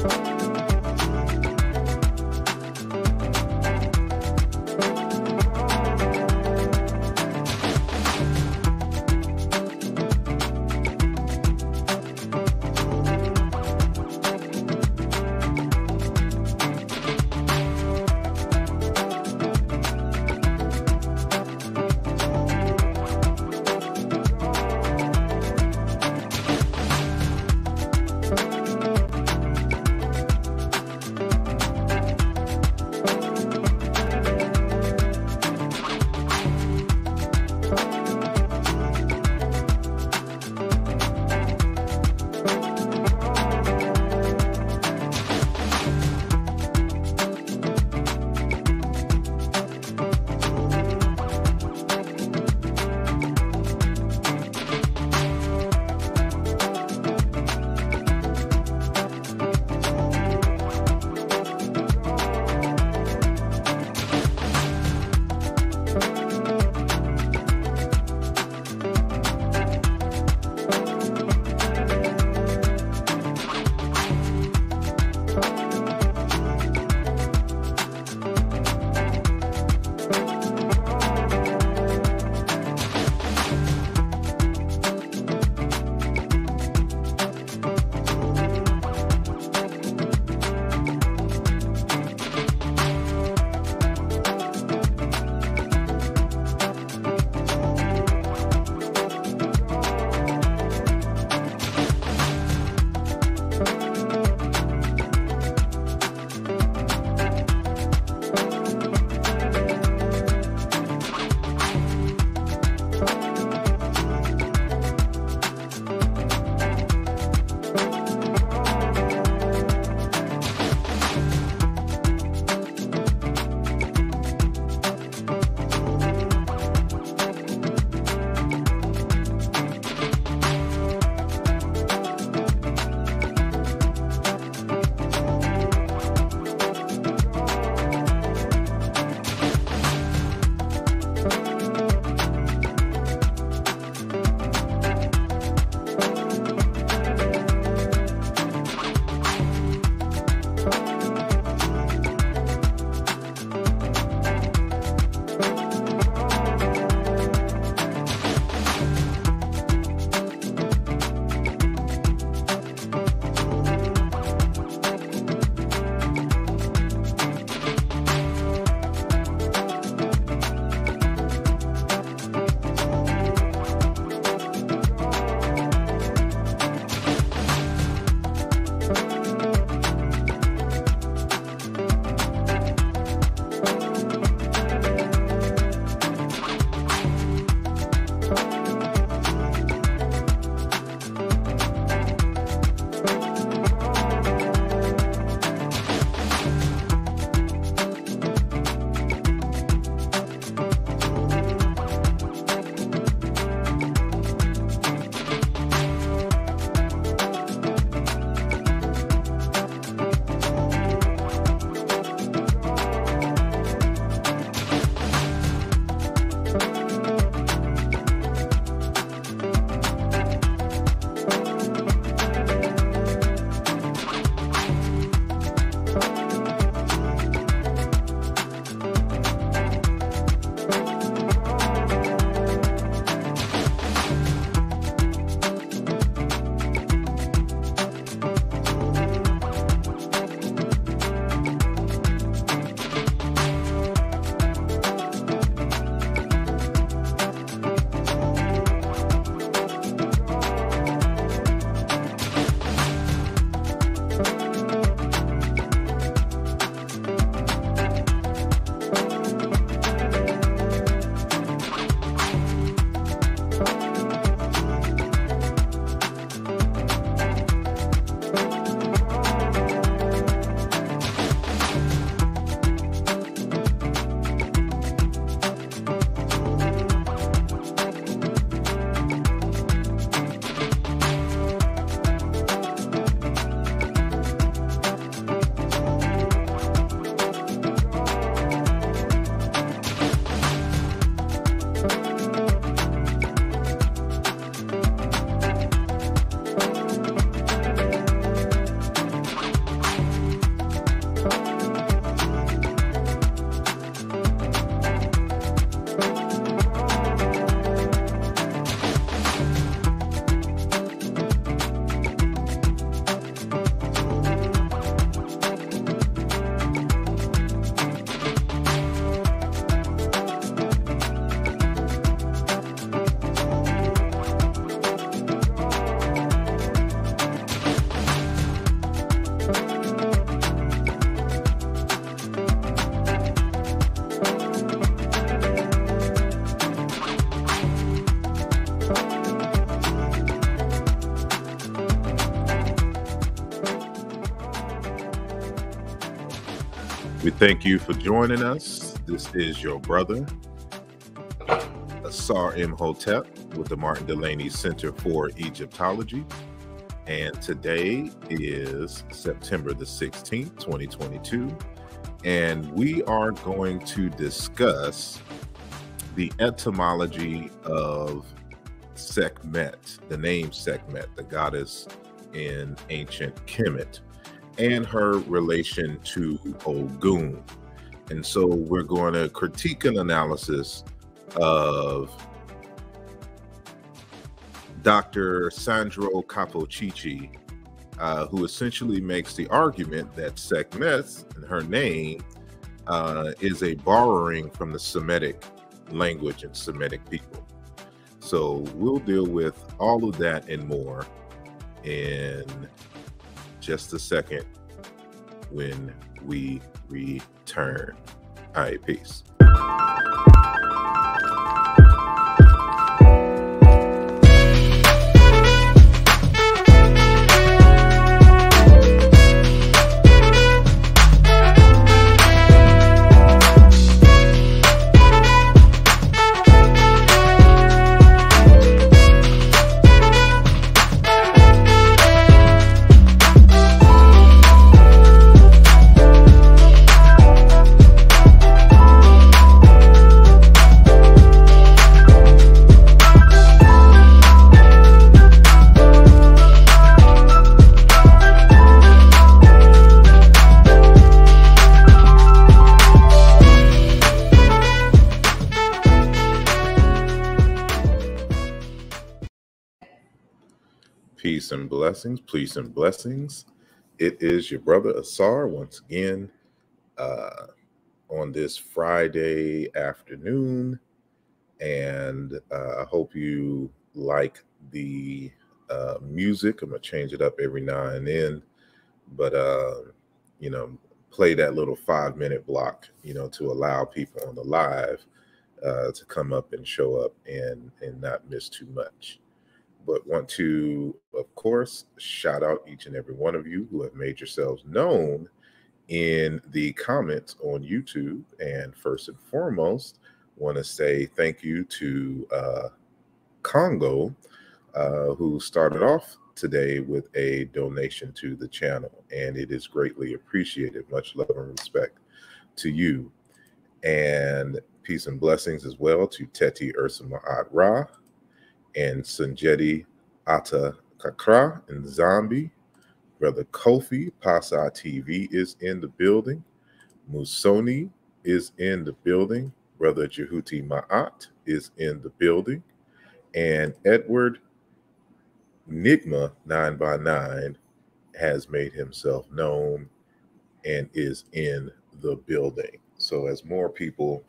Thank you. Thank you for joining us. This is your brother, Asar M. Hotep, with the Martin Delaney Center for Egyptology. And today is September the 16th, 2022. And we are going to discuss the etymology of Sekmet, the name Sekmet, the goddess in ancient Kemet and her relation to Ogun. And so we're going to critique an analysis of Dr. Sandro Capocici, uh, who essentially makes the argument that Sekhmet, and her name, uh, is a borrowing from the Semitic language and Semitic people. So we'll deal with all of that and more in just a second when we return. All right, peace. Peace and blessings. Peace and blessings. It is your brother Asar once again uh, on this Friday afternoon. And uh, I hope you like the uh, music. I'm going to change it up every now and then. But, uh, you know, play that little five minute block, you know, to allow people on the live uh, to come up and show up and, and not miss too much but want to, of course, shout out each and every one of you who have made yourselves known in the comments on YouTube. And first and foremost, want to say thank you to uh, Congo, uh, who started off today with a donation to the channel. And it is greatly appreciated. Much love and respect to you. And peace and blessings as well to Teti Ursula Ad Ra, and Sanjeti Atta Kakra and Zombie. Brother Kofi Pasa TV is in the building. Musoni is in the building. Brother Jehuti Ma'at is in the building. And Edward Nigma 9 by 9 has made himself known and is in the building. So as more people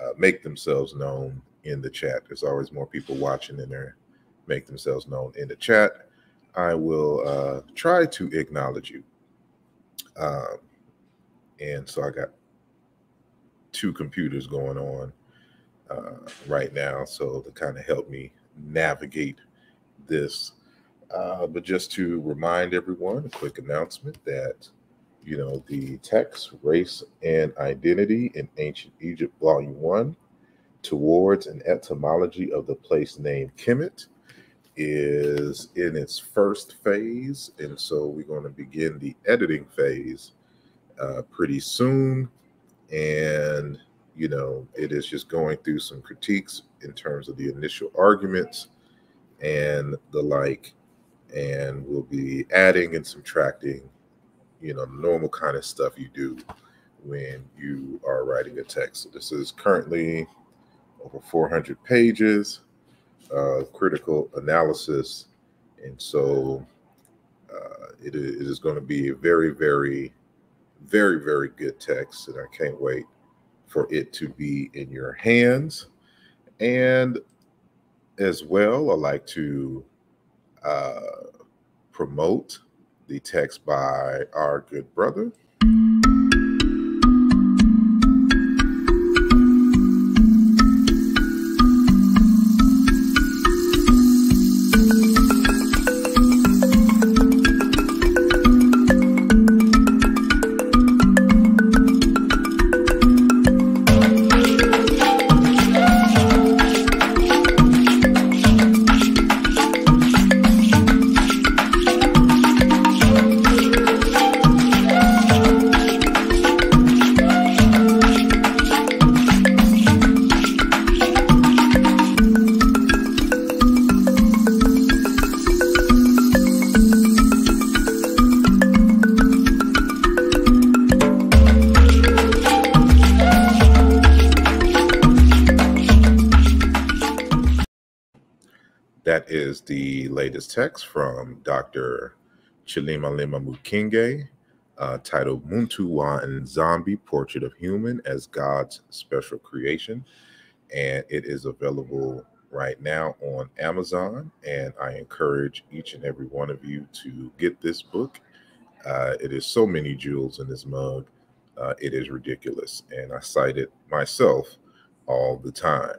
uh, make themselves known, in the chat. There's always more people watching than there make themselves known in the chat. I will uh, try to acknowledge you. Um, and so I got two computers going on uh, right now, so to kind of help me navigate this. Uh, but just to remind everyone, a quick announcement that you know the text, race, and identity in ancient Egypt, volume one towards an etymology of the place name Kemet is in its first phase. And so we're going to begin the editing phase uh, pretty soon. And, you know, it is just going through some critiques in terms of the initial arguments and the like. And we'll be adding and subtracting, you know, normal kind of stuff you do when you are writing a text. So this is currently over 400 pages of critical analysis. And so uh, it is going to be a very, very, very, very good text. And I can't wait for it to be in your hands. And as well, I like to uh, promote the text by our good brother, latest text from Dr. Chilima Lima Mukinge, uh, titled Muntu Wa Zombie Portrait of Human as God's Special Creation. And it is available right now on Amazon. And I encourage each and every one of you to get this book. Uh, it is so many jewels in this mug. Uh, it is ridiculous. And I cite it myself all the time.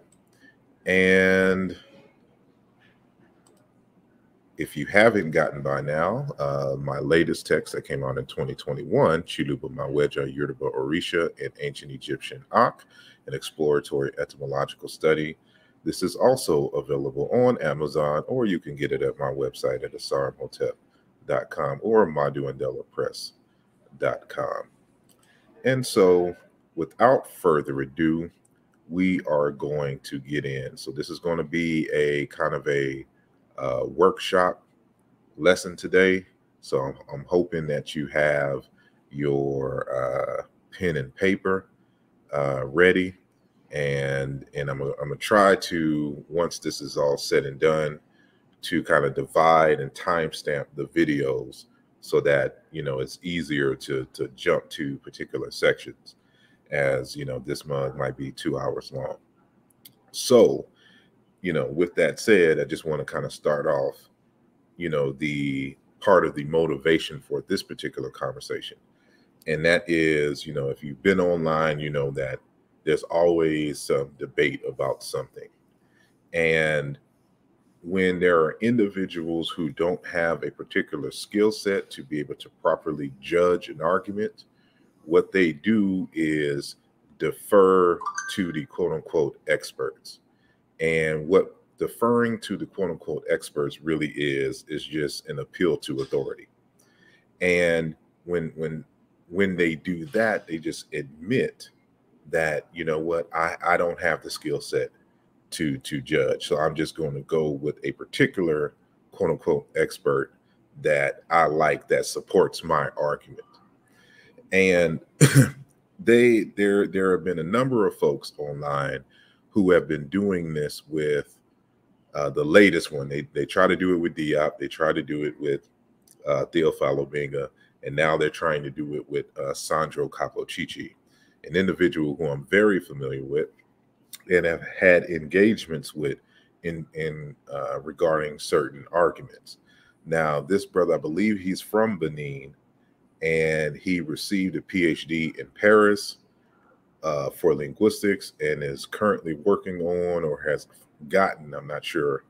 And if you haven't gotten by now, uh, my latest text that came out in 2021, Chiluba Maweja Yoruba Orisha in Ancient Egyptian Ak, an exploratory etymological study. This is also available on Amazon, or you can get it at my website at asarmhotep.com or maduandellapress.com. And so, without further ado, we are going to get in. So, this is going to be a kind of a uh, workshop lesson today. So I'm, I'm, hoping that you have your uh, pen and paper uh, ready. And, and I'm going to try to, once this is all said and done, to kind of divide and timestamp the videos so that, you know, it's easier to, to jump to particular sections as, you know, this month might be two hours long. So you know, with that said, I just want to kind of start off, you know, the part of the motivation for this particular conversation. And that is, you know, if you've been online, you know that there's always some debate about something. And when there are individuals who don't have a particular skill set to be able to properly judge an argument, what they do is defer to the quote unquote experts. And what deferring to the quote unquote experts really is is just an appeal to authority. And when when when they do that, they just admit that you know what I I don't have the skill set to to judge, so I'm just going to go with a particular quote unquote expert that I like that supports my argument. And they there there have been a number of folks online who have been doing this with uh, the latest one. They they try to do it with Diop. They try to do it with uh, Theophilo Benga, and now they're trying to do it with uh, Sandro Capocici, an individual who I'm very familiar with and have had engagements with in in uh, regarding certain arguments. Now, this brother, I believe he's from Benin, and he received a PhD in Paris uh, for linguistics and is currently working on or has gotten, I'm not sure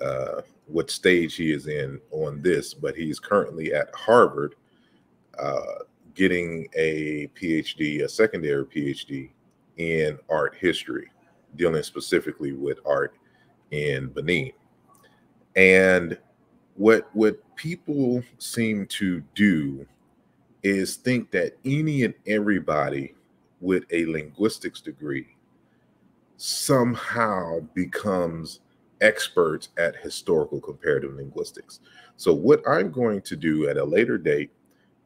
uh, what stage he is in on this, but he's currently at Harvard uh, getting a PhD, a secondary PhD in art history, dealing specifically with art in Benin. And what what people seem to do is think that any and everybody with a linguistics degree somehow becomes experts at historical comparative linguistics. So, what I'm going to do at a later date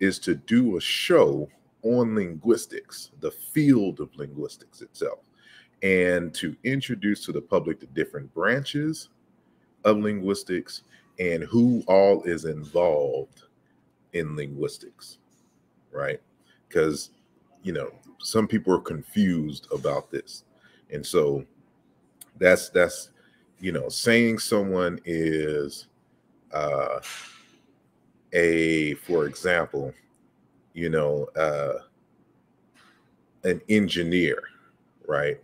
is to do a show on linguistics, the field of linguistics itself, and to introduce to the public the different branches of linguistics and who all is involved in linguistics, right? Because, you know, some people are confused about this and so that's that's you know saying someone is uh a for example you know uh an engineer right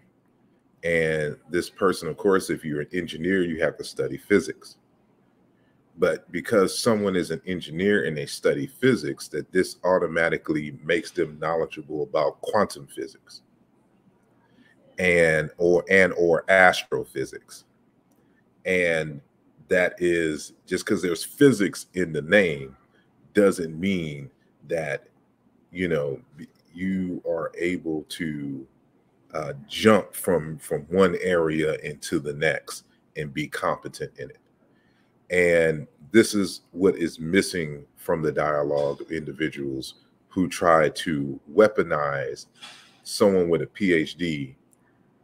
and this person of course if you're an engineer you have to study physics but because someone is an engineer and they study physics that this automatically makes them knowledgeable about quantum physics and or and or astrophysics and that is just because there's physics in the name doesn't mean that you know you are able to uh, jump from from one area into the next and be competent in it and this is what is missing from the dialogue of individuals who try to weaponize someone with a PhD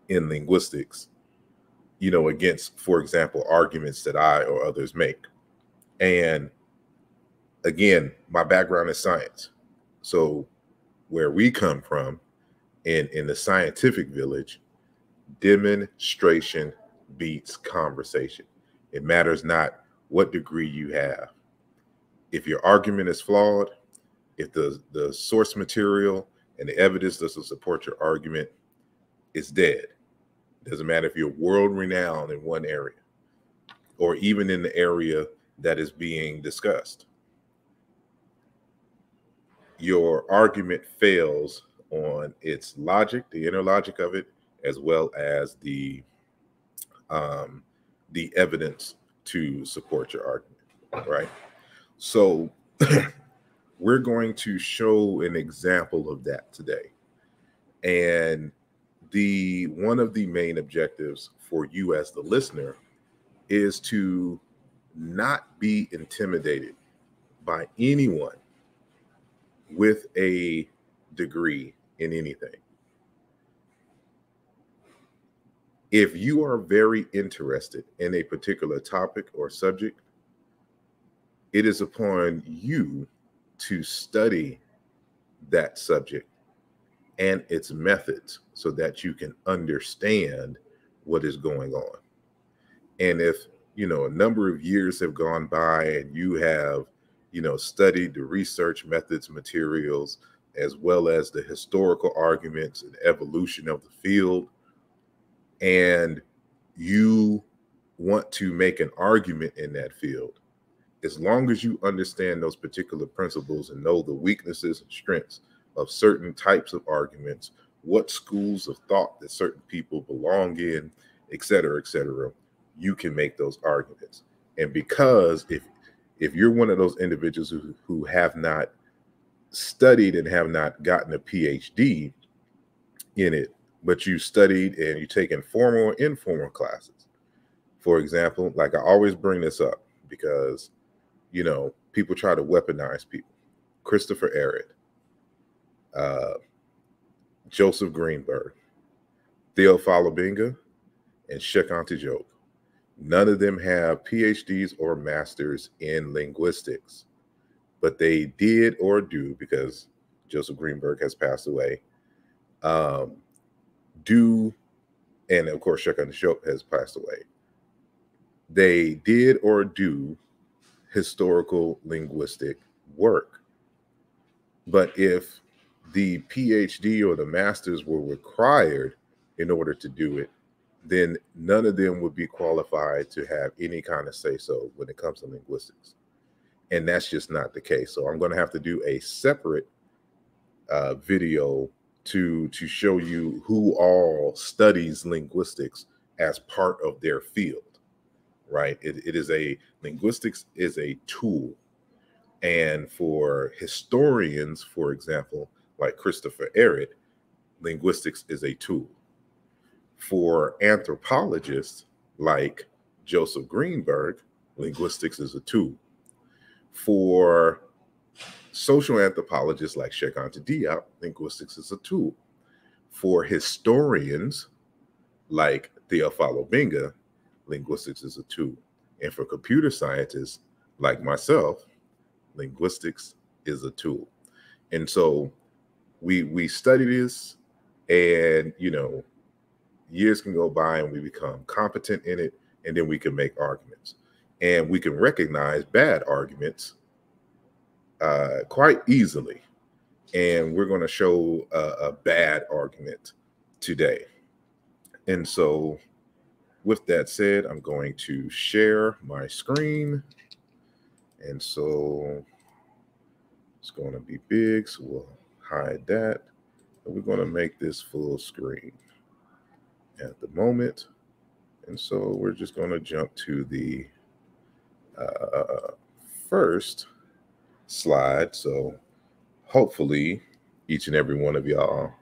in linguistics, you know, against, for example, arguments that I or others make. And again, my background is science. So where we come from in, in the scientific village, demonstration beats conversation. It matters not what degree you have. If your argument is flawed, if the, the source material and the evidence doesn't support your argument, it's dead. It doesn't matter if you're world renowned in one area or even in the area that is being discussed. Your argument fails on its logic, the inner logic of it, as well as the um, the evidence to support your argument, right? So we're going to show an example of that today. And the one of the main objectives for you as the listener is to not be intimidated by anyone with a degree in anything. If you are very interested in a particular topic or subject, it is upon you to study that subject and its methods so that you can understand what is going on. And if, you know, a number of years have gone by and you have, you know, studied the research methods, materials, as well as the historical arguments and evolution of the field, and you want to make an argument in that field, as long as you understand those particular principles and know the weaknesses and strengths of certain types of arguments, what schools of thought that certain people belong in, et cetera, et cetera, you can make those arguments. And because if if you're one of those individuals who, who have not studied and have not gotten a PhD in it, but you studied and you take formal or informal classes. For example, like I always bring this up because, you know, people try to weaponize people. Christopher Arid, uh, Joseph Greenberg, Theo Falabinga, and Sheikh Joke. None of them have PhDs or masters in linguistics, but they did or do because Joseph Greenberg has passed away. Um, do, and of course, Shekinah Shope has passed away. They did or do historical linguistic work. But if the PhD or the master's were required in order to do it, then none of them would be qualified to have any kind of say so when it comes to linguistics. And that's just not the case. So I'm going to have to do a separate uh, video to to show you who all studies linguistics as part of their field right it, it is a linguistics is a tool and for historians for example like christopher Errett, linguistics is a tool for anthropologists like joseph greenberg linguistics is a tool for Social anthropologists like Sheikh Anta Diop, linguistics is a tool. For historians like Theophilo Benga, linguistics is a tool. And for computer scientists like myself, linguistics is a tool. And so we we study this and you know years can go by and we become competent in it and then we can make arguments and we can recognize bad arguments uh, quite easily. And we're going to show a, a bad argument today. And so, with that said, I'm going to share my screen. And so, it's going to be big, so we'll hide that. And we're going to make this full screen at the moment. And so we're just going to jump to the uh, first slide. So hopefully, each and every one of y'all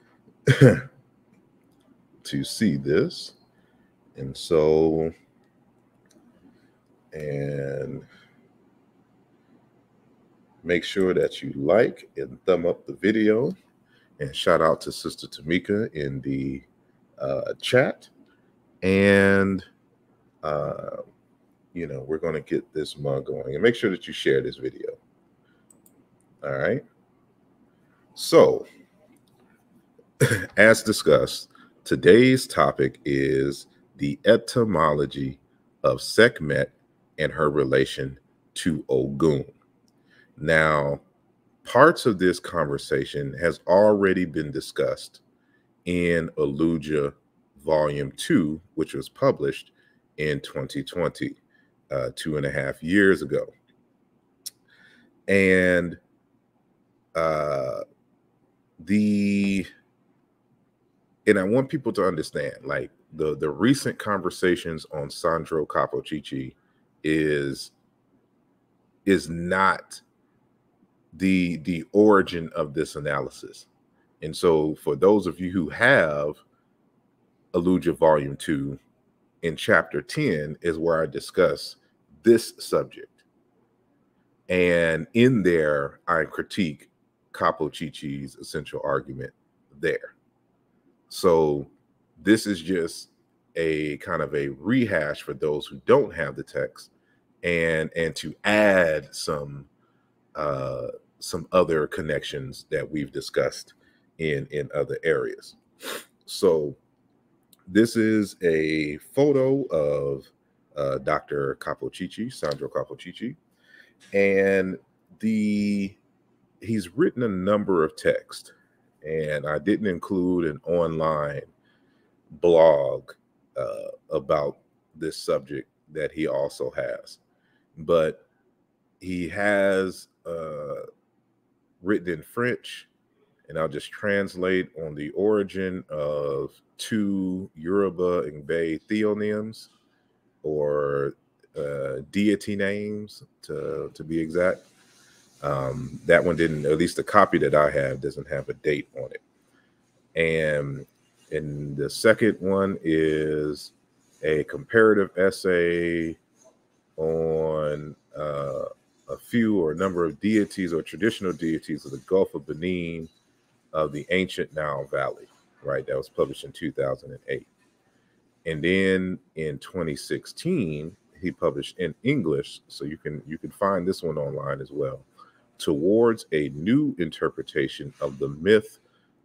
to see this. And so, and make sure that you like and thumb up the video. And shout out to Sister Tamika in the uh, chat. And, uh, you know, we're going to get this mug going. And make sure that you share this video. All right. So, as discussed, today's topic is the etymology of Sekhmet and her relation to Ogun. Now, parts of this conversation has already been discussed in Aluja Volume 2, which was published in 2020, uh, two and a half years ago. And uh, the and I want people to understand like the the recent conversations on Sandro Capochichi is is not the the origin of this analysis. And so for those of you who have Aluja Volume 2 in chapter 10 is where I discuss this subject. And in there I critique Capo Chichi's essential argument there. So this is just a kind of a rehash for those who don't have the text and and to add some uh some other connections that we've discussed in in other areas. So this is a photo of uh, Dr. Capochichi, Sandro Capochichi, and the he's written a number of texts, and I didn't include an online blog uh, about this subject that he also has, but he has uh, written in French, and I'll just translate on the origin of two Yoruba and Bay theonyms or uh, deity names to, to be exact. Um, that one didn't, at least the copy that I have doesn't have a date on it. And and the second one is a comparative essay on uh, a few or a number of deities or traditional deities of the Gulf of Benin of the ancient Nile Valley, right? That was published in 2008. And then in 2016, he published in English, so you can you can find this one online as well towards a new interpretation of the myth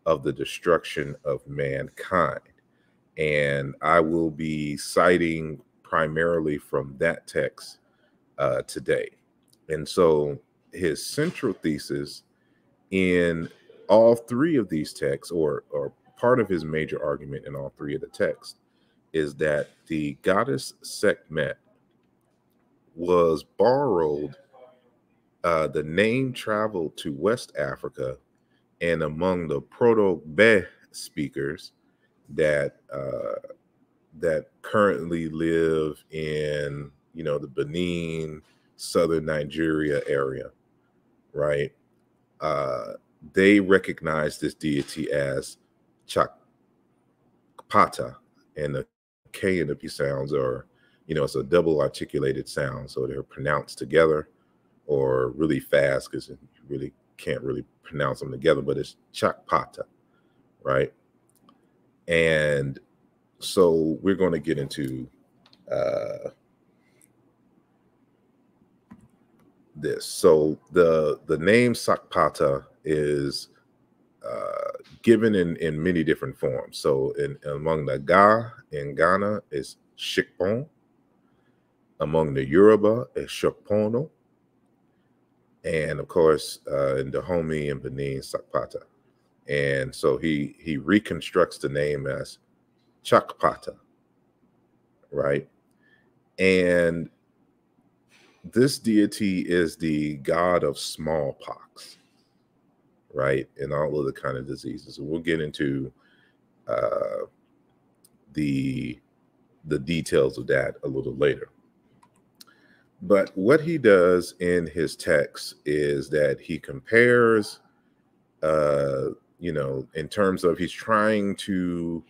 of the destruction of mankind. And I will be citing primarily from that text uh, today. And so his central thesis in all three of these texts, or, or part of his major argument in all three of the texts, is that the goddess Sekhmet was borrowed uh, the name traveled to West Africa, and among the Proto Be speakers that uh, that currently live in you know the Benin, southern Nigeria area, right? Uh, they recognize this deity as Chakpata, and the K and the P sounds are, you know, it's a double articulated sound, so they're pronounced together or really fast because you really can't really pronounce them together, but it's chakpata, right? And so we're going to get into uh, this. So the the name Sakpata is uh, given in, in many different forms. So in, among the Ga in Ghana is Shikpon. Among the Yoruba is Shokpono and of course uh, in Dahomey and Benin Sakpata. And so he he reconstructs the name as Chakpata, right? And this deity is the god of smallpox, right? And all of the kind of diseases. And we'll get into uh, the the details of that a little later. But what he does in his text is that he compares, uh, you know, in terms of he's trying to,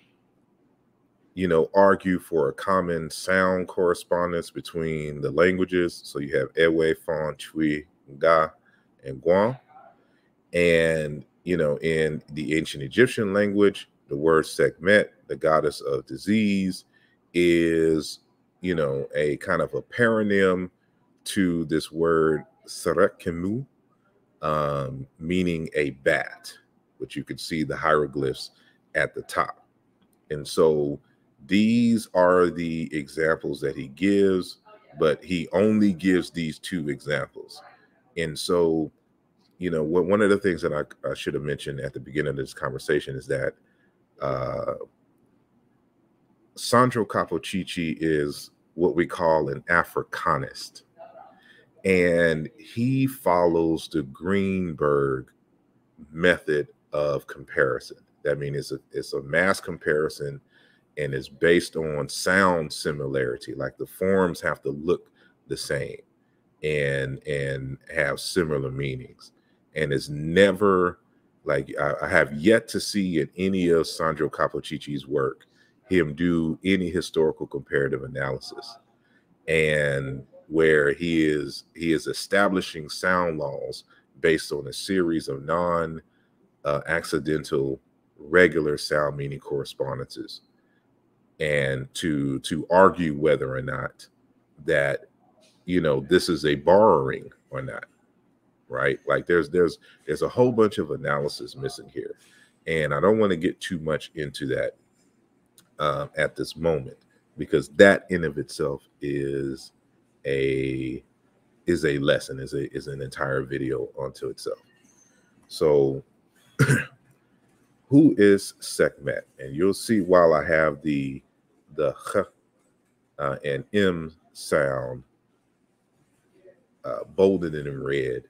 you know, argue for a common sound correspondence between the languages. So you have Ewe, Fon, Chui, Ga, and Guan. And, you know, in the ancient Egyptian language, the word Sekmet, the goddess of disease, is you know a kind of a paronym to this word sarekemu, um, meaning a bat, which you can see the hieroglyphs at the top. And so these are the examples that he gives, but he only gives these two examples. And so, you know, what, one of the things that I, I, should have mentioned at the beginning of this conversation is that uh, Sandro Capocci is what we call an Africanist and he follows the Greenberg method of comparison. That means it's a, it's a mass comparison and it's based on sound similarity. Like the forms have to look the same and and have similar meanings. And it's never like I, I have yet to see in any of Sandro Capocicci's work him do any historical comparative analysis. And where he is he is establishing sound laws based on a series of non uh, accidental regular sound meaning correspondences and to to argue whether or not that you know this is a borrowing or not right like there's there's there's a whole bunch of analysis missing here and i don't want to get too much into that um, at this moment because that in of itself is a is a lesson, is a is an entire video unto itself. So who is Sekmet? And you'll see while I have the the h uh, and m sound uh, bolded and in red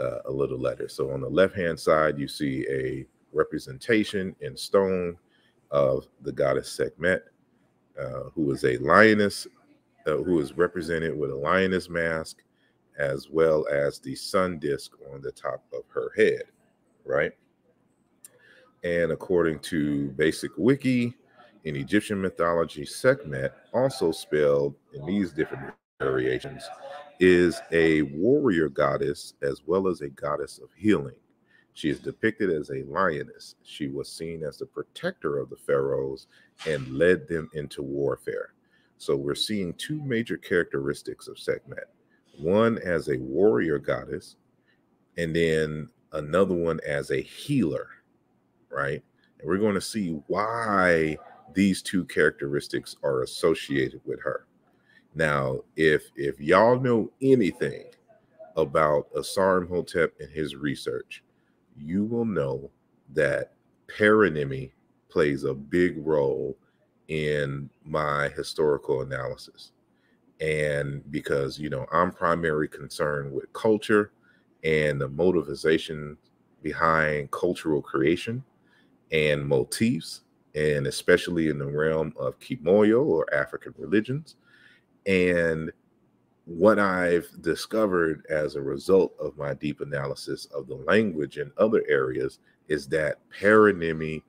uh, a little letter. So on the left hand side, you see a representation in stone of the goddess Sekhmet, uh, who is a lioness uh, who is represented with a lioness mask as well as the sun disk on the top of her head, right? And according to Basic Wiki, in Egyptian mythology, Sekhmet, also spelled in these different variations, is a warrior goddess as well as a goddess of healing. She is depicted as a lioness. She was seen as the protector of the pharaohs and led them into warfare. So we're seeing two major characteristics of Sekhmet one as a warrior goddess, and then another one as a healer, right? And we're going to see why these two characteristics are associated with her. Now, if if y'all know anything about Asarimhotep and his research, you will know that paranemy plays a big role in my historical analysis. And because, you know, I'm primarily concerned with culture and the motivation behind cultural creation and motifs, and especially in the realm of Kimoyo or African religions. And what I've discovered as a result of my deep analysis of the language in other areas is that paronymy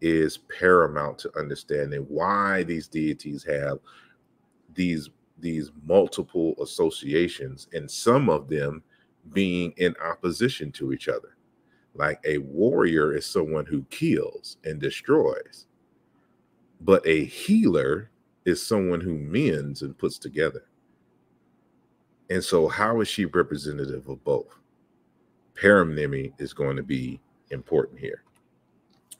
is paramount to understanding why these deities have these these multiple associations and some of them being in opposition to each other like a warrior is someone who kills and destroys but a healer is someone who mends and puts together and so how is she representative of both paramnemy is going to be important here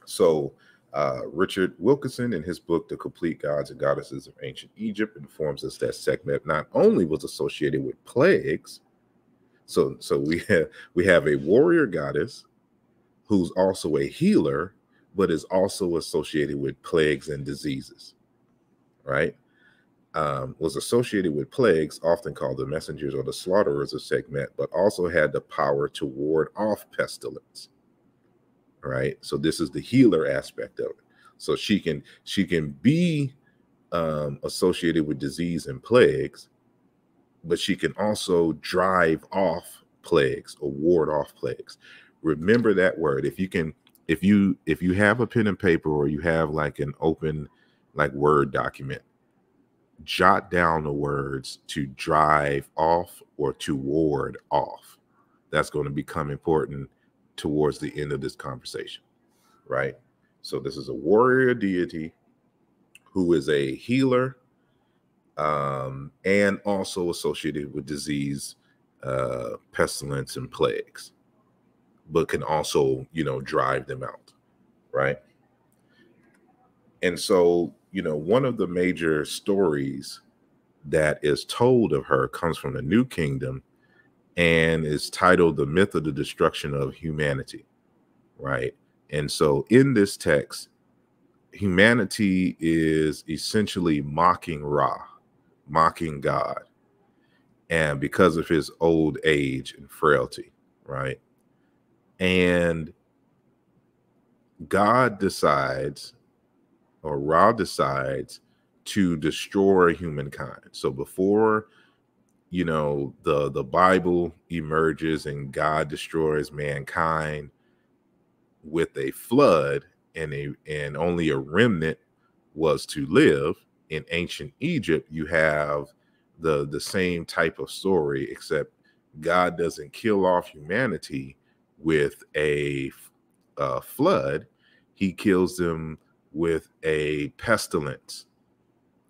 so uh, Richard Wilkinson, in his book, The Complete Gods and Goddesses of Ancient Egypt, informs us that Sekhmet not only was associated with plagues, so, so we, have, we have a warrior goddess who's also a healer, but is also associated with plagues and diseases, right? Um, was associated with plagues, often called the messengers or the slaughterers of Sekhmet, but also had the power to ward off pestilence right? So this is the healer aspect of it. So she can she can be um, associated with disease and plagues, but she can also drive off plagues or ward off plagues. Remember that word. If you can, if you if you have a pen and paper or you have like an open like word document, jot down the words to drive off or to ward off. That's going to become important towards the end of this conversation, right? So this is a warrior deity who is a healer um, and also associated with disease, uh, pestilence, and plagues, but can also, you know, drive them out, right? And so, you know, one of the major stories that is told of her comes from the New Kingdom and is titled The Myth of the Destruction of Humanity, right? And so in this text, humanity is essentially mocking Ra, mocking God, and because of his old age and frailty, right? And God decides, or Ra decides, to destroy humankind. So before you know the the bible emerges and god destroys mankind with a flood and a and only a remnant was to live in ancient egypt you have the the same type of story except god doesn't kill off humanity with a, a flood he kills them with a pestilence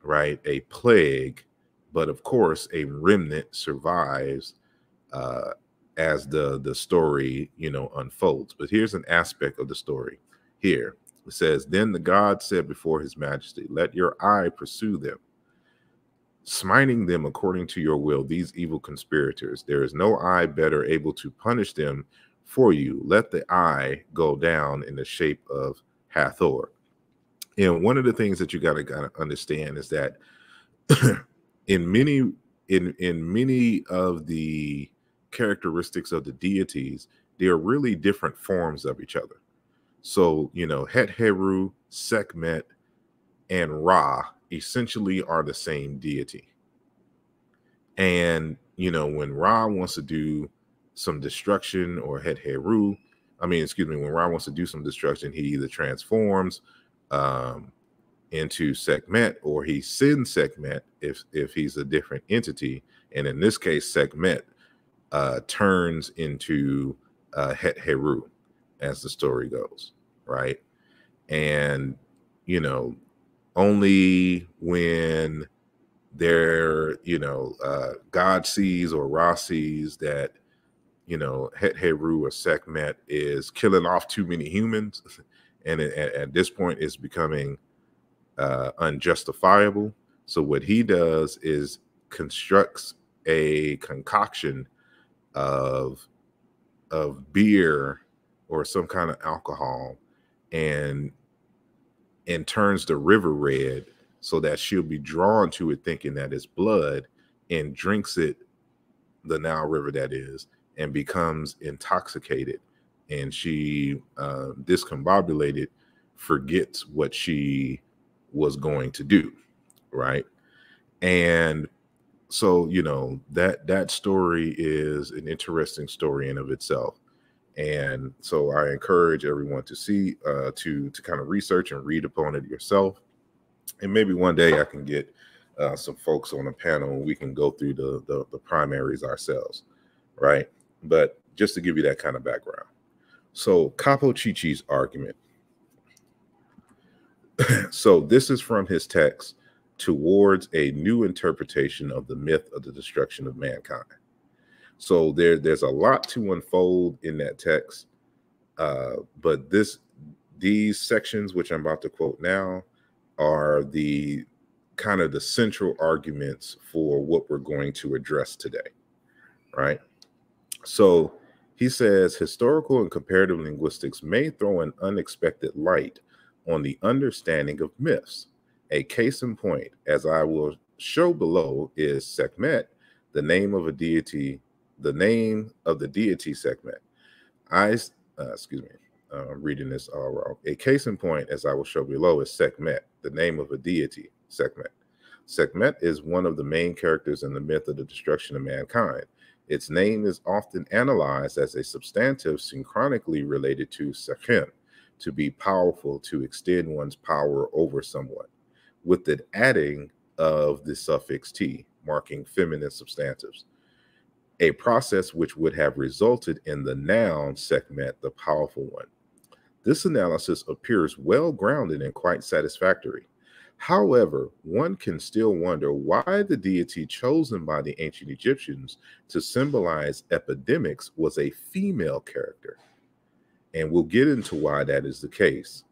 right a plague but of course, a remnant survives uh, as the the story you know unfolds. But here's an aspect of the story. Here it says, "Then the God said before His Majesty, Let your eye pursue them." Smiting them according to your will, these evil conspirators. There is no eye better able to punish them for you. Let the eye go down in the shape of Hathor. And one of the things that you got to got to understand is that in many in in many of the characteristics of the deities, they are really different forms of each other. So, you know, Het Heru, Sekmet, and Ra essentially are the same deity. And, you know, when Ra wants to do some destruction or Het Heru, I mean, excuse me, when Ra wants to do some destruction, he either transforms, um, into Sekhmet or he sends Sekhmet if if he's a different entity. And in this case, Sekhmet uh, turns into uh, Het Heru as the story goes, right? And you know, only when there, you know, uh, God sees or Ra sees that, you know, Het Heru or Sekhmet is killing off too many humans. And at, at this point, it's becoming uh, unjustifiable. So what he does is constructs a concoction of of beer or some kind of alcohol and and turns the river red so that she'll be drawn to it thinking that it's blood and drinks it the nile river that is and becomes intoxicated and she uh, discombobulated forgets what she was going to do, right? And so, you know, that that story is an interesting story in of itself. And so I encourage everyone to see uh to to kind of research and read upon it yourself. And maybe one day I can get uh, some folks on a panel and we can go through the, the the primaries ourselves, right? But just to give you that kind of background. So Capo Chi-Chi's argument so this is from his text towards a new interpretation of the myth of the destruction of mankind. So there, there's a lot to unfold in that text, uh, but this, these sections which I'm about to quote now, are the kind of the central arguments for what we're going to address today, right? So he says historical and comparative linguistics may throw an unexpected light on the understanding of myths. A case in point, as I will show below, is Sekhmet, the name of a deity, the name of the deity Sekhmet. I, uh, excuse me, I'm uh, reading this all wrong. A case in point, as I will show below, is Sekhmet, the name of a deity, Sekhmet. Sekhmet is one of the main characters in the myth of the destruction of mankind. Its name is often analyzed as a substantive synchronically related to Sekhem, to be powerful, to extend one's power over someone, with the adding of the suffix T, marking feminine substantives, a process which would have resulted in the noun segment, the powerful one. This analysis appears well grounded and quite satisfactory. However, one can still wonder why the deity chosen by the ancient Egyptians to symbolize epidemics was a female character. And we'll get into why that is the case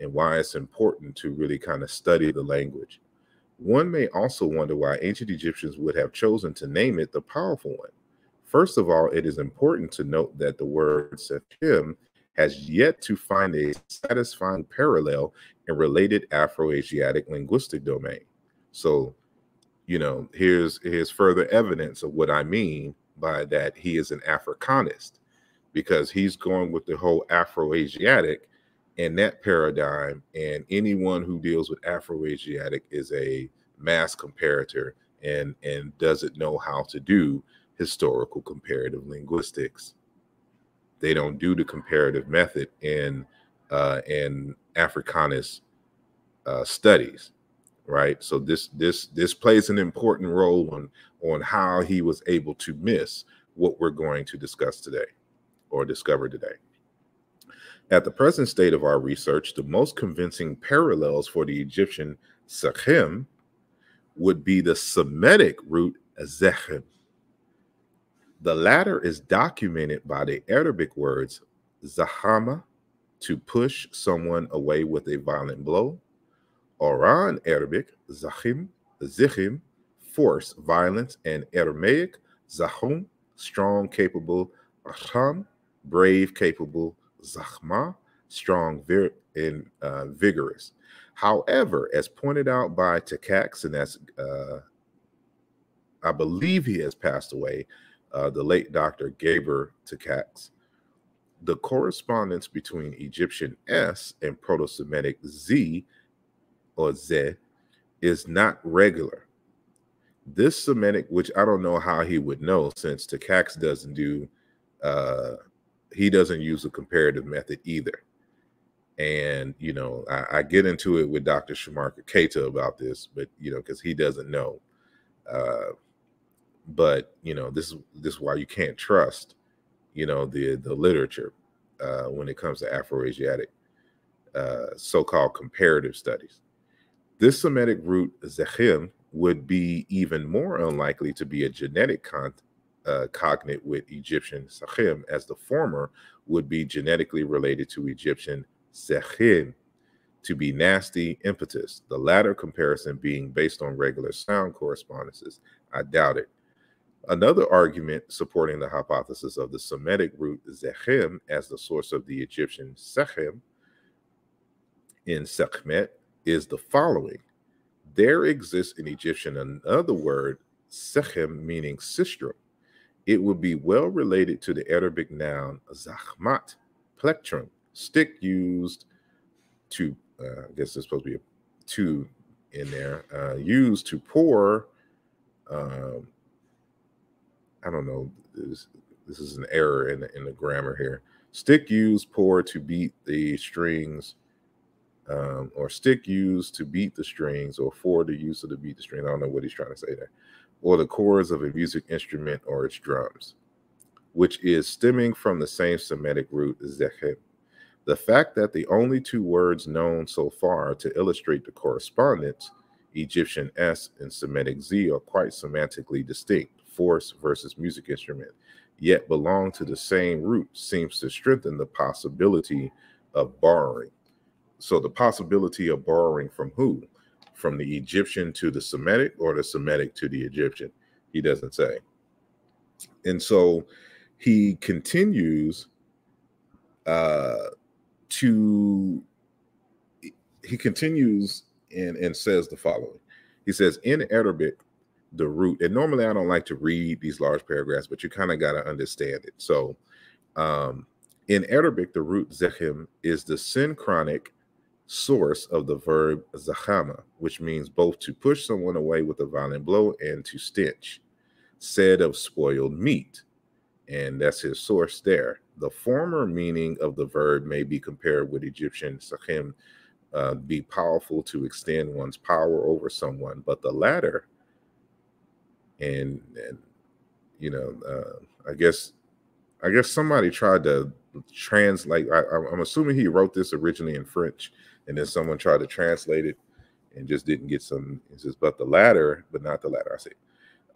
and why it's important to really kind of study the language. One may also wonder why ancient Egyptians would have chosen to name it the powerful one. First of all, it is important to note that the word Sephim has yet to find a satisfying parallel in related Afro-Asiatic linguistic domain. So, you know, here's here's further evidence of what I mean by that he is an Africanist because he's going with the whole Afro-Asiatic and that paradigm. And anyone who deals with Afro-Asiatic is a mass comparator and and doesn't know how to do historical comparative linguistics. They don't do the comparative method in uh, in Africanist uh, studies, right? So this this this plays an important role on on how he was able to miss what we're going to discuss today or discover today. At the present state of our research, the most convincing parallels for the Egyptian Sechem would be the Semitic root Zechem. The latter is documented by the Arabic words Zahama, to push someone away with a violent blow, Oran Arabic, Zahim, Zichim, force, violence, and Aramaic, Zahum, strong, capable, Aham, brave, capable, zahma, strong, vir- and uh, vigorous. However, as pointed out by Takax, and that's, uh, I believe he has passed away, uh, the late Dr. Gaber Takax, the correspondence between Egyptian S and Proto Semitic Z or Z is not regular. This Semitic, which I don't know how he would know since Takax doesn't do uh, he doesn't use the comparative method either. And you know, I, I get into it with Dr. Shamarka Keita about this, but you know, because he doesn't know. Uh, but you know, this this is why you can't trust, you know, the the literature uh, when it comes to Afroasiatic uh, so-called comparative studies. This Semitic root zechim would be even more unlikely to be a genetic con- uh, cognate with Egyptian Sechim, as the former would be genetically related to Egyptian Sechim, to be nasty, impetus, the latter comparison being based on regular sound correspondences. I doubt it. Another argument supporting the hypothesis of the Semitic root Zechim as the source of the Egyptian Sechem in Sekhmet is the following. There exists in Egyptian another word, Sechem, meaning sistrum, it would be well related to the Arabic noun zahmat, plectrum, stick used to, uh, I guess there's supposed to be a two in there, uh, used to pour. Um, I don't know. This, this is an error in the, in the grammar here. Stick used pour to beat the strings, um, or stick used to beat the strings, or for the use of the beat the string. I don't know what he's trying to say there or the chords of a music instrument or its drums, which is stemming from the same Semitic root zecheb. The fact that the only two words known so far to illustrate the correspondence, Egyptian S and Semitic Z, are quite semantically distinct, force versus music instrument, yet belong to the same root seems to strengthen the possibility of borrowing. So, the possibility of borrowing from who? from the Egyptian to the Semitic or the Semitic to the Egyptian. He doesn't say. And so he continues uh, to, he continues and, and says the following. He says, in Arabic, the root, and normally I don't like to read these large paragraphs, but you kind of got to understand it. So um, in Arabic, the root zehim is the synchronic source of the verb zahama, which means both to push someone away with a violent blow and to stench, said of spoiled meat. And that's his source there. The former meaning of the verb may be compared with Egyptian sakhim, uh, be powerful to extend one's power over someone, but the latter, and, and you know, uh, I guess, I guess somebody tried to translate. I, am assuming he wrote this originally in French and then someone tried to translate it and just didn't get some. It says, but the latter, but not the latter. I say.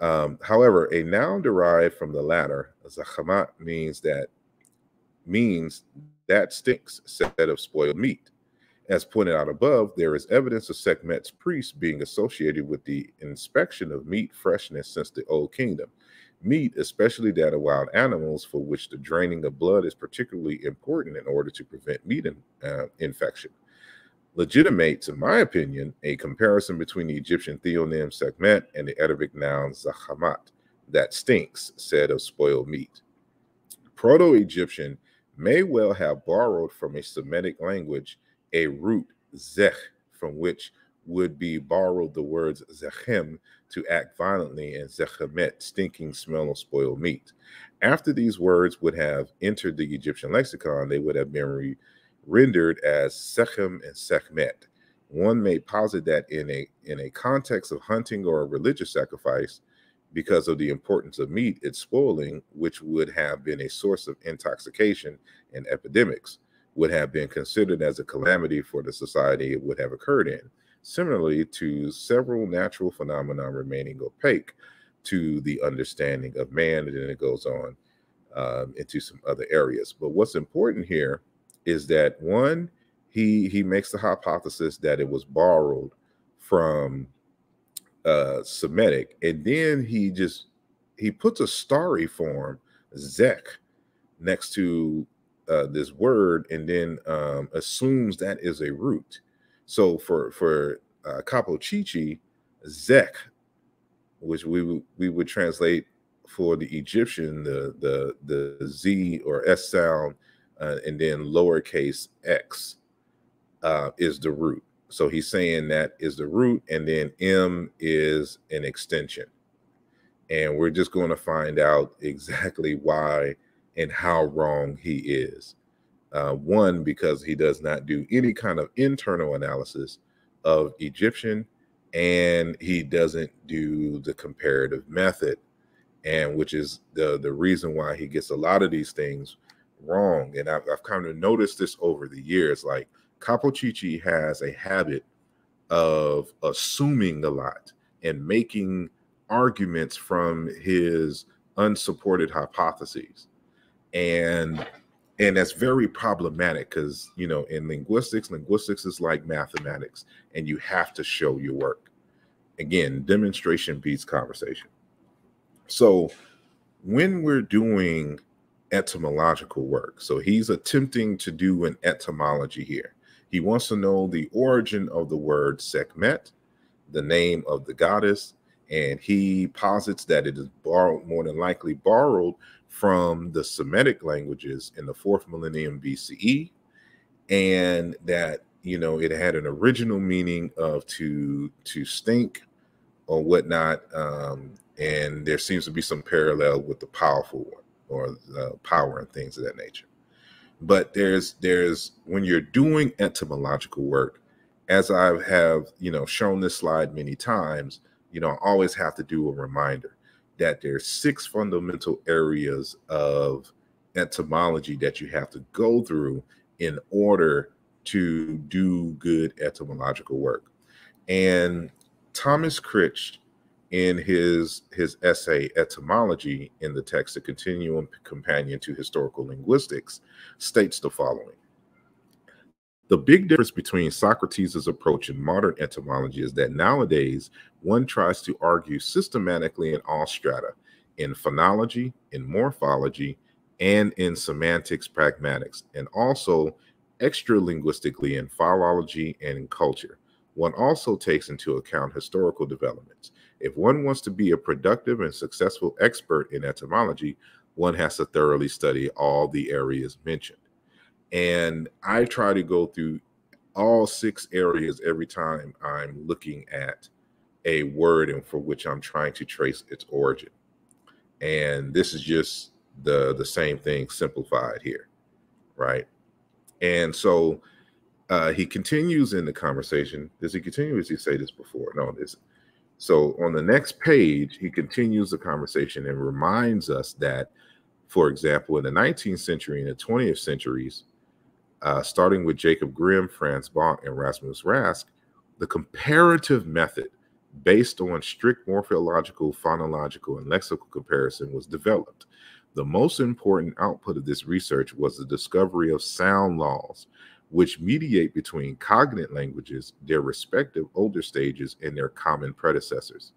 Um, however, a noun derived from the latter, zachamat, means that means that stinks set of spoiled meat. As pointed out above, there is evidence of Sekhmet's priests being associated with the inspection of meat freshness since the Old Kingdom. Meat, especially that of wild animals, for which the draining of blood is particularly important in order to prevent meat in, uh, infection legitimates, in my opinion, a comparison between the Egyptian theonym Segmet and the Arabic noun Zahamat, that stinks, said of spoiled meat. Proto Egyptian may well have borrowed from a Semitic language a root, Zech, from which would be borrowed the words Zechem to act violently and Zechemet, stinking smell of spoiled meat. After these words would have entered the Egyptian lexicon, they would have been. Re- rendered as Sechem and Sekhmet. One may posit that in a in a context of hunting or a religious sacrifice, because of the importance of meat, its spoiling, which would have been a source of intoxication and epidemics, would have been considered as a calamity for the society it would have occurred in. Similarly, to several natural phenomena remaining opaque to the understanding of man, and then it goes on um, into some other areas. But what's important here is that one, he he makes the hypothesis that it was borrowed from uh, Semitic, and then he just he puts a starry form zek next to uh, this word, and then um, assumes that is a root. So for for uh, chichi zek, which we we would translate for the Egyptian, the the the z or s sound uh, and then lowercase x uh, is the root. So he's saying that is the root, and then m is an extension. And we're just going to find out exactly why and how wrong he is. Uh, one, because he does not do any kind of internal analysis of Egyptian, and he doesn't do the comparative method, and which is the the reason why he gets a lot of these things wrong. And I've, I've kind of noticed this over the years. Like Capochichi has a habit of assuming a lot and making arguments from his unsupported hypotheses. And and that's very problematic because you know in linguistics linguistics is like mathematics and you have to show your work again demonstration beats conversation so when we're doing etymological work. So he's attempting to do an etymology here. He wants to know the origin of the word Sekhmet, the name of the goddess, and he posits that it is borrowed, more than likely borrowed from the Semitic languages in the fourth millennium BCE, and that you know it had an original meaning of to to stink or whatnot, um, and there seems to be some parallel with the powerful one or uh, power and things of that nature. But there's there's when you're doing etymological work, as I have you know shown this slide many times, you know I always have to do a reminder that there's six fundamental areas of etymology that you have to go through in order to do good etymological work. And Thomas Critch in his his essay etymology in the text a continuum companion to historical linguistics states the following the big difference between Socrates' approach and modern etymology is that nowadays one tries to argue systematically in all strata, in phonology, in morphology, and in semantics pragmatics, and also extra linguistically in philology and in culture. One also takes into account historical developments. If one wants to be a productive and successful expert in etymology, one has to thoroughly study all the areas mentioned. And I try to go through all six areas every time I'm looking at a word and for which I'm trying to trace its origin. And this is just the the same thing simplified here, right? And so uh, he continues in the conversation. Does he continue? Does he say this before? No, this so on the next page, he continues the conversation and reminds us that, for example, in the 19th century and the 20th centuries, uh, starting with Jacob Grimm, Franz Bonk, and Rasmus Rask, the comparative method based on strict morphological, phonological, and lexical comparison was developed. The most important output of this research was the discovery of sound laws, which mediate between cognate languages, their respective older stages, and their common predecessors.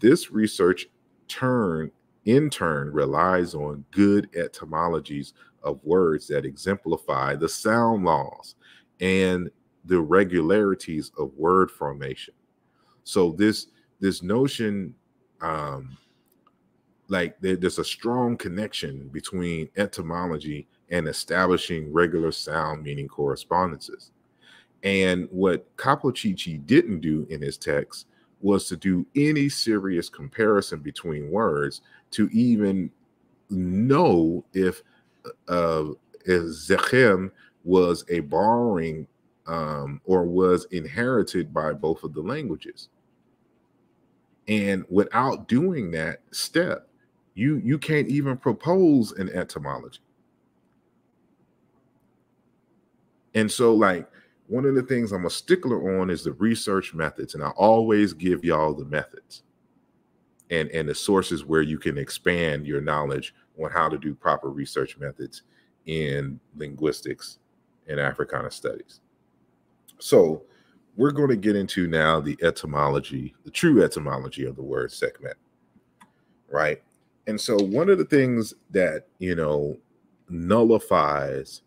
This research turn in turn relies on good etymologies of words that exemplify the sound laws and the regularities of word formation. So this this notion, um, like there, there's a strong connection between etymology and establishing regular sound meaning correspondences. And what Kaplachichi didn't do in his text was to do any serious comparison between words to even know if uh, if Zechem was a borrowing um, or was inherited by both of the languages. And without doing that step, you you can't even propose an etymology. And so, like, one of the things I'm a stickler on is the research methods, and I always give y'all the methods and and the sources where you can expand your knowledge on how to do proper research methods in linguistics and Africana studies. So we're going to get into now the etymology, the true etymology of the word segment, right? And so one of the things that, you know, nullifies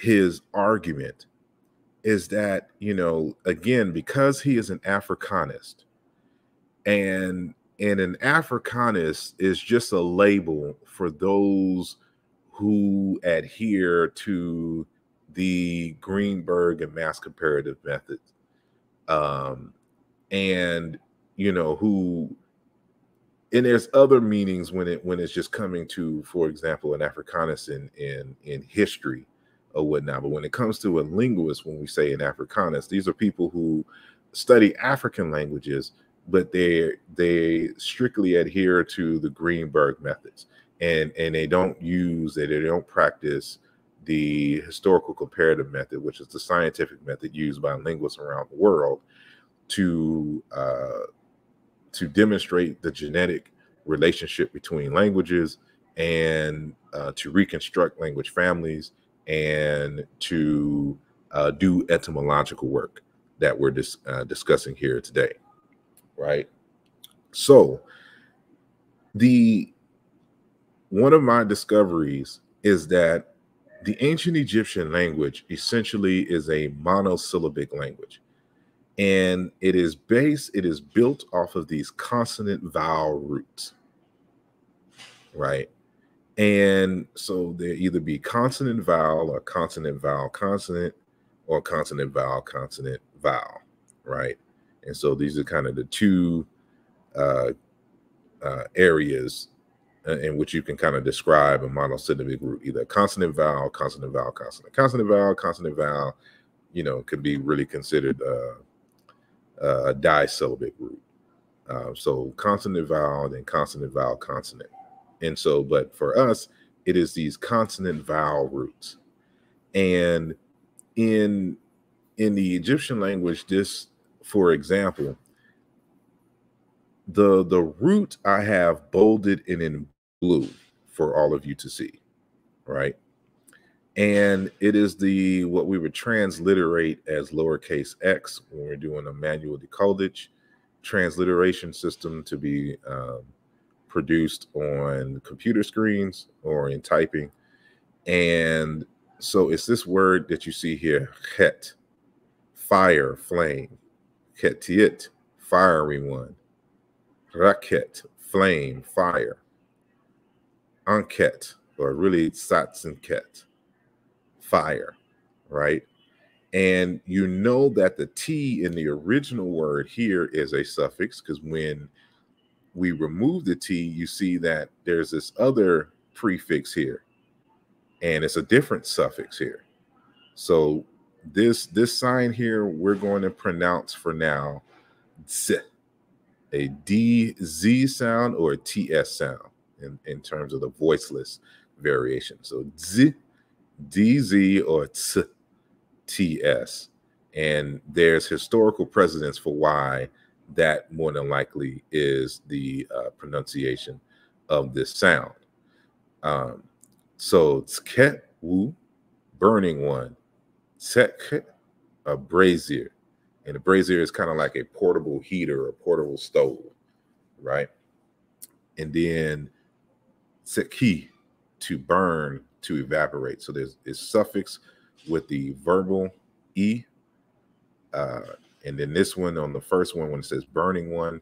his argument is that, you know, again, because he is an Africanist and and an Africanist is just a label for those who adhere to the Greenberg and mass comparative methods. Um, and you know who and there's other meanings when it when it's just coming to for example an africanus in in in history or whatnot. But when it comes to a linguist, when we say an Africanist, these are people who study African languages, but they they strictly adhere to the Greenberg methods, and and they don't use it. They don't practice the historical comparative method, which is the scientific method used by linguists around the world to uh, to demonstrate the genetic relationship between languages and uh, to reconstruct language families and to uh, do etymological work that we're dis uh, discussing here today, right? So, the one of my discoveries is that the ancient Egyptian language essentially is a monosyllabic language, and it is based, it is built off of these consonant vowel roots, right? And so they either be consonant vowel or consonant vowel consonant or consonant vowel consonant vowel, right? And so these are kind of the two uh, uh, areas uh, in which you can kind of describe a monosyllabic root, either consonant vowel, consonant vowel, consonant, consonant vowel, consonant vowel, you know, could be really considered uh, a a disyllabic root. Uh, so consonant vowel, then consonant vowel, consonant. And so, but for us, it is these consonant vowel roots. And in in the Egyptian language, this, for example, the the root I have bolded and in blue for all of you to see, right? And it is the what we would transliterate as lowercase x when we're doing a manual decodage transliteration system to be um, produced on computer screens or in typing. And so it's this word that you see here, het, fire, flame, ketiet, fiery one, raket, flame, fire, anket, or really ket, fire, right? And you know that the T in the original word here is a suffix because when we remove the T, you see that there's this other prefix here, and it's a different suffix here. So this this sign here, we're going to pronounce for now z, a D Z sound or a TS sound in, in terms of the voiceless variation. So z, d z DZ or TS. And there's historical precedence for why that more than likely is the uh, pronunciation of this sound. Um, so ket wu, burning one, tsek, a brazier. And a brazier is kind of like a portable heater or portable stove, right? And then tseki, to burn, to evaporate. So there's a suffix with the verbal e, uh, and then this one on the first one, when it says burning one,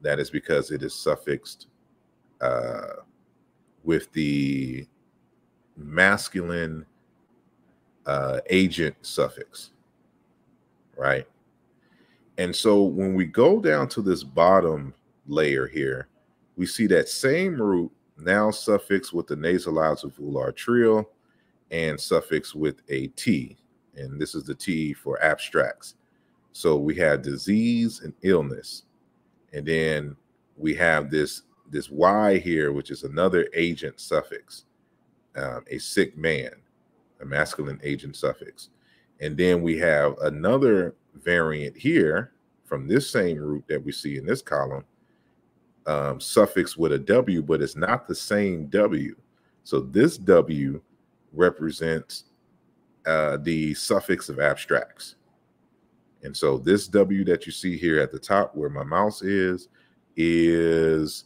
that is because it is suffixed uh, with the masculine uh, agent suffix, right? And so when we go down to this bottom layer here, we see that same root now suffixed with the nasalized of ular trill and suffixed with a T. And this is the T for abstracts. So we have disease and illness, and then we have this this y here, which is another agent suffix, um, a sick man, a masculine agent suffix, and then we have another variant here from this same root that we see in this column, um, suffix with a W, but it's not the same W. So this W represents uh, the suffix of abstracts. And so this W that you see here at the top where my mouse is, is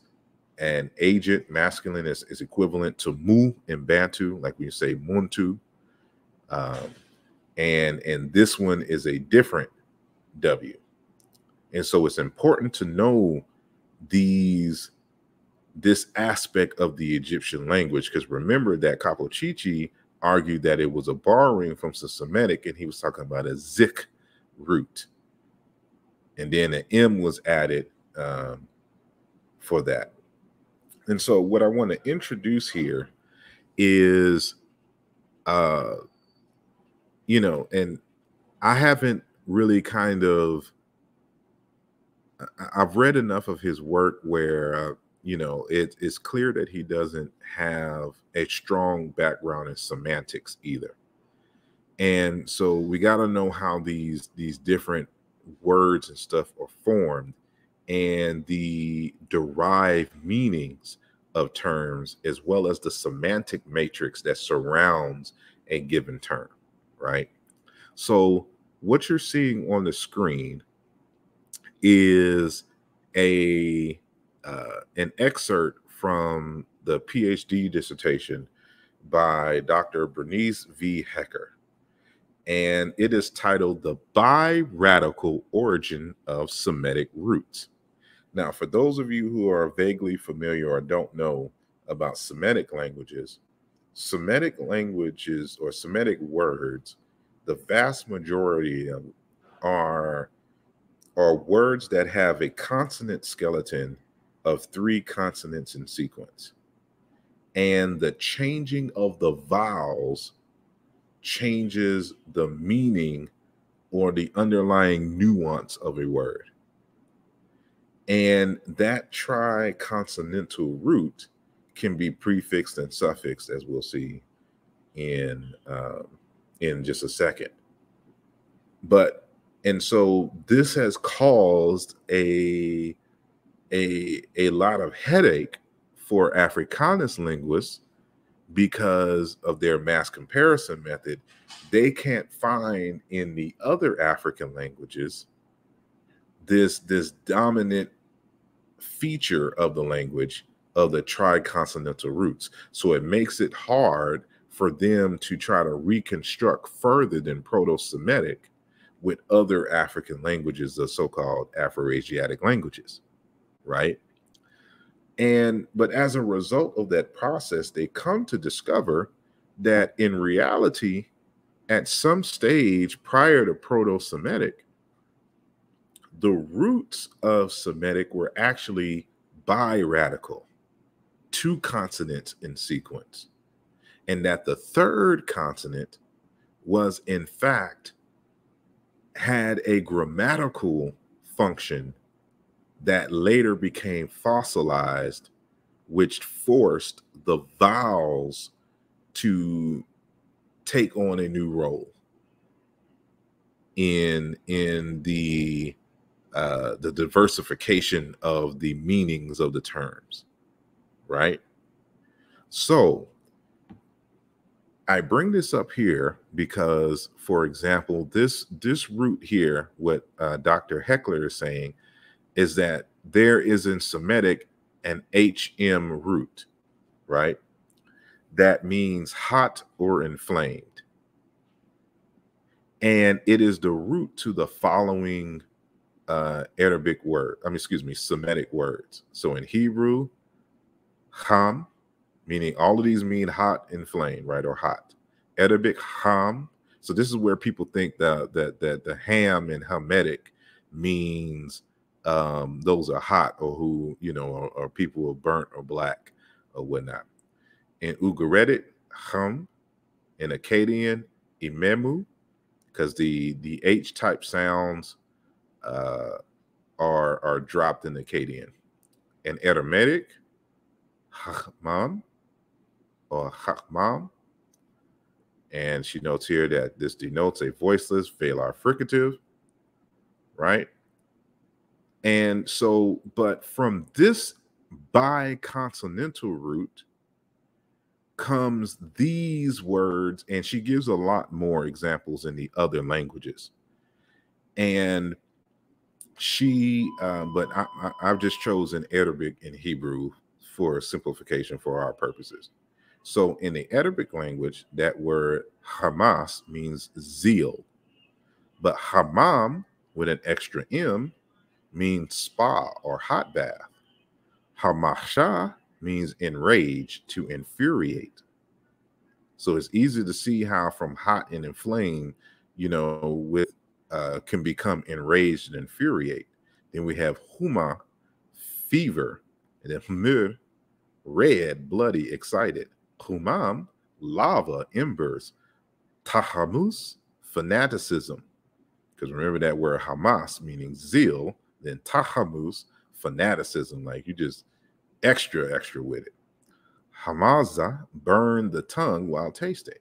an agent. Masculine is, is equivalent to mu in Bantu, like we say muntu. Um, and, and this one is a different W. And so it's important to know these this aspect of the Egyptian language because remember that Kapochichi argued that it was a borrowing from some Semitic and he was talking about a zik root. And then an M was added um, for that. And so, what I want to introduce here is, uh, you know, and I haven't really kind of, I've read enough of his work where, uh, you know, it, it's clear that he doesn't have a strong background in semantics either and so we got to know how these these different words and stuff are formed and the derived meanings of terms as well as the semantic matrix that surrounds a given term right so what you're seeing on the screen is a uh, an excerpt from the phd dissertation by dr bernice v hecker and it is titled The Bi Radical Origin of Semitic Roots. Now, for those of you who are vaguely familiar or don't know about Semitic languages, Semitic languages or Semitic words, the vast majority of are are words that have a consonant skeleton of three consonants in sequence. And the changing of the vowels changes the meaning or the underlying nuance of a word. And that triconsonantal root can be prefixed and suffixed, as we'll see in um, in just a second. But and so this has caused a a a lot of headache for Afrikaans linguists because of their mass comparison method, they can't find in the other African languages this this dominant feature of the language of the tricontinental roots. So it makes it hard for them to try to reconstruct further than Proto-Semitic with other African languages, the so-called Afro-Asiatic languages, right? And but as a result of that process, they come to discover that in reality, at some stage prior to Proto Semitic, the roots of Semitic were actually bi radical, two consonants in sequence, and that the third consonant was in fact had a grammatical function that later became fossilized, which forced the vowels to take on a new role in in the uh, the diversification of the meanings of the terms, right? So I bring this up here because, for example, this this root here, what uh, Dr. Heckler is saying, is that there is in Semitic an HM root, right? That means hot or inflamed. And it is the root to the following uh, Arabic word, I mean, excuse me, Semitic words. So in Hebrew, ham, meaning all of these mean hot, inflamed, right, or hot. Arabic ham. So this is where people think that that that the ham in hametic means um, those are hot or who you know or people who are burnt or black or whatnot. In Ugaritic, Hum, in Akkadian, Imemu, because the the H type sounds uh, are are dropped in Akkadian. In Edomitic, Hachmam or Hachmam. And she notes here that this denotes a voiceless velar fricative, right? And so, but from this bicontinental route comes these words, and she gives a lot more examples in the other languages. And she, uh, but I, I, I've just chosen Arabic and Hebrew for simplification for our purposes. So in the Arabic language, that word Hamas means zeal, but Hamam with an extra M means spa or hot bath. Hamasha means enrage, to infuriate. So it's easy to see how from hot and inflamed, you know, with uh, can become enraged and infuriate. Then we have huma, fever, and then mür, red, bloody, excited. Humam, lava, embers. Tahamus, fanaticism. Because remember that word Hamas meaning zeal, then tahamus, fanaticism, like you just extra, extra with it. Hamaza, burn the tongue while tasting.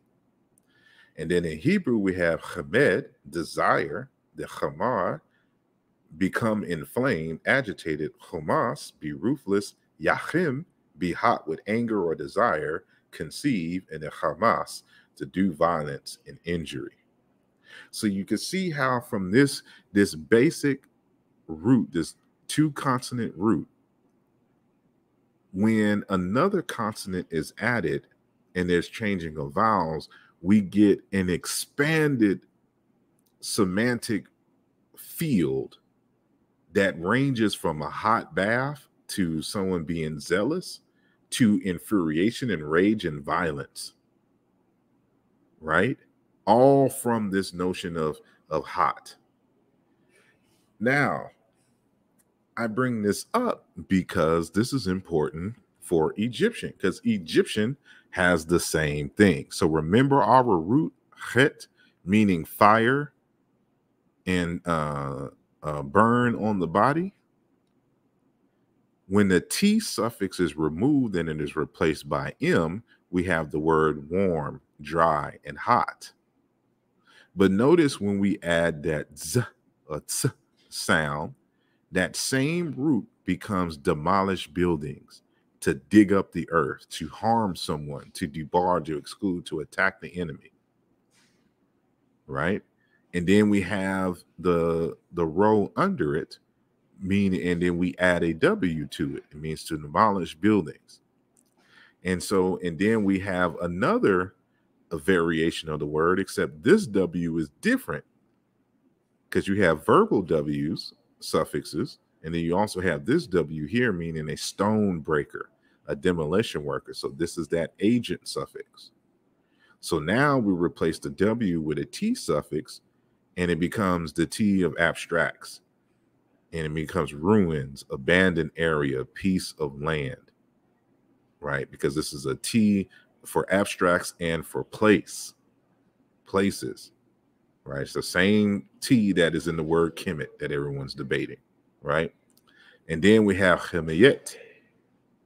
And then in Hebrew, we have chamed, desire, the chamar, become inflamed, agitated, chomas, be ruthless, yachim, be hot with anger or desire, conceive, and the hamas, to do violence and injury. So you can see how from this, this basic root, this two consonant root, when another consonant is added and there's changing of vowels, we get an expanded semantic field that ranges from a hot bath to someone being zealous to infuriation and rage and violence right all from this notion of of hot now I bring this up because this is important for Egyptian, because Egyptian has the same thing. So remember our root het, meaning fire and uh, uh, burn on the body. When the T suffix is removed and it is replaced by M, we have the word warm, dry, and hot. But notice when we add that z, a t sound, that same root becomes demolish buildings to dig up the earth, to harm someone, to debar, to exclude, to attack the enemy. Right? And then we have the the row under it, meaning and then we add a W to it. It means to demolish buildings. And so, and then we have another variation of the word, except this W is different because you have verbal W's suffixes. And then you also have this W here, meaning a stone breaker, a demolition worker. So this is that agent suffix. So now we replace the W with a T suffix and it becomes the T of abstracts and it becomes ruins, abandoned area, piece of land, right? Because this is a T for abstracts and for place, places right? It's the same T that is in the word Kemet that everyone's debating, right? And then we have Chemiyet.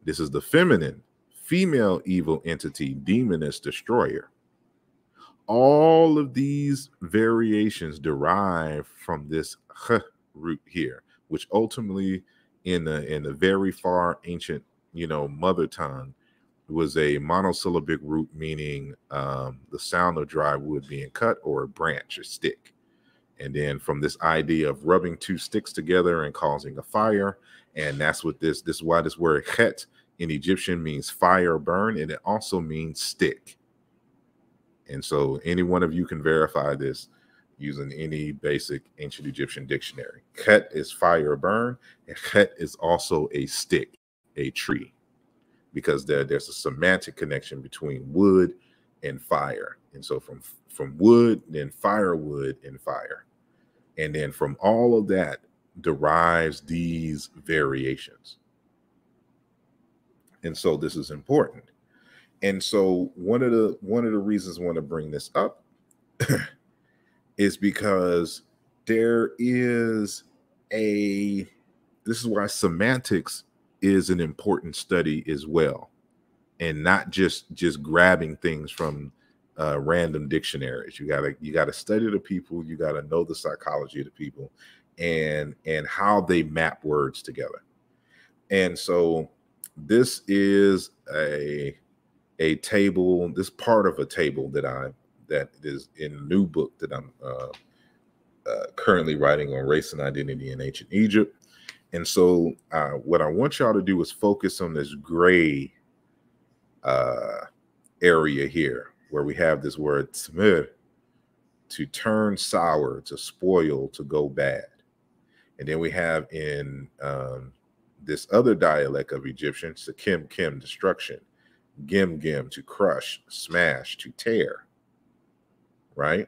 This is the feminine, female evil entity, demoness, destroyer. All of these variations derive from this ch root here, which ultimately in the in the very far ancient, you know, mother tongue was a monosyllabic root meaning um, the sound of dry wood being cut or a branch, or stick. And then from this idea of rubbing two sticks together and causing a fire, and that's what this this is why this word het in Egyptian means fire burn, and it also means stick. And so any one of you can verify this using any basic ancient Egyptian dictionary. Ket is fire burn, and het is also a stick, a tree because there, there's a semantic connection between wood and fire. And so from from wood, then firewood and fire. And then from all of that derives these variations. And so this is important. And so one of the one of the reasons I want to bring this up is because there is a this is why semantics is an important study as well and not just just grabbing things from uh, random dictionaries you gotta you gotta study the people you gotta know the psychology of the people and and how they map words together and so this is a a table this part of a table that i that is in a new book that i'm uh, uh, currently writing on race and identity in ancient egypt and so, uh, what I want y'all to do is focus on this gray uh, area here where we have this word tmir, to turn sour, to spoil, to go bad. And then we have in um, this other dialect of Egyptian, Sakim Kim, destruction, Gim Gim, to crush, smash, to tear, right?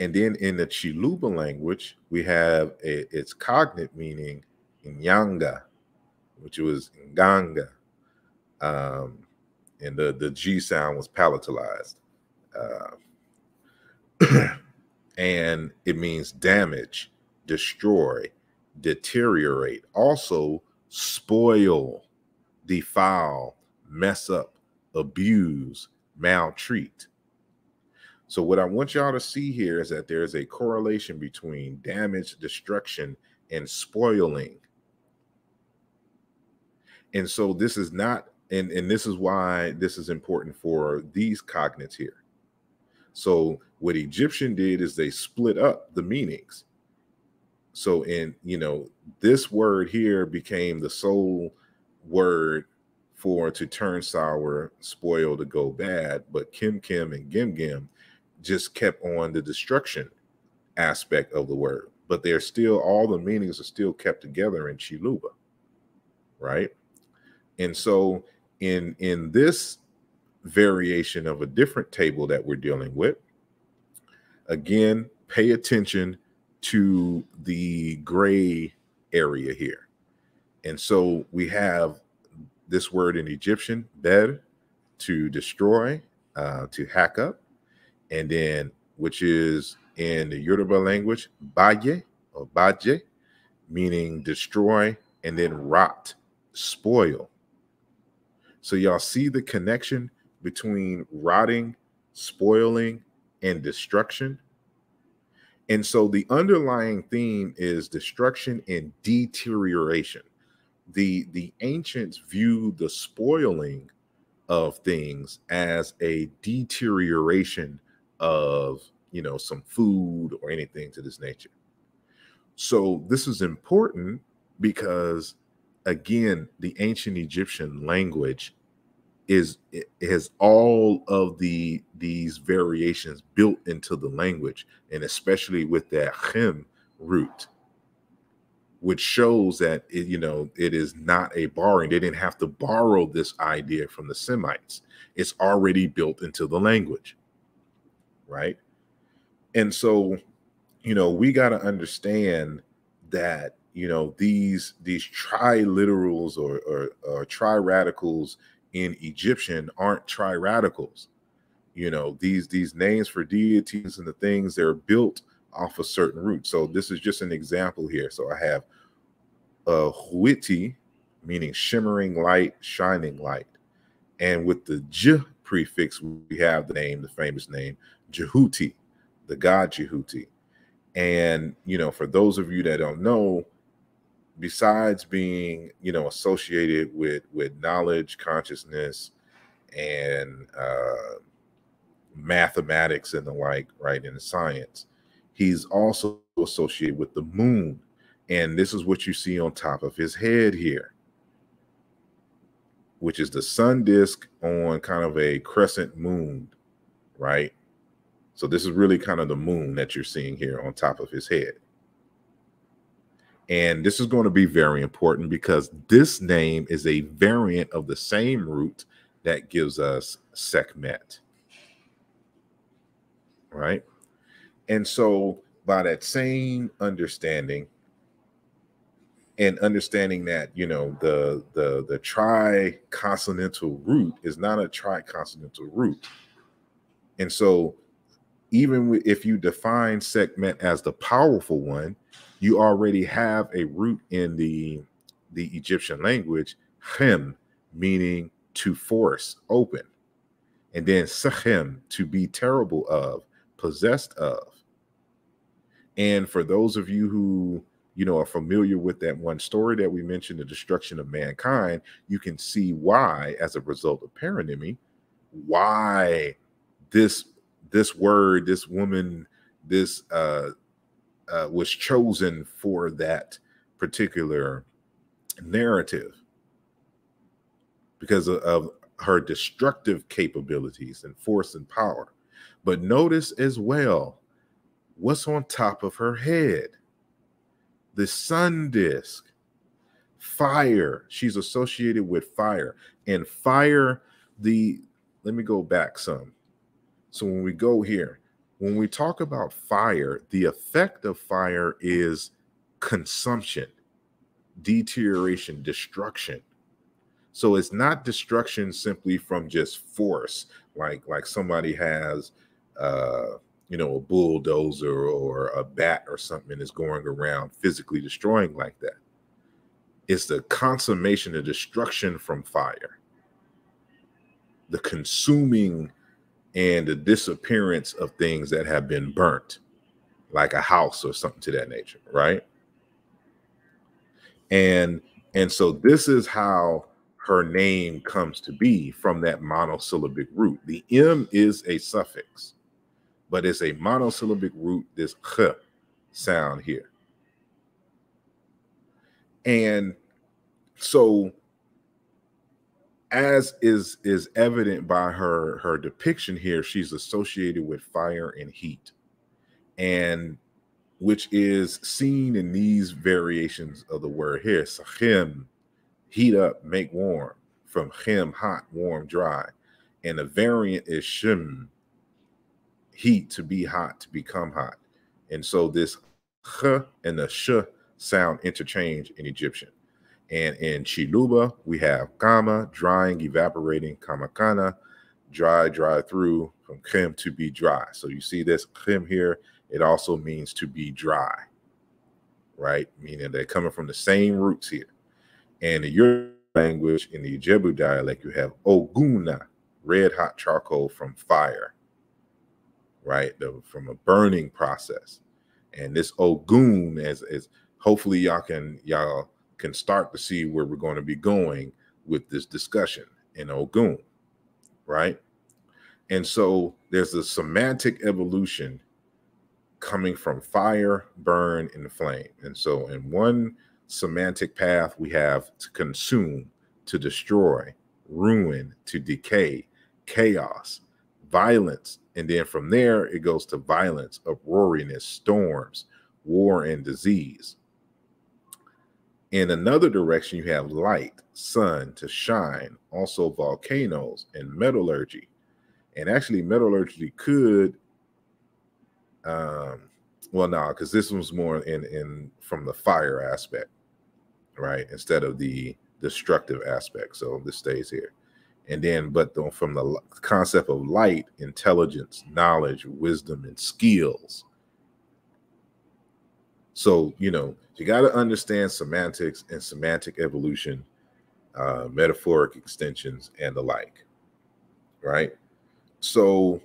And then in the Chiluba language, we have a, its cognate meaning Nyanga, which was Nganga. Um, and the, the G sound was palatalized. Uh, and it means damage, destroy, deteriorate, also spoil, defile, mess up, abuse, maltreat. So, what I want y'all to see here is that there is a correlation between damage, destruction, and spoiling. And so, this is not, and, and this is why this is important for these cognates here. So, what Egyptian did is they split up the meanings. So, in, you know, this word here became the sole word for to turn sour, spoil, to go bad. But Kim Kim and Gim Gim just kept on the destruction aspect of the word, but they're still all the meanings are still kept together in Chiluba, right? And so in in this variation of a different table that we're dealing with, again, pay attention to the gray area here. And so we have this word in Egyptian, bed, to destroy, uh, to hack up, and then which is in the Yoruba language, baye or baje, meaning destroy, and then rot, spoil. So y'all see the connection between rotting, spoiling, and destruction. And so the underlying theme is destruction and deterioration. The the ancients viewed the spoiling of things as a deterioration of you know some food or anything to this nature so this is important because again the ancient egyptian language is has all of the these variations built into the language and especially with that khem root which shows that it, you know it is not a borrowing they didn't have to borrow this idea from the semites it's already built into the language right? And so, you know, we got to understand that you know these these triliterals or or, or triradicals in Egyptian aren't triradicals. You know these these names for deities and the things they're built off a certain root. So this is just an example here. So I have uh, Huiti, meaning shimmering light, shining light, and with the j prefix we have the name, the famous name Jehuti, the god Jehuti. And, you know, for those of you that don't know, besides being, you know, associated with with knowledge, consciousness, and uh, mathematics and the like, right, in science, he's also associated with the moon. And this is what you see on top of his head here, which is the sun disk on kind of a crescent moon, right? So this is really kind of the moon that you're seeing here on top of his head. And this is going to be very important because this name is a variant of the same root that gives us Sekmet. Right? And so by that same understanding and understanding that, you know, the the the triconsonantal root is not a triconsonantal root. And so even if you define segment as the powerful one, you already have a root in the the Egyptian language, chem, meaning to force, open, and then sechem, to be terrible of, possessed of. And for those of you who you know are familiar with that one story that we mentioned, the destruction of mankind, you can see why, as a result of paronymy, why this this word, this woman, this uh, uh, was chosen for that particular narrative because of, of her destructive capabilities and force and power. But notice as well what's on top of her head the sun disk, fire. She's associated with fire. And fire, the, let me go back some. So when we go here, when we talk about fire, the effect of fire is consumption, deterioration, destruction. So it's not destruction simply from just force, like like somebody has, uh, you know, a bulldozer or a bat or something that's is going around physically destroying like that. It's the consummation, the destruction from fire, the consuming and the disappearance of things that have been burnt, like a house or something to that nature, right? And and so this is how her name comes to be from that monosyllabic root. The M is a suffix, but it's a monosyllabic root, this kh sound here. And so as is is evident by her her depiction here she's associated with fire and heat and which is seen in these variations of the word here sahim heat up make warm from him hot warm dry and the variant is shim heat to be hot to become hot and so this ch and the sh sound interchange in egyptian and in Chiluba, we have Kama, drying, evaporating, Kamakana, dry, dry through, from Khem to be dry. So you see this Khem here, it also means to be dry, right? Meaning they're coming from the same roots here. And in your language, in the Ojibwe dialect, you have Oguna, red hot charcoal from fire, right? The, from a burning process. And this Ogun, as, as hopefully y'all can, y'all can start to see where we're going to be going with this discussion in Ogun, right? And so there's a semantic evolution coming from fire, burn, and flame. And so in one semantic path, we have to consume, to destroy, ruin, to decay, chaos, violence. And then from there, it goes to violence, uproariness, storms, war, and disease. In another direction, you have light, sun to shine, also volcanoes and metallurgy. And actually, metallurgy could, um, well, no, nah, because this one's more in in from the fire aspect, right? Instead of the destructive aspect. So this stays here. And then, but the, from the concept of light, intelligence, knowledge, wisdom, and skills. So, you know, you got to understand semantics and semantic evolution, uh, metaphoric extensions, and the like, right? So,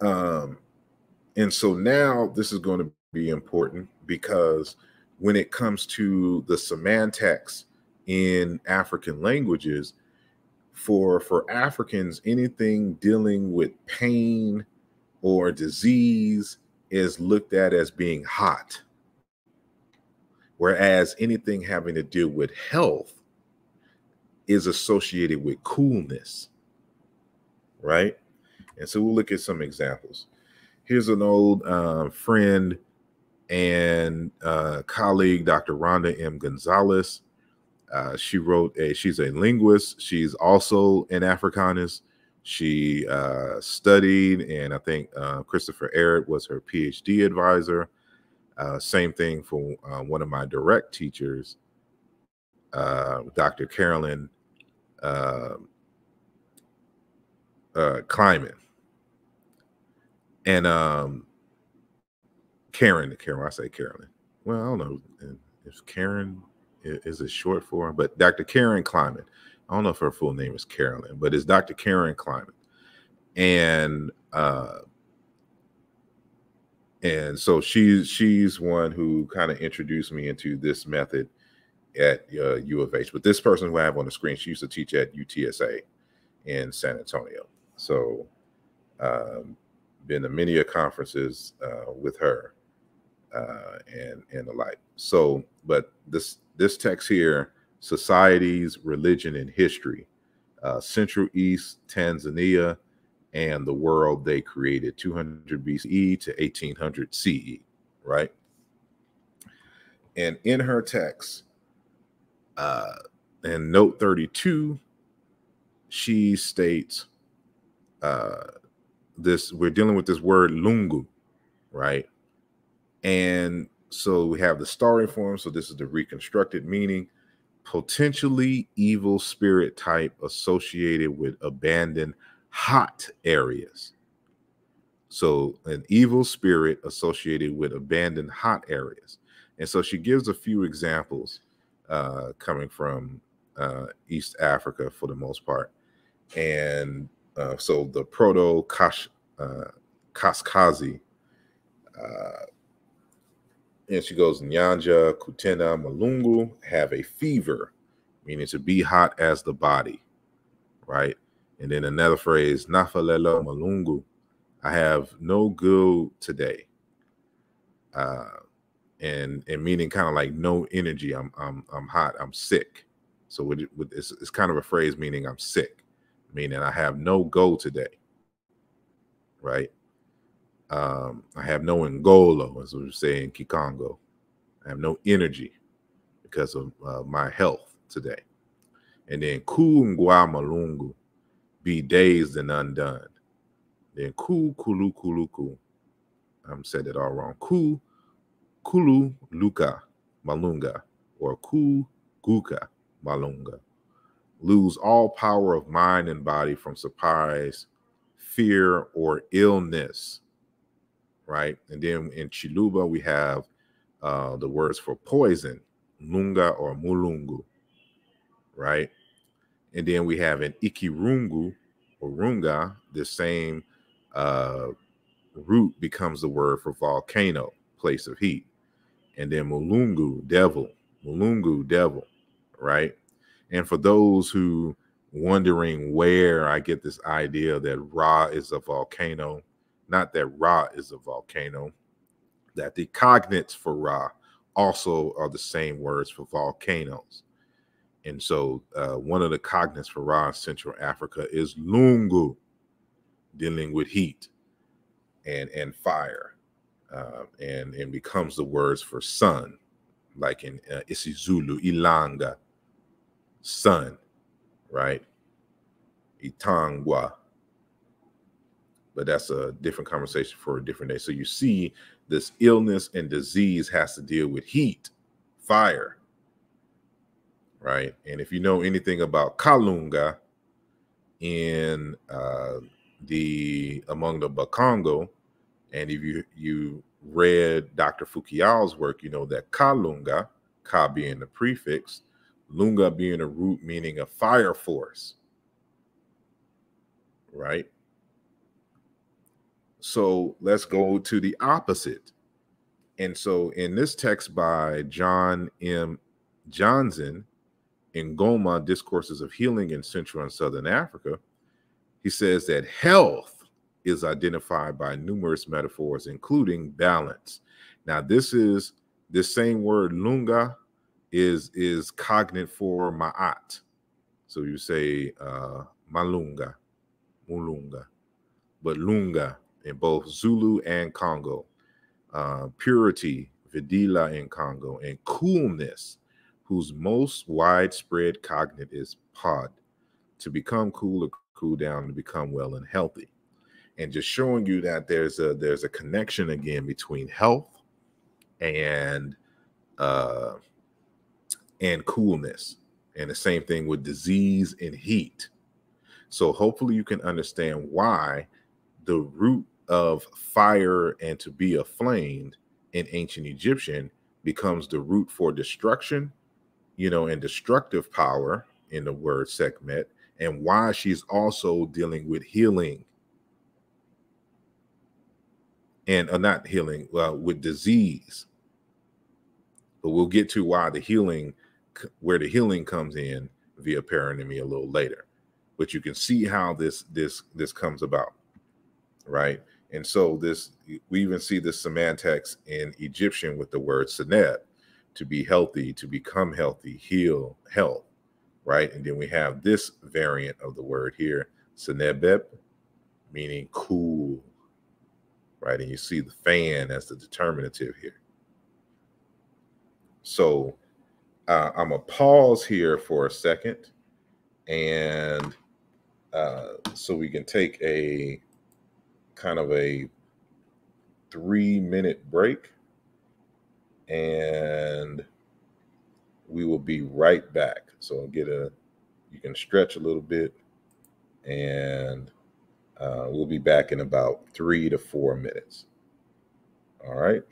um, and so now this is going to be important because when it comes to the semantics in African languages, for for Africans, anything dealing with pain or disease is looked at as being hot Whereas anything having to do with health is associated with coolness, right? And so we'll look at some examples. Here's an old uh, friend and uh, colleague, Dr. Rhonda M. Gonzalez. Uh, she wrote a, she's a linguist. She's also an Africanist. She uh, studied, and I think uh, Christopher Eric was her PhD advisor. Uh, same thing for uh, one of my direct teachers, uh, Dr. Carolyn um, uh, Kleiman. And um, Karen, Karen, I say Carolyn. Well, I don't know if Karen is a short for, but Dr. Karen Kleiman. I don't know if her full name is Carolyn, but it's Dr. Karen Kleiman. And uh, and so she's she's one who kind of introduced me into this method at uh, U of H. But this person who I have on the screen, she used to teach at UTSA in San Antonio. So, um, been to many of conferences uh, with her uh, and and the like. So, but this this text here, societies, religion, and history, uh, Central East Tanzania, and the world they created 200 BCE to 1800 CE, right? And in her text, uh, and note 32, she states uh, this we're dealing with this word lungu, right? And so we have the starry form. So this is the reconstructed meaning potentially evil spirit type associated with abandoned hot areas. So, an evil spirit associated with abandoned hot areas. And so, she gives a few examples uh, coming from uh, East Africa for the most part. And uh, so, the proto uh, Kaskazi, uh, and she goes, Nyanja, Kutena, Malungu have a fever, meaning to be hot as the body, right? And then another phrase, Nafalela Malungu, I have no good today. Uh, and and meaning kind of like no energy. I'm I'm I'm hot. I'm sick. So with, with it's, it's kind of a phrase meaning I'm sick, meaning I have no go today. Right. Um, I have no ngolo, as we say in Kikongo. I have no energy because of uh, my health today. And then Kungwa Malungu, be dazed and undone. Then ku kulu kulu I'm said it all wrong. Ku kulu luka malunga or ku guka malunga. Lose all power of mind and body from surprise, fear, or illness. Right? And then in Chiluba, we have uh, the words for poison, lunga or mulungu. Right? And then we have an Ikirungu or Runga, the same uh, root becomes the word for volcano, place of heat. And then Mulungu, devil, Mulungu, devil, right? And for those who wondering where I get this idea that Ra is a volcano, not that Ra is a volcano, that the cognates for Ra also are the same words for volcanoes. And so uh, one of the cognates for raw Central Africa is Lungu, dealing with heat and and fire, uh, and and becomes the words for sun, like in uh, Isizulu, Ilanga, sun, right? Itangwa. But that's a different conversation for a different day. So you see, this illness and disease has to deal with heat, fire, right? And if you know anything about Kalunga in uh, the among the Bakongo, and if you you read Dr. Fukial's work, you know that Kalunga, Ka being the prefix, Lunga being a root meaning a fire force, right? So let's go to the opposite. And so in this text by John M. Johnson, in Goma, Discourses of Healing in Central and Southern Africa, he says that health is identified by numerous metaphors, including balance. Now, this is this same word lunga is is cognate for ma'at. So you say uh, malunga, mulunga, but lunga in both Zulu and Congo, uh, purity, vidila in Congo, and coolness whose most widespread cognate is pod, to become cool or cool down, to become well and healthy. And just showing you that there's a there's a connection again between health and uh and coolness. And the same thing with disease and heat. So hopefully you can understand why the root of fire and to be aflamed in ancient Egyptian becomes the root for destruction you know, and destructive power in the word Sekhmet, and why she's also dealing with healing and uh, not healing uh, with disease. But we'll get to why the healing, where the healing comes in via paronymy a little later. But you can see how this this this comes about, right? And so this we even see this semantics in Egyptian with the word Senet to be healthy, to become healthy, heal, health, right? And then we have this variant of the word here, senebeb, meaning cool, right? And you see the fan as the determinative here. So uh, I'm going to pause here for a second. And uh, so we can take a kind of a three minute break and we will be right back. So get a, you can stretch a little bit, and uh, we'll be back in about three to four minutes. All right.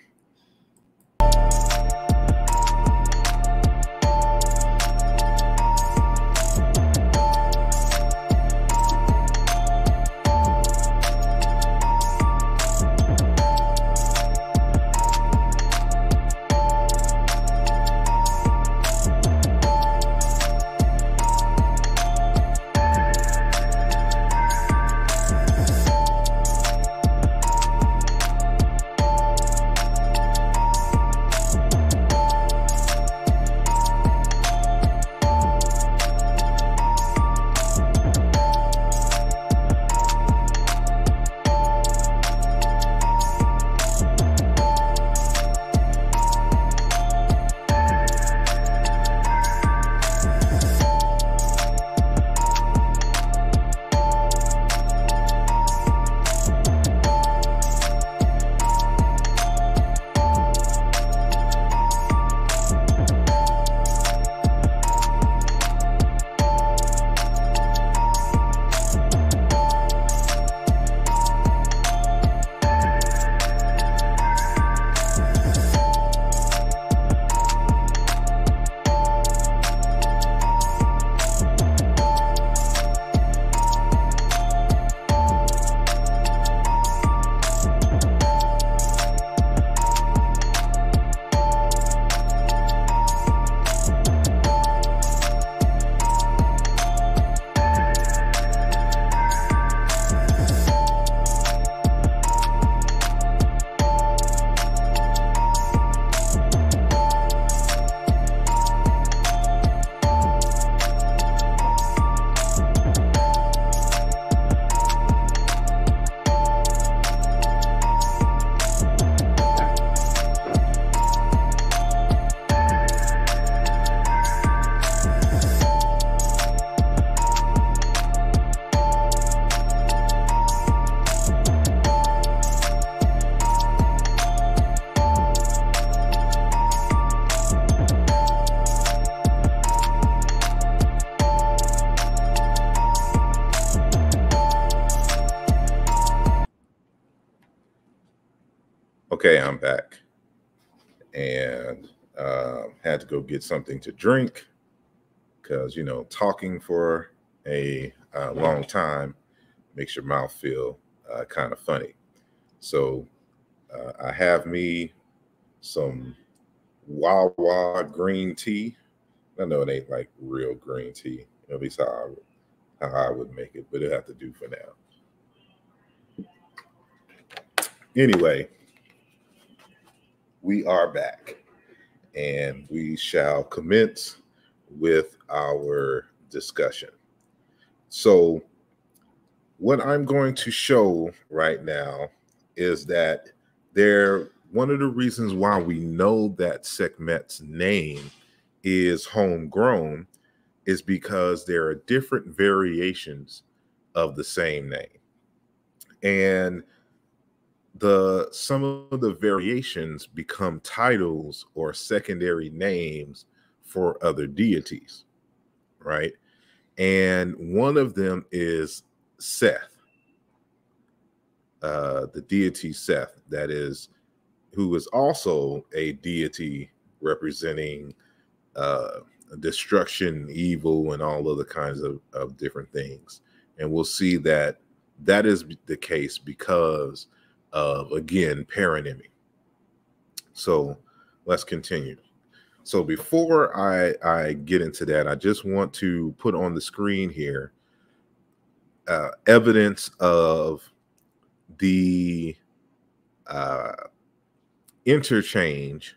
okay, I'm back. And uh, had to go get something to drink because, you know, talking for a long time makes your mouth feel uh, kind of funny. So uh, I have me some Wawa green tea. I know it ain't like real green tea, at least how I how I would make it, but it'll have to do for now. Anyway, we are back and we shall commence with our discussion. So, what I'm going to show right now is that there one of the reasons why we know that Sekhmet's name is homegrown is because there are different variations of the same name. And the some of the variations become titles or secondary names for other deities, right? And one of them is Seth, uh, the deity Seth, that is, who is also a deity representing uh, destruction, evil, and all other kinds of, of different things. And we'll see that that is the case because of, again, paronymy. So let's continue. So before I, I get into that, I just want to put on the screen here uh, evidence of the uh, interchange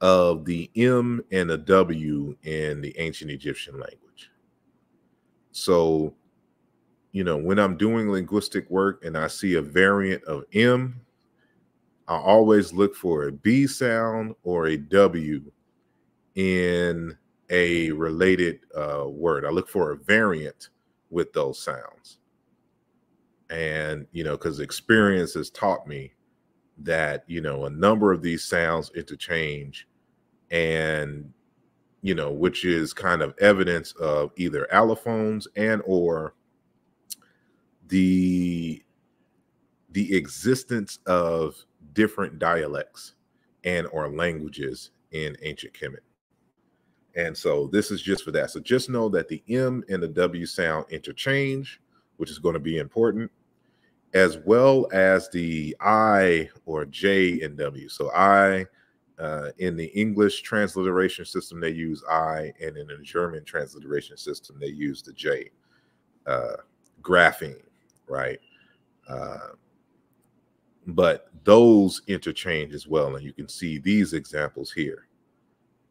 of the M and a W in the ancient Egyptian language. So you know, when I'm doing linguistic work and I see a variant of M, I always look for a B sound or a W in a related uh, word. I look for a variant with those sounds. And, you know, because experience has taught me that, you know, a number of these sounds interchange and, you know, which is kind of evidence of either allophones and or the the existence of different dialects and or languages in ancient Kemet. And so this is just for that. So just know that the M and the W sound interchange, which is going to be important, as well as the I or J and W. So I uh, in the English transliteration system, they use I, and in the German transliteration system, they use the J. Uh, graphene right? Uh, but those interchange as well, and you can see these examples here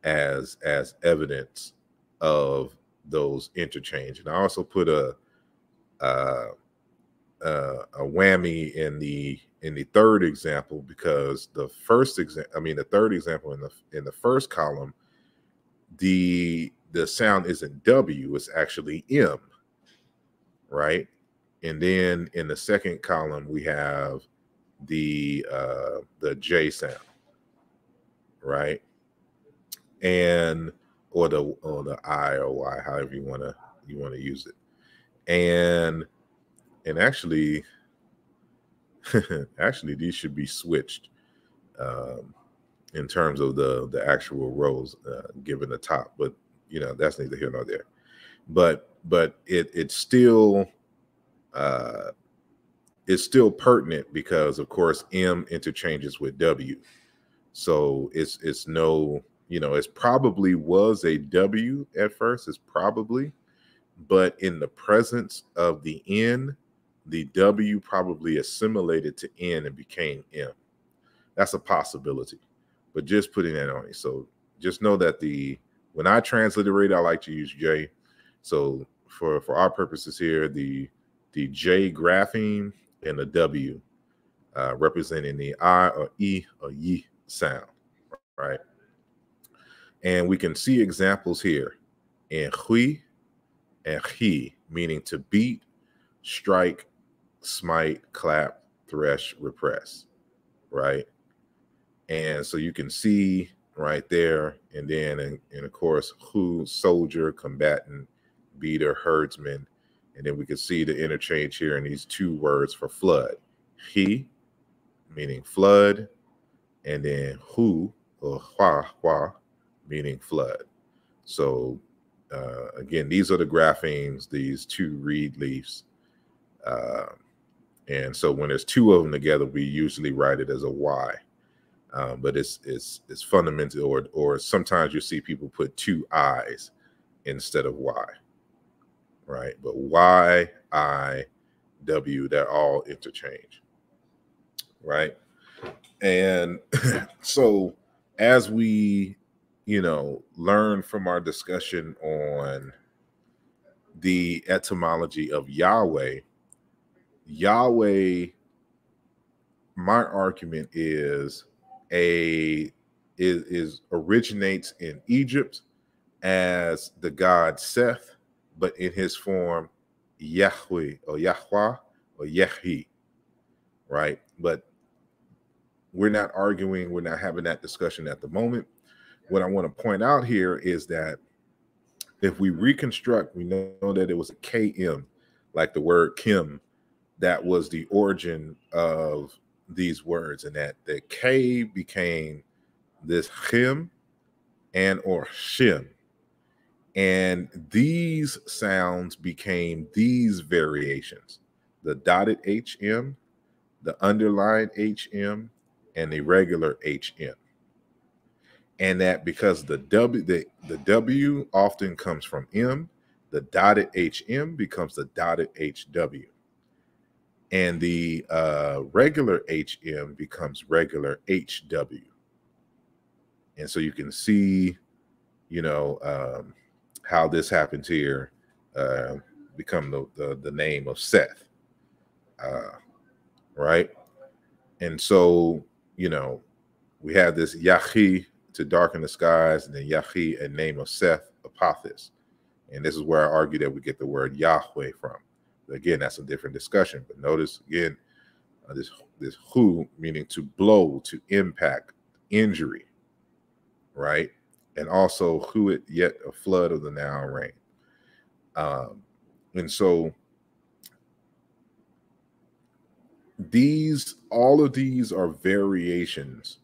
as as evidence of those interchange. And I also put a a whammy in the in the third example because the first example, I mean the third example in the in the first column, the the sound isn't W, it's actually M, right? And then in the second column, we have the uh, the J sound, right? And or the or the I or Y, however you wanna you wanna use it. And and actually, actually these should be switched um, in terms of the the actual rows uh, given the top. But you know that's neither here nor there. But but it it's still uh, is still pertinent because, of course, M interchanges with W. So it's it's no, you know, it's probably was a W at first. It's probably, but in the presence of the N, the W probably assimilated to N and became M. That's a possibility. But just putting that on you. So just know that the when I transliterate, I like to use J. So for for our purposes here, the the J grapheme, and the W, uh, representing the I or E or Y sound, right? And we can see examples here in hui and he, meaning to beat, strike, smite, clap, thresh, repress, right? And so you can see right there, and then, and, and of course, who, soldier, combatant, beater, herdsman, and then we can see the interchange here in these two words for flood. He, meaning flood, and then hu, or hua, hua, meaning flood. So uh, again, these are the graphemes, these two reed leaves. Uh, and so when there's two of them together, we usually write it as a Y. Um, but it's it's it's fundamental, or or sometimes you see people put two I's instead of Y right? But Y, I, W, they're all interchange, right? And so as we, you know, learn from our discussion on the etymology of Yahweh, Yahweh, my argument is a is, is originates in Egypt as the god Seth, but in his form Yahweh or Yahweh or Yehi, right? But we're not arguing, we're not having that discussion at the moment. What I want to point out here is that if we reconstruct, we know that it was a KM, like the word Kim, that was the origin of these words, and that the K became this Him and or Shim and these sounds became these variations the dotted HM, the underlined HM, and the regular HM. And that because the W the, the W often comes from M, the dotted HM becomes the dotted HW. And the uh, regular HM becomes regular HW. And so you can see, you know, um, how this happens here uh, become the, the, the name of Seth, uh, right? And so you know we have this Yahi to darken the skies, and then Yahi a name of Seth Apothis, and this is where I argue that we get the word Yahweh from. Again, that's a different discussion. But notice again uh, this this who meaning to blow, to impact, injury, right? and also who it yet a flood of the now rain. Um, and so these all of these are variations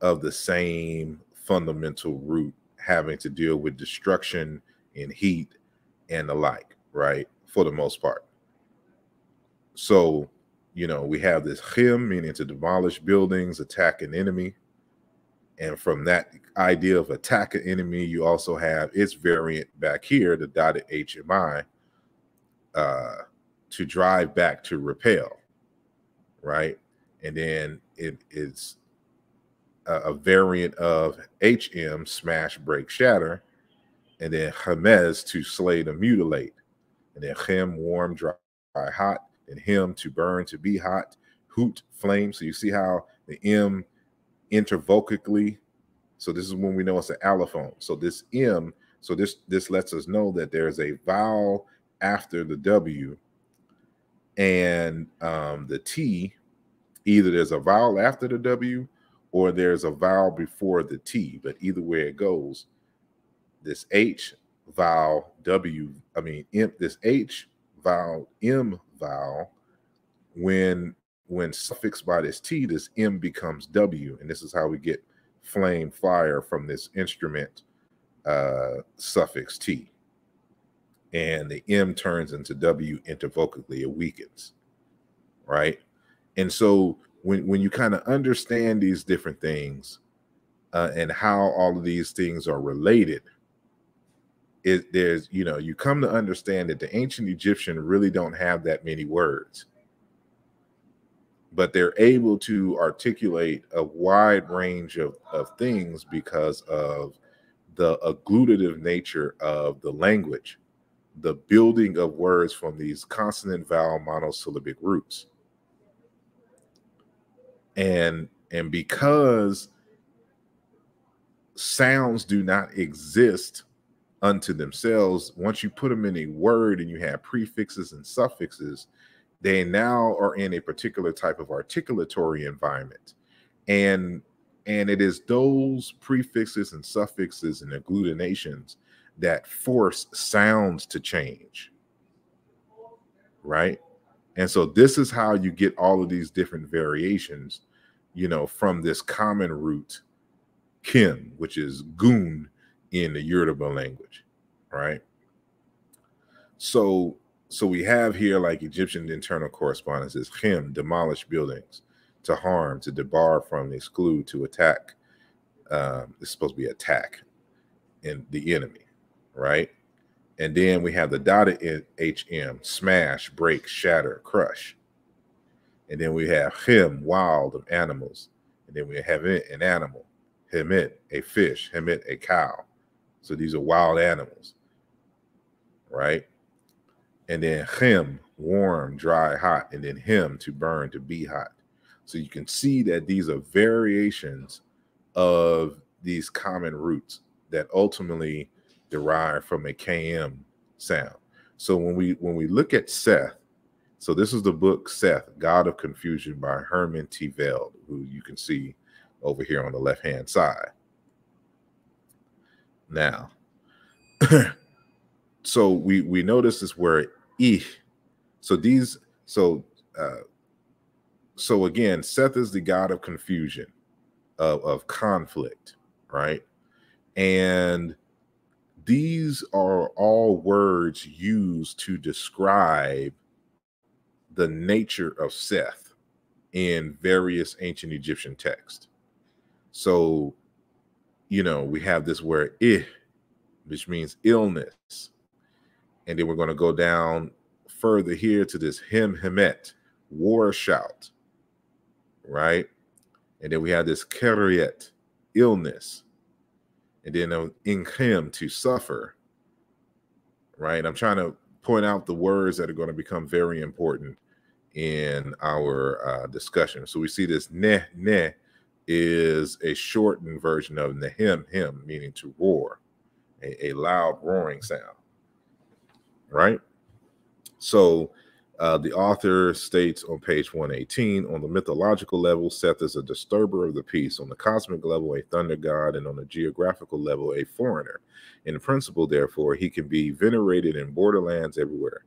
of the same fundamental root having to deal with destruction and heat and the like, right? For the most part. So, you know, we have this him meaning to demolish buildings, attack an enemy, and from that idea of attack an enemy, you also have its variant back here, the dotted HMI, uh, to drive back to repel, right? And then it is a, a variant of HM, smash, break, shatter, and then Hamez to slay to mutilate, and then Hem, warm, dry, hot, and Him to burn, to be hot, hoot, flame. So you see how the M intervocally. So this is when we know it's an allophone. So this M, so this this lets us know that there's a vowel after the W and um, the T. Either there's a vowel after the W or there's a vowel before the T. But either way it goes, this H vowel W, I mean, M, this H vowel, M vowel, when when suffixed by this T, this M becomes W. And this is how we get flame fire from this instrument uh, suffix T. And the M turns into W intervocally, it weakens, right? And so when, when you kind of understand these different things uh, and how all of these things are related, it, there's you know you come to understand that the ancient egyptian really don't have that many words but they're able to articulate a wide range of, of things because of the agglutinative nature of the language, the building of words from these consonant vowel monosyllabic roots. And and because sounds do not exist unto themselves, once you put them in a word and you have prefixes and suffixes, they now are in a particular type of articulatory environment. And and it is those prefixes and suffixes and agglutinations that force sounds to change. Right? And so this is how you get all of these different variations, you know, from this common root kim, which is goon in the Yoruba language, right? So so we have here like Egyptian internal correspondences, him demolish buildings to harm, to debar from, exclude, to attack. Um, it's supposed to be attack in the enemy, right? And then we have the dotted HM, smash, break, shatter, crush. And then we have him, wild of animals. And then we have it, an animal, him it, a fish, him it, a cow. So these are wild animals, right? and then him warm, dry, hot, and then him to burn to be hot. So you can see that these are variations of these common roots that ultimately derive from a KM sound. So when we when we look at Seth, so this is the book Seth, God of Confusion by Herman T. Veld, who you can see over here on the left hand side. Now, so we we notice this word eh. So these so uh, so again, Seth is the god of confusion, of, of conflict, right? And these are all words used to describe the nature of Seth in various ancient Egyptian texts. So, you know, we have this word ih, which means illness. And then we're going to go down further here to this Him Hemet, war shout, right? And then we have this Keriet, illness. And then um, in him to suffer, right? I'm trying to point out the words that are going to become very important in our uh, discussion. So we see this ne ne is a shortened version of the him him, meaning to roar, a, a loud roaring sound right? So uh, the author states on page 118 on the mythological level, Seth is a disturber of the peace. On the cosmic level, a thunder god. And on the geographical level, a foreigner. In principle, therefore, he can be venerated in borderlands everywhere.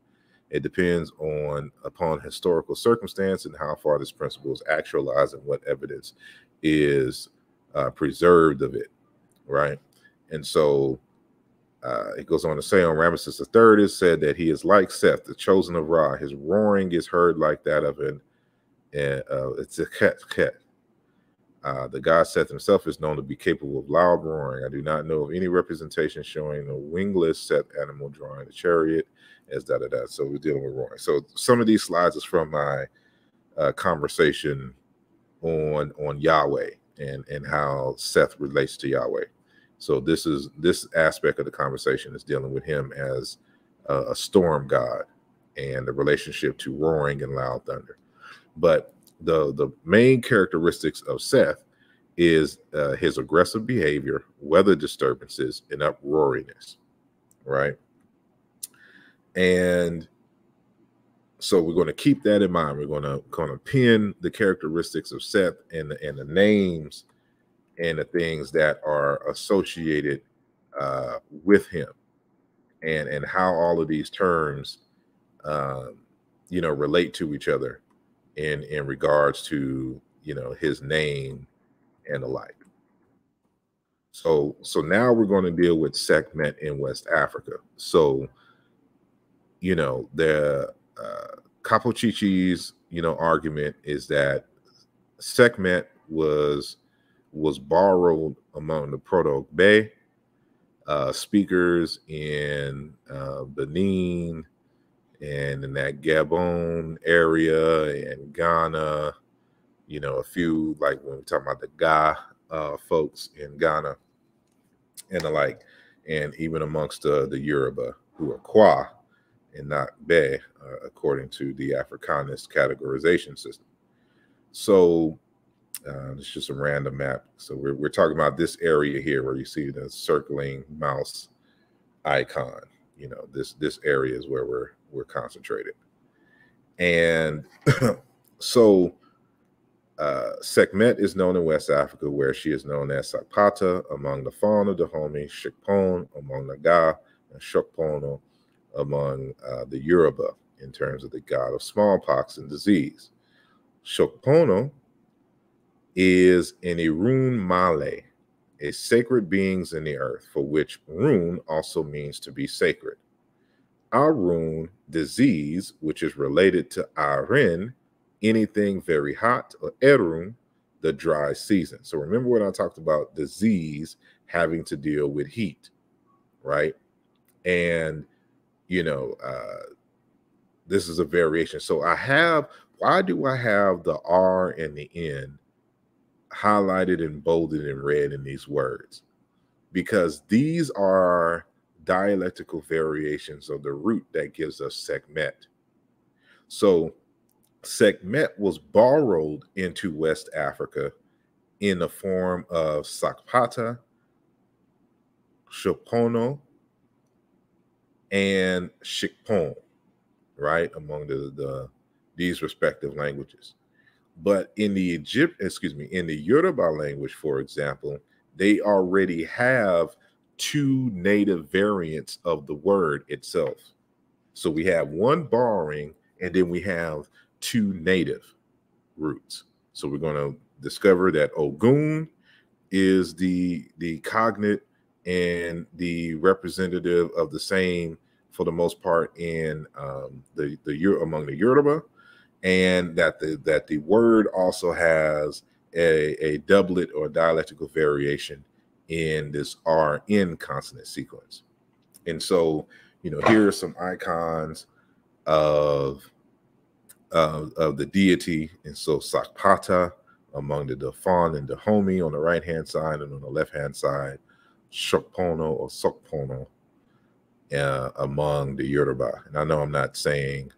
It depends on upon historical circumstance and how far this principle is actualized and what evidence is uh, preserved of it, right? And so uh, it goes on to say on Ramesses III is said that he is like Seth, the chosen of Ra. His roaring is heard like that of an uh, it's a cat cat. Uh, the god Seth himself is known to be capable of loud roaring. I do not know of any representation showing a wingless Seth animal drawing a chariot as da da da. So we're dealing with roaring. So some of these slides is from my uh, conversation on on Yahweh and and how Seth relates to Yahweh. So this is this aspect of the conversation is dealing with him as a storm god and the relationship to roaring and loud thunder. But the the main characteristics of Seth is uh, his aggressive behavior, weather disturbances, and uproariness, right? And so we're going to keep that in mind. We're going to kind of pin the characteristics of Seth and and the names and the things that are associated uh, with him and and how all of these terms um, you know relate to each other in in regards to you know his name and the like so so now we're going to deal with segment in west africa so you know the uh Capochichi's you know argument is that segment was was borrowed among the Proto Bay uh, speakers in uh, Benin and in that Gabon area and Ghana. You know, a few like when we're talking about the Ga uh, folks in Ghana and the like, and even amongst uh, the Yoruba who are Kwa and not Be, uh, according to the Africanist categorization system. So uh, it's just a random map. So we're, we're talking about this area here where you see the circling mouse icon. You know, this this area is where we're we're concentrated. And so uh, Sekhmet is known in West Africa, where she is known as Sakpata among the fauna, the Dahomey, Shikpon among the Ga, and Shokpono among uh, the Yoruba in terms of the god of smallpox and disease. Shokpono is an Irun Male, a sacred beings in the earth, for which Rune also means to be sacred. Arun, disease, which is related to Arin, anything very hot, or Erun, the dry season. So remember when I talked about disease having to deal with heat, right? And, you know, uh, this is a variation. So I have, why do I have the R and the N highlighted and bolded and red in these words because these are dialectical variations of the root that gives us Sekhmet. So Sekhmet was borrowed into West Africa in the form of Sakpata, Shopono, and Shikpon, right? Among the, the these respective languages. But in the Egypt, excuse me, in the Yoruba language, for example, they already have two native variants of the word itself. So we have one borrowing, and then we have two native roots. So we're going to discover that Ogun is the the cognate and the representative of the same for the most part in um, the the among the Yoruba, and that the that the word also has a, a doublet or dialectical variation in this RN consonant sequence. And so, you know, here are some icons of of, of the deity. And so Sakpata among the Dafan and Dahomey on the right hand side, and on the left hand side, Shokpono or Sokpono uh, among the Yoruba. And I know I'm not saying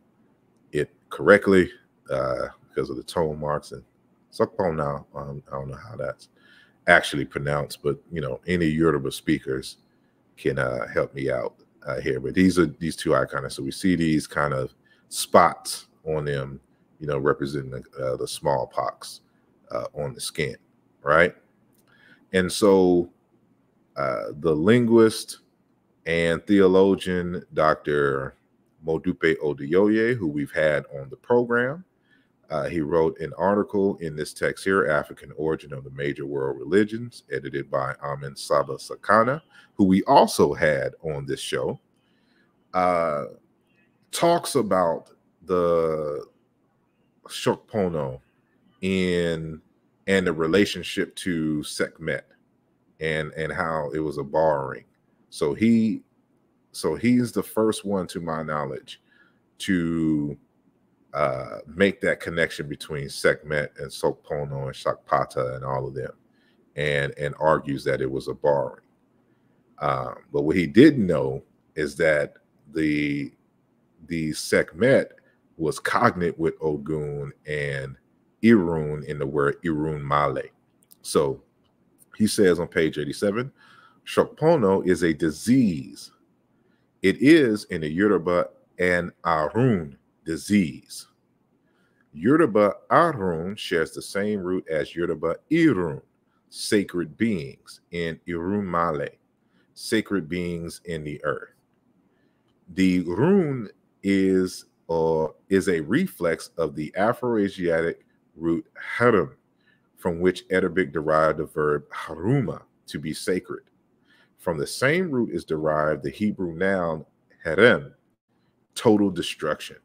correctly uh, because of the tone marks and Sukpon now. Um, I don't know how that's actually pronounced, but you know, any Yoruba speakers can uh, help me out uh, here. But these are these two icons. So we see these kind of spots on them, you know, representing the, uh, the smallpox uh, on the skin, right? And so uh, the linguist and theologian, Dr. Modupe Odiyoye, who we've had on the program. Uh, he wrote an article in this text here, African Origin of the Major World Religions, edited by Amin Saba Sakana, who we also had on this show. Uh, talks about the Shokpono in and the relationship to Sekmet and and how it was a borrowing. So he so he's the first one, to my knowledge, to uh, make that connection between Sekhmet and Sokpono and Shakpata and all of them, and and argues that it was a borrowing. Um, but what he didn't know is that the the Sekhmet was cognate with Ogun and Irun in the word Irun Male. So he says on page 87, Shokpono is a disease it is in the Yoruba and Arun disease. Yoruba Arun shares the same root as Yoruba Irun, sacred beings in Irumale, sacred beings in the earth. The rune is uh, is a reflex of the Afroasiatic root harum, from which Arabic derived the verb haruma, to be sacred. From the same root is derived the Hebrew noun herem, total destruction,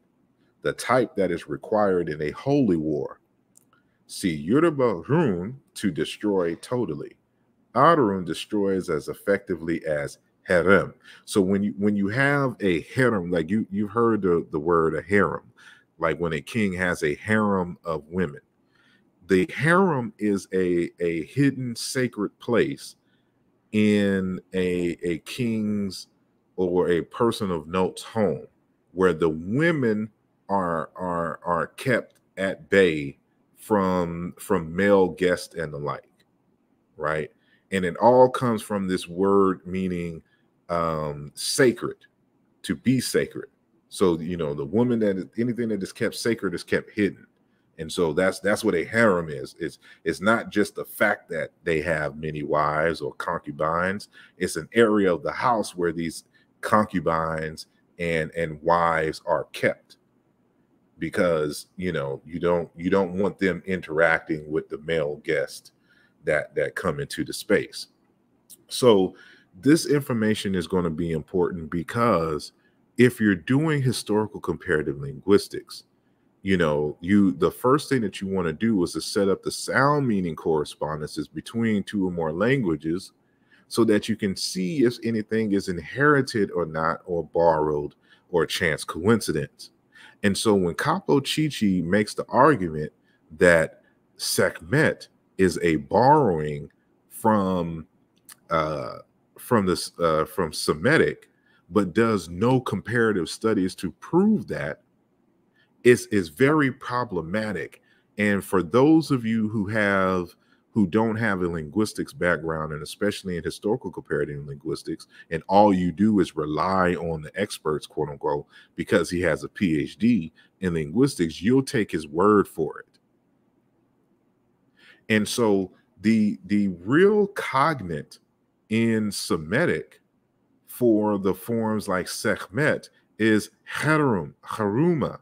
the type that is required in a holy war. See Yerubahun to destroy totally. Arun destroys as effectively as harem. So when you when you have a harem, like you you've heard the, the word a harem, like when a king has a harem of women. The harem is a, a hidden sacred place in a, a king's or a person of note's home where the women are are are kept at bay from from male guests and the like right and it all comes from this word meaning um sacred to be sacred so you know the woman that is, anything that is kept sacred is kept hidden and so that's that's what a harem is. It's it's not just the fact that they have many wives or concubines. It's an area of the house where these concubines and and wives are kept because you know you don't you don't want them interacting with the male guest that that come into the space. So this information is going to be important because if you're doing historical comparative linguistics, you know, you the first thing that you want to do is to set up the sound meaning correspondences between two or more languages so that you can see if anything is inherited or not, or borrowed, or chance coincidence. And so when Capo Chichi makes the argument that Sekhmet is a borrowing from uh, from this uh, from Semitic, but does no comparative studies to prove that. It's it's very problematic. And for those of you who have who don't have a linguistics background and especially in historical comparative linguistics and all you do is rely on the experts quote unquote because he has a phd in linguistics you'll take his word for it and so the the real cognate in semitic for the forms like sekhmet is harum haruma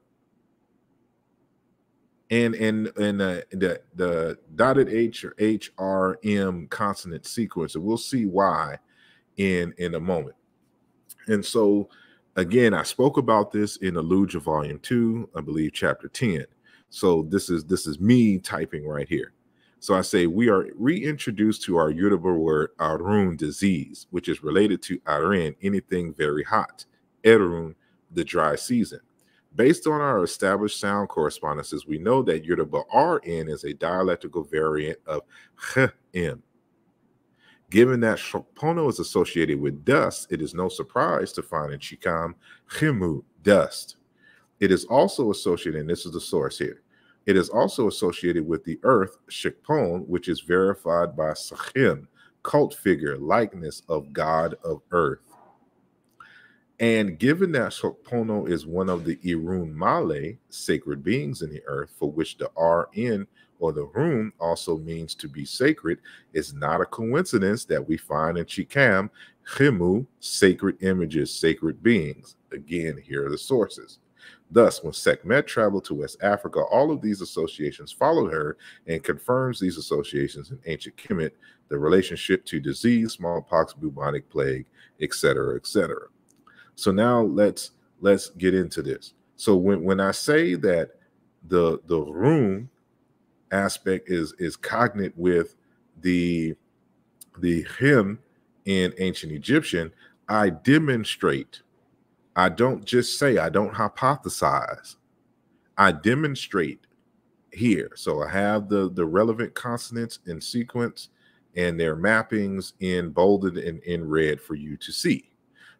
and and and uh, the the dotted H or H R M consonant sequence, and we'll see why in in a moment. And so, again, I spoke about this in Alluja Volume Two, I believe, Chapter Ten. So this is this is me typing right here. So I say we are reintroduced to our Yoruba word Arun disease, which is related to Arun, anything very hot, Erun, the dry season. Based on our established sound correspondences, we know that Yoruba RN is a dialectical variant of HM. Given that Shopono is associated with dust, it is no surprise to find in Chikam Chimu dust. It is also associated, and this is the source here, it is also associated with the earth Shikpon, which is verified by Sahim, cult figure, likeness of God of earth. And given that Ho'opono is one of the Irun Male sacred beings in the earth, for which the RN or the Run also means to be sacred, it's not a coincidence that we find in Chikam, Khemu sacred images, sacred beings. Again, here are the sources. Thus, when Sekhmet traveled to West Africa, all of these associations followed her and confirms these associations in ancient Kemet, the relationship to disease, smallpox, bubonic plague, etc., etc. So now let's let's get into this. So when when I say that the the room aspect is is cognate with the the him in ancient Egyptian, I demonstrate. I don't just say, I don't hypothesize. I demonstrate here. So I have the the relevant consonants in sequence and their mappings in bolded and in red for you to see.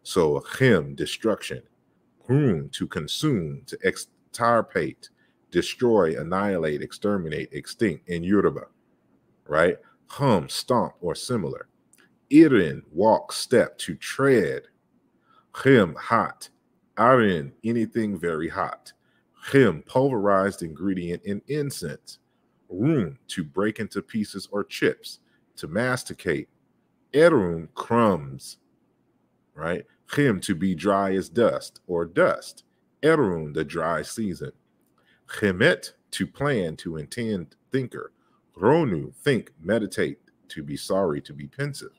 So him, destruction, whom to consume, to extirpate, destroy, annihilate, exterminate, extinct in Yoruba, right? Hum, stomp, or similar. Irin, walk, step, to tread. Him, hot. Arin, anything very hot. Him, pulverized ingredient in incense. Room, to break into pieces or chips, to masticate. Erum, crumbs, right? Chim, to be dry as dust or dust. Erun, the dry season. Chemet, to plan, to intend, thinker. Ronu, think, meditate, to be sorry, to be pensive.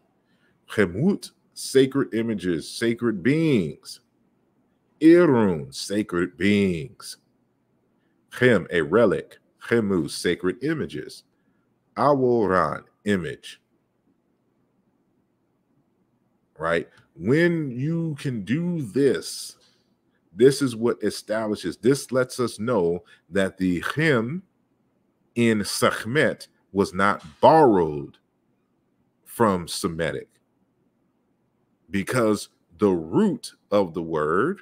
Chemut, sacred images, sacred beings. Irun, sacred beings. Chem, a relic. Chemu, sacred images. Aworan, image right? When you can do this, this is what establishes, this lets us know that the him in Sahmet was not borrowed from Semitic because the root of the word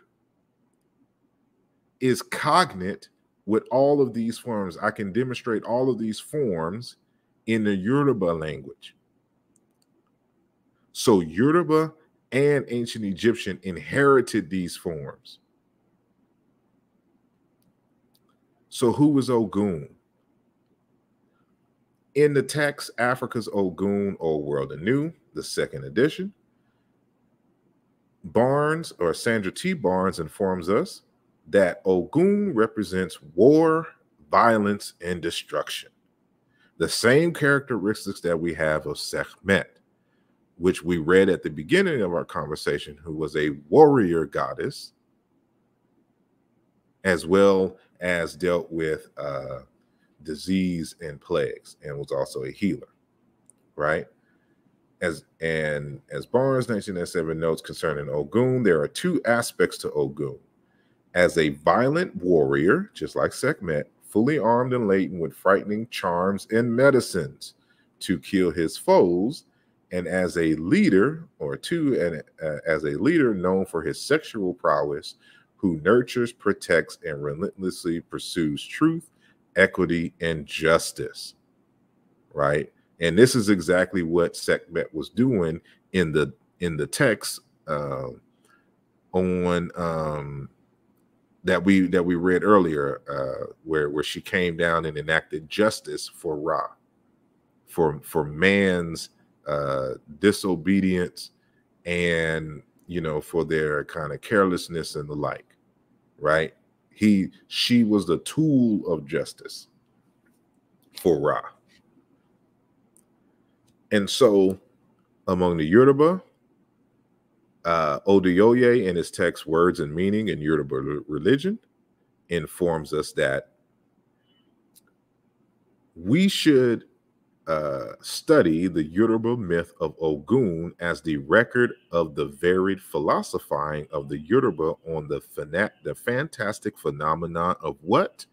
is cognate with all of these forms. I can demonstrate all of these forms in the Yoruba language. So Yoruba and ancient Egyptian inherited these forms. So who was Ogun? In the text, Africa's Ogun, Old World Anew, the second edition, Barnes or Sandra T. Barnes informs us that Ogun represents war, violence, and destruction. The same characteristics that we have of Sekhmet which we read at the beginning of our conversation, who was a warrior goddess, as well as dealt with uh, disease and plagues, and was also a healer, right? As and as Barnes 1907 notes concerning Ogun, there are two aspects to Ogun. As a violent warrior, just like Sekhmet, fully armed and laden with frightening charms and medicines to kill his foes, and as a leader, or two, and uh, as a leader known for his sexual prowess, who nurtures, protects, and relentlessly pursues truth, equity, and justice. Right, and this is exactly what Sekmet was doing in the in the text uh, on um, that we that we read earlier, uh, where where she came down and enacted justice for Ra, for for man's uh, disobedience and you know for their kind of carelessness and the like right he she was the tool of justice for ra and so among the yoruba uh, Oduyoye in his text Words and Meaning in Yoruba Religion informs us that we should uh, study the Yoruba myth of Ogun as the record of the varied philosophizing of the Yoruba on the, fana- the fantastic phenomenon of what?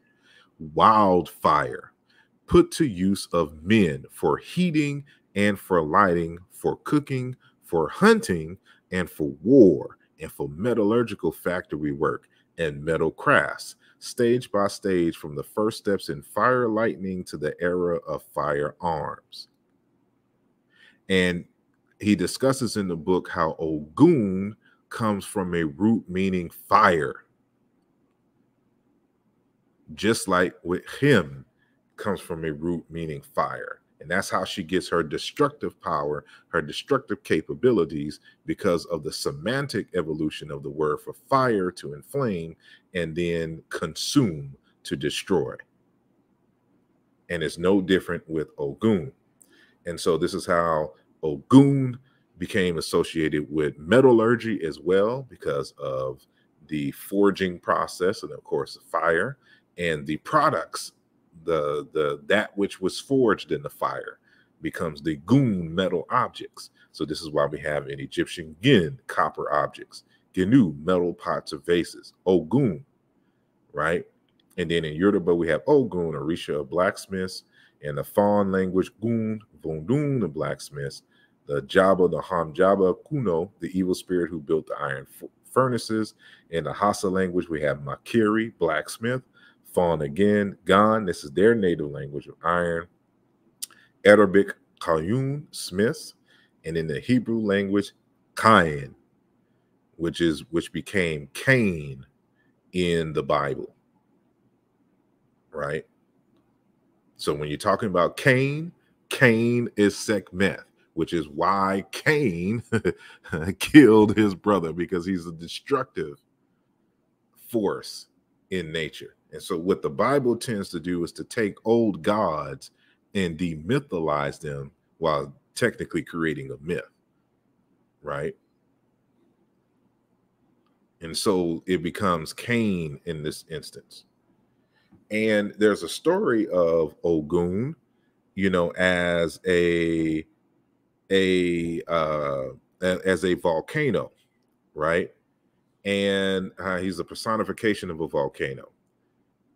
Wildfire, put to use of men for heating and for lighting, for cooking, for hunting, and for war, and for metallurgical factory work and metal crafts, stage by stage from the first steps in fire lightning to the era of firearms. And he discusses in the book how Ogun comes from a root meaning fire. Just like with him comes from a root meaning fire. And that's how she gets her destructive power, her destructive capabilities, because of the semantic evolution of the word for fire to inflame and then consume to destroy. And it's no different with Ogun. And so this is how Ogun became associated with metallurgy as well because of the forging process and of course the fire and the products the the that which was forged in the fire becomes the goon metal objects. So this is why we have in Egyptian gin copper objects, gnu metal pots or vases, ogun, right? And then in Yoruba we have ogun, orisha of blacksmiths, in the Fon language goon, vundun, the blacksmiths, the Jabba, the Hamjaba, Kuno, the evil spirit who built the iron furnaces. In the Hassa language we have Makiri, blacksmith, Fawn again, gone. this is their native language of iron, Arabic, Kayun, Smith, and in the Hebrew language, Cain, which is which became Cain in the Bible. Right? So when you're talking about Cain, Cain is Sekmeth, which is why Cain killed his brother because he's a destructive force in nature. And so, what the Bible tends to do is to take old gods and demythalize them while technically creating a myth, right? And so it becomes Cain in this instance. And there's a story of Ogun, you know, as a a uh as a volcano, right? And uh, he's a personification of a volcano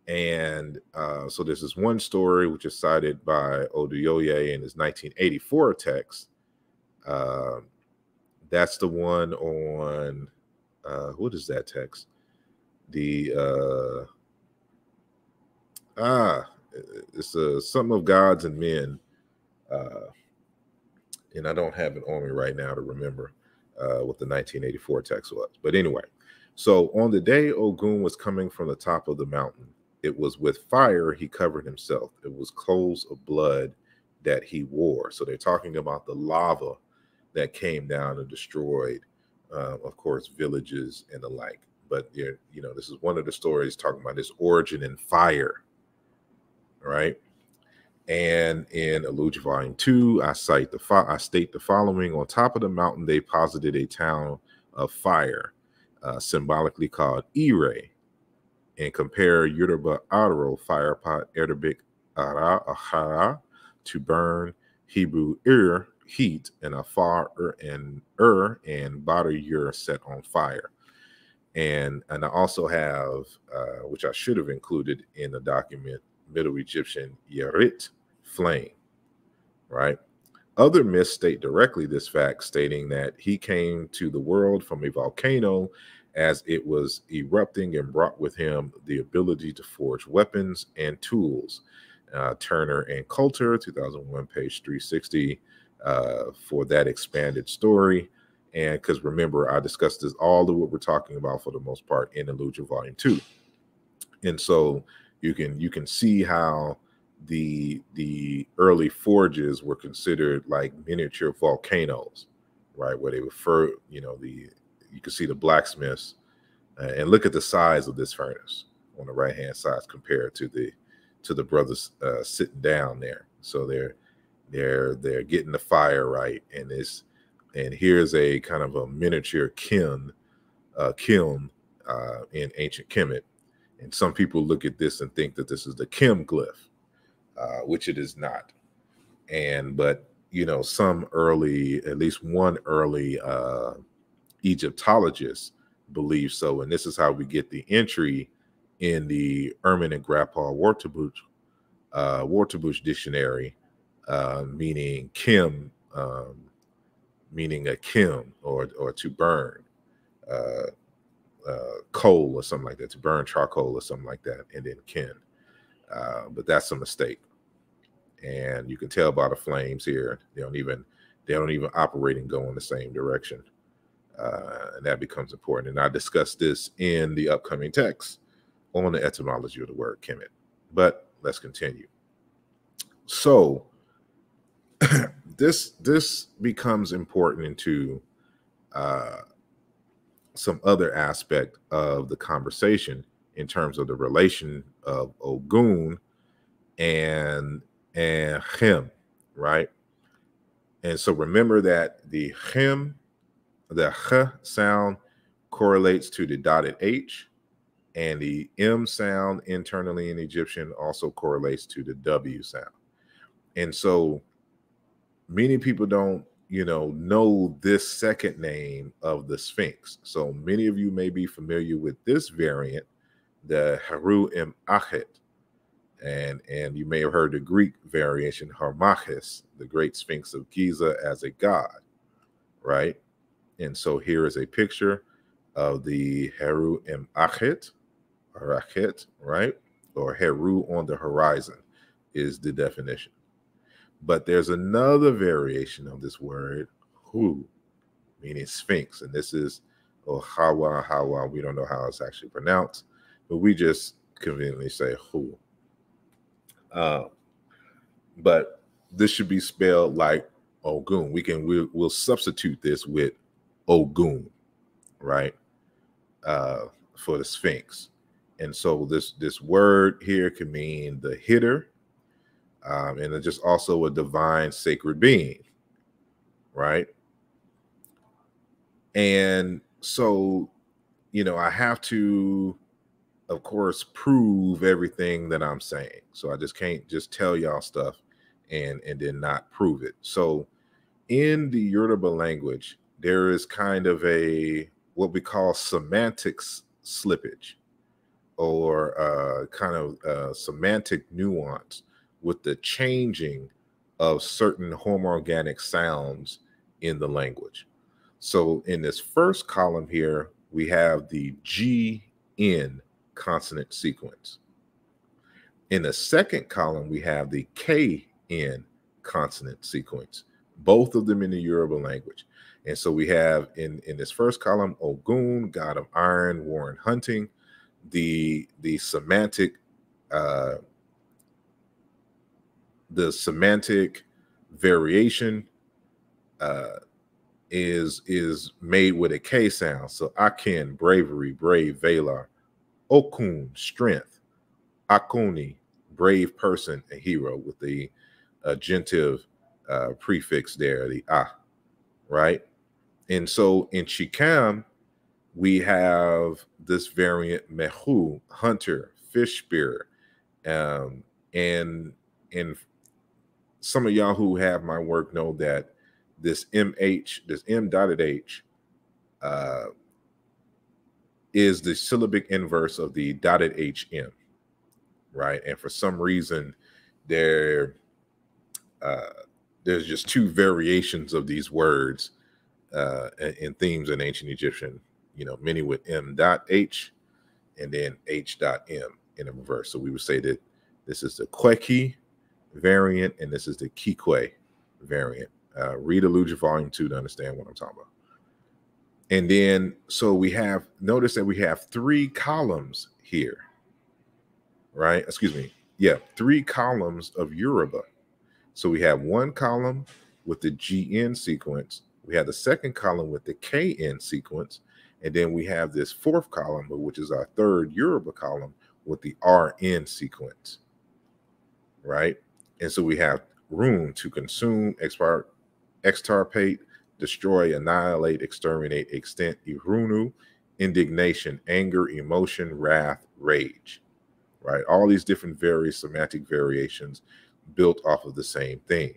and uh, so there's this one story which is cited by Oduyoye in his 1984 text. Uh, that's the one on uh, what is that text? The uh, ah, it's a "Some of gods and men, uh, and I don't have it on me right now to remember uh, what the 1984 text was. But anyway, so on the day Ogun was coming from the top of the mountain it was with fire he covered himself. It was clothes of blood that he wore. So they're talking about the lava that came down and destroyed, um, of course, villages and the like. But you know, this is one of the stories talking about this origin in fire, right? And in Eluge Volume Two, I cite the I state the following: On top of the mountain, they posited a town of fire, uh, symbolically called Ere, and compare Yoruba Adaro firepot Arabic Ara Ahara to burn Hebrew Ir heat er and Afar er Ur and Ur and butter Ur set on fire. And and I also have uh, which I should have included in the document Middle Egyptian Yerit flame, right? Other myths state directly this fact, stating that he came to the world from a volcano as it was erupting and brought with him the ability to forge weapons and tools. Uh, Turner and Coulter, 2001, page 360, uh, for that expanded story. And because remember, I discussed this all of what we're talking about for the most part in Illusion Volume Two, and so you can you can see how the the early forges were considered like miniature volcanoes, right? Where they refer, you know, the you can see the blacksmiths. Uh, and look at the size of this furnace on the right hand side compared to the to the brothers uh, sitting down there. So they're they're they're getting the fire right, and this and here's a kind of a miniature kiln uh, kiln uh, in ancient Kemet. And some people look at this and think that this is the Kim glyph, uh, which it is not. And but you know, some early, at least one early uh, Egyptologists believe so. And this is how we get the entry in the Erman and Grappa Wartabuch, uh, Wartabuch dictionary, uh, meaning Kim, um, meaning a Kim or, or to burn. Uh, uh, coal or something like that, to burn charcoal or something like that, and then kin. Uh, but that's a mistake, and you can tell by the flames here. They don't even they don't even operate and go in the same direction. Uh, and that becomes important. And I discuss this in the upcoming text on the etymology of the word kemet. But let's continue. So this this becomes important into uh, some other aspect of the conversation in terms of the relation of Ogun and and him, right? And so remember that the him the h sound correlates to the dotted h, and the m sound internally in Egyptian also correlates to the w sound. And so many people don't you know know this second name of the sphinx so many of you may be familiar with this variant the haru M achet and and you may have heard the greek variation harmachis the great sphinx of giza as a god right and so here is a picture of the Heru Im Achet, or Achet, right? Or Heru on the horizon is the definition. But there's another variation of this word, Hu, meaning Sphinx. And this is or oh, Hawa, Hawa. We don't know how it's actually pronounced, but we just conveniently say Hu. Uh, um, but this should be spelled like Ogun. We can we, will substitute this with Ogun, right? Uh, for the Sphinx. And so this this word here can mean the hitter, um, and it's just also a divine sacred being, right? And so, you know, I have to, of course, prove everything that I'm saying. So I just can't just tell y'all stuff and and then not prove it. So in the Yoruba language, there is kind of a what we call semantics slippage or uh, kind of uh, semantic nuance with the changing of certain homoorganic sounds in the language. So in this first column here, we have the GN consonant sequence. In the second column, we have the KN consonant sequence, both of them in the Yoruba language. And so we have in in this first column Ogun, God of Iron, Warren Hunting, the the semantic uh, the semantic variation uh, is is made with a K sound. So Akin, bravery, brave, Velar, Okun, strength, Akuni, brave person, and hero with the uh, uh, prefix there, the ah, right? And so in Chicam, we have this variant Mehu, hunter, fish spear. Um, and and some of y'all who have my work know that this MH, this M dotted H, uh, is the syllabic inverse of the dotted HM, right? And for some reason, there, uh, there's just two variations of these words uh, in themes in ancient Egyptian, you know, many with M dot H and then H dot M in reverse. So we would say that this is the Kweki variant and this is the Kikwe variant. Uh, read Illusion Volume 2 to understand what I'm talking about. And then, so we have, notice that we have three columns here, right? Excuse me. Yeah, three columns of Yoruba. So we have one column with the GN sequence, we have the second column with the KN sequence, and then we have this fourth column, which is our third Yoruba column with the RN sequence, right? And so we have room to consume, expire, extirpate, destroy, annihilate, exterminate, extent, irunu, indignation, anger, emotion, wrath, rage, right? All these different various semantic variations built off of the same thing.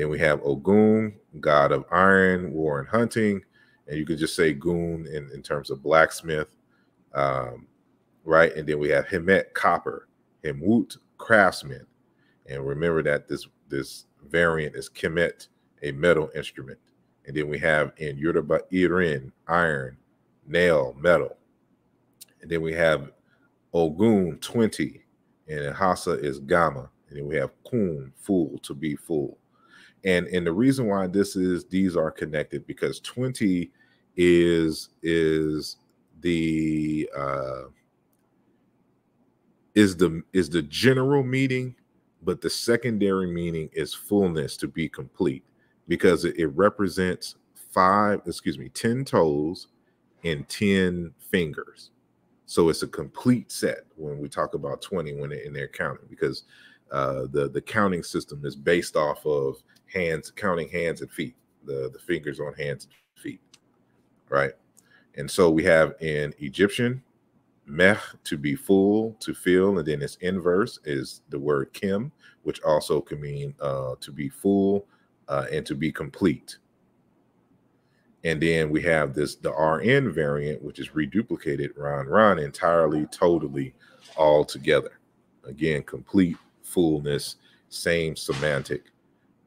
Then we have Ogun, God of Iron, War and Hunting, and you could just say Goon in, in terms of blacksmith, um, right? And then we have Hemet, Copper, Hemwut, Craftsman, and remember that this this variant is Kemet, a metal instrument, and then we have in Yoruba Irin, Iron, Nail, Metal, and then we have Ogun, twenty, and in Hassa is Gamma, and then we have Kun, Fool, to be fool and and the reason why this is these are connected because 20 is is the uh is the is the general meaning but the secondary meaning is fullness to be complete because it, it represents five excuse me 10 toes and 10 fingers so it's a complete set when we talk about 20 when in their counting because uh, the the counting system is based off of hands, counting hands and feet, the, the fingers on hands and feet, right? And so we have in Egyptian, meh, to be full, to fill, and then its inverse is the word kim, which also can mean uh, to be full uh, and to be complete. And then we have this the RN variant, which is reduplicated Ron Ron entirely, totally, all together. Again, complete fullness, same semantic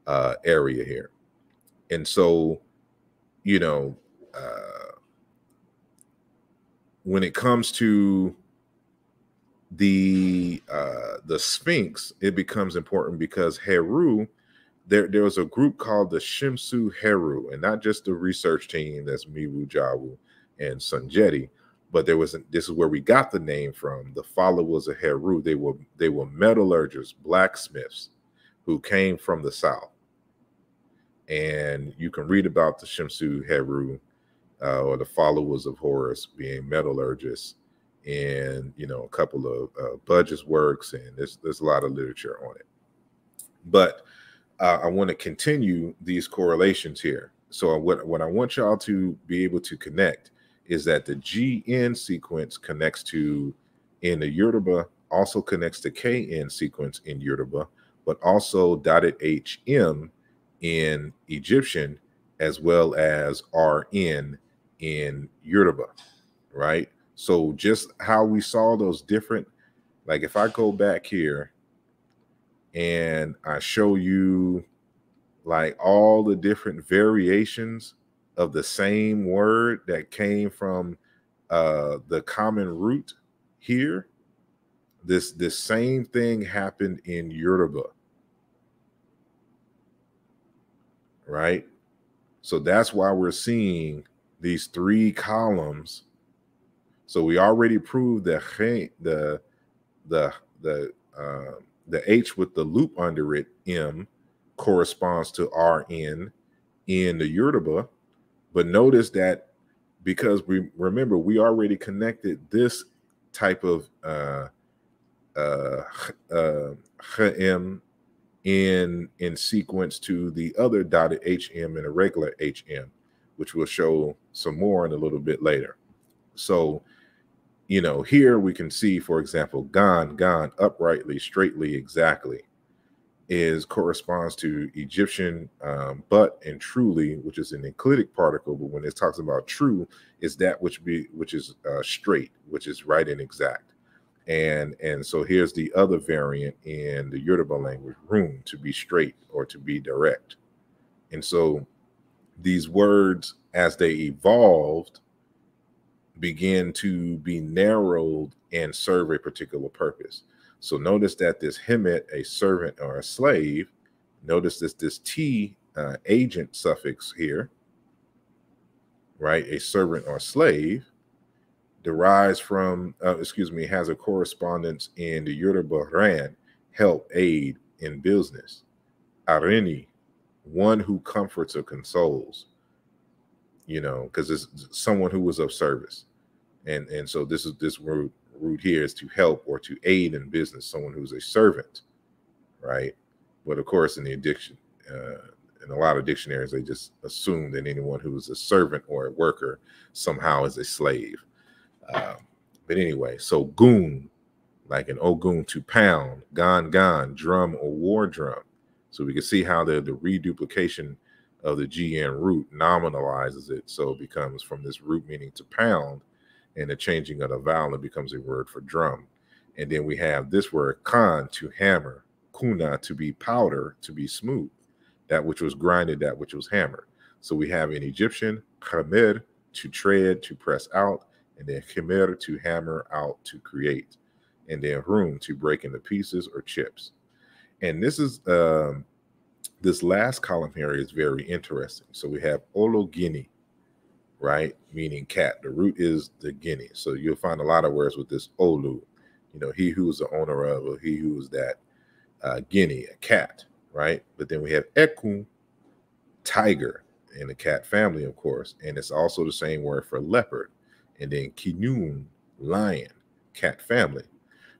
uh, area here. And so, you know, uh, when it comes to the uh, the Sphinx, it becomes important because Heru, there there was a group called the Shimsu Heru, and not just the research team that's Miwu Jawu and Sunjeti, but there was an, this is where we got the name from. The followers of Heru, they were they were metallurgists, blacksmiths, who came from the south and you can read about the Shimsu Heru uh, or the followers of Horus being metallurgists and you know a couple of uh, Budge's works, and there's there's a lot of literature on it. But uh, I want to continue these correlations here. So what what I want y'all to be able to connect is that the GN sequence connects to in the Yoruba also connects to KN sequence in Yoruba, but also dotted HM in Egyptian as well as RN in Yoruba, right? So just how we saw those different, like if I go back here and I show you like all the different variations of the same word that came from uh, the common root here, this this same thing happened in Yoruba right? So that's why we're seeing these three columns. So we already proved that the the the uh, the H with the loop under it M corresponds to RN in the Yoruba, but notice that because we remember we already connected this type of uh, uh, uh, in in sequence to the other dotted HM and a regular HM, which we'll show some more in a little bit later. So, you know, here we can see, for example, gone, gone, uprightly, straightly, exactly is corresponds to Egyptian um, but and truly, which is an enclitic particle. But when it talks about true, is that which be which is uh, straight, which is right and exact and and so here's the other variant in the Yoruba language, room to be straight or to be direct. And so these words, as they evolved, begin to be narrowed and serve a particular purpose. So notice that this hemet, a servant or a slave, notice this this t uh, agent suffix here, right? A servant or slave derives from, uh, excuse me, has a correspondence in the Yoruba Ran, help, aid in business. Areni, one who comforts or consoles, you know, because it's someone who was of service. And, and so this is this root root here is to help or to aid in business someone who's a servant right but of course in the addiction uh, in a lot of dictionaries they just assume that anyone who is a servant or a worker somehow is a slave um, but anyway, so goon, like an ogoon to pound, gone, gone, drum or war drum. So we can see how the, the reduplication of the GN root nominalizes it. So it becomes from this root meaning to pound and the changing of the vowel, it becomes a word for drum. And then we have this word con, to hammer, kuna to be powder, to be smooth, that which was grinded, that which was hammered. So we have in Egyptian, khamir to tread, to press out, and then kemer to hammer out to create, and then room to break into pieces or chips. And this is um, this last column here is very interesting. So we have ologini, right, meaning cat. The root is the guinea. So you'll find a lot of words with this olu, you know, he who is the owner of or he who is that uh, guinea, a cat, right? But then we have ekun, tiger, in the cat family, of course, and it's also the same word for leopard and then Kinun, lion, cat family.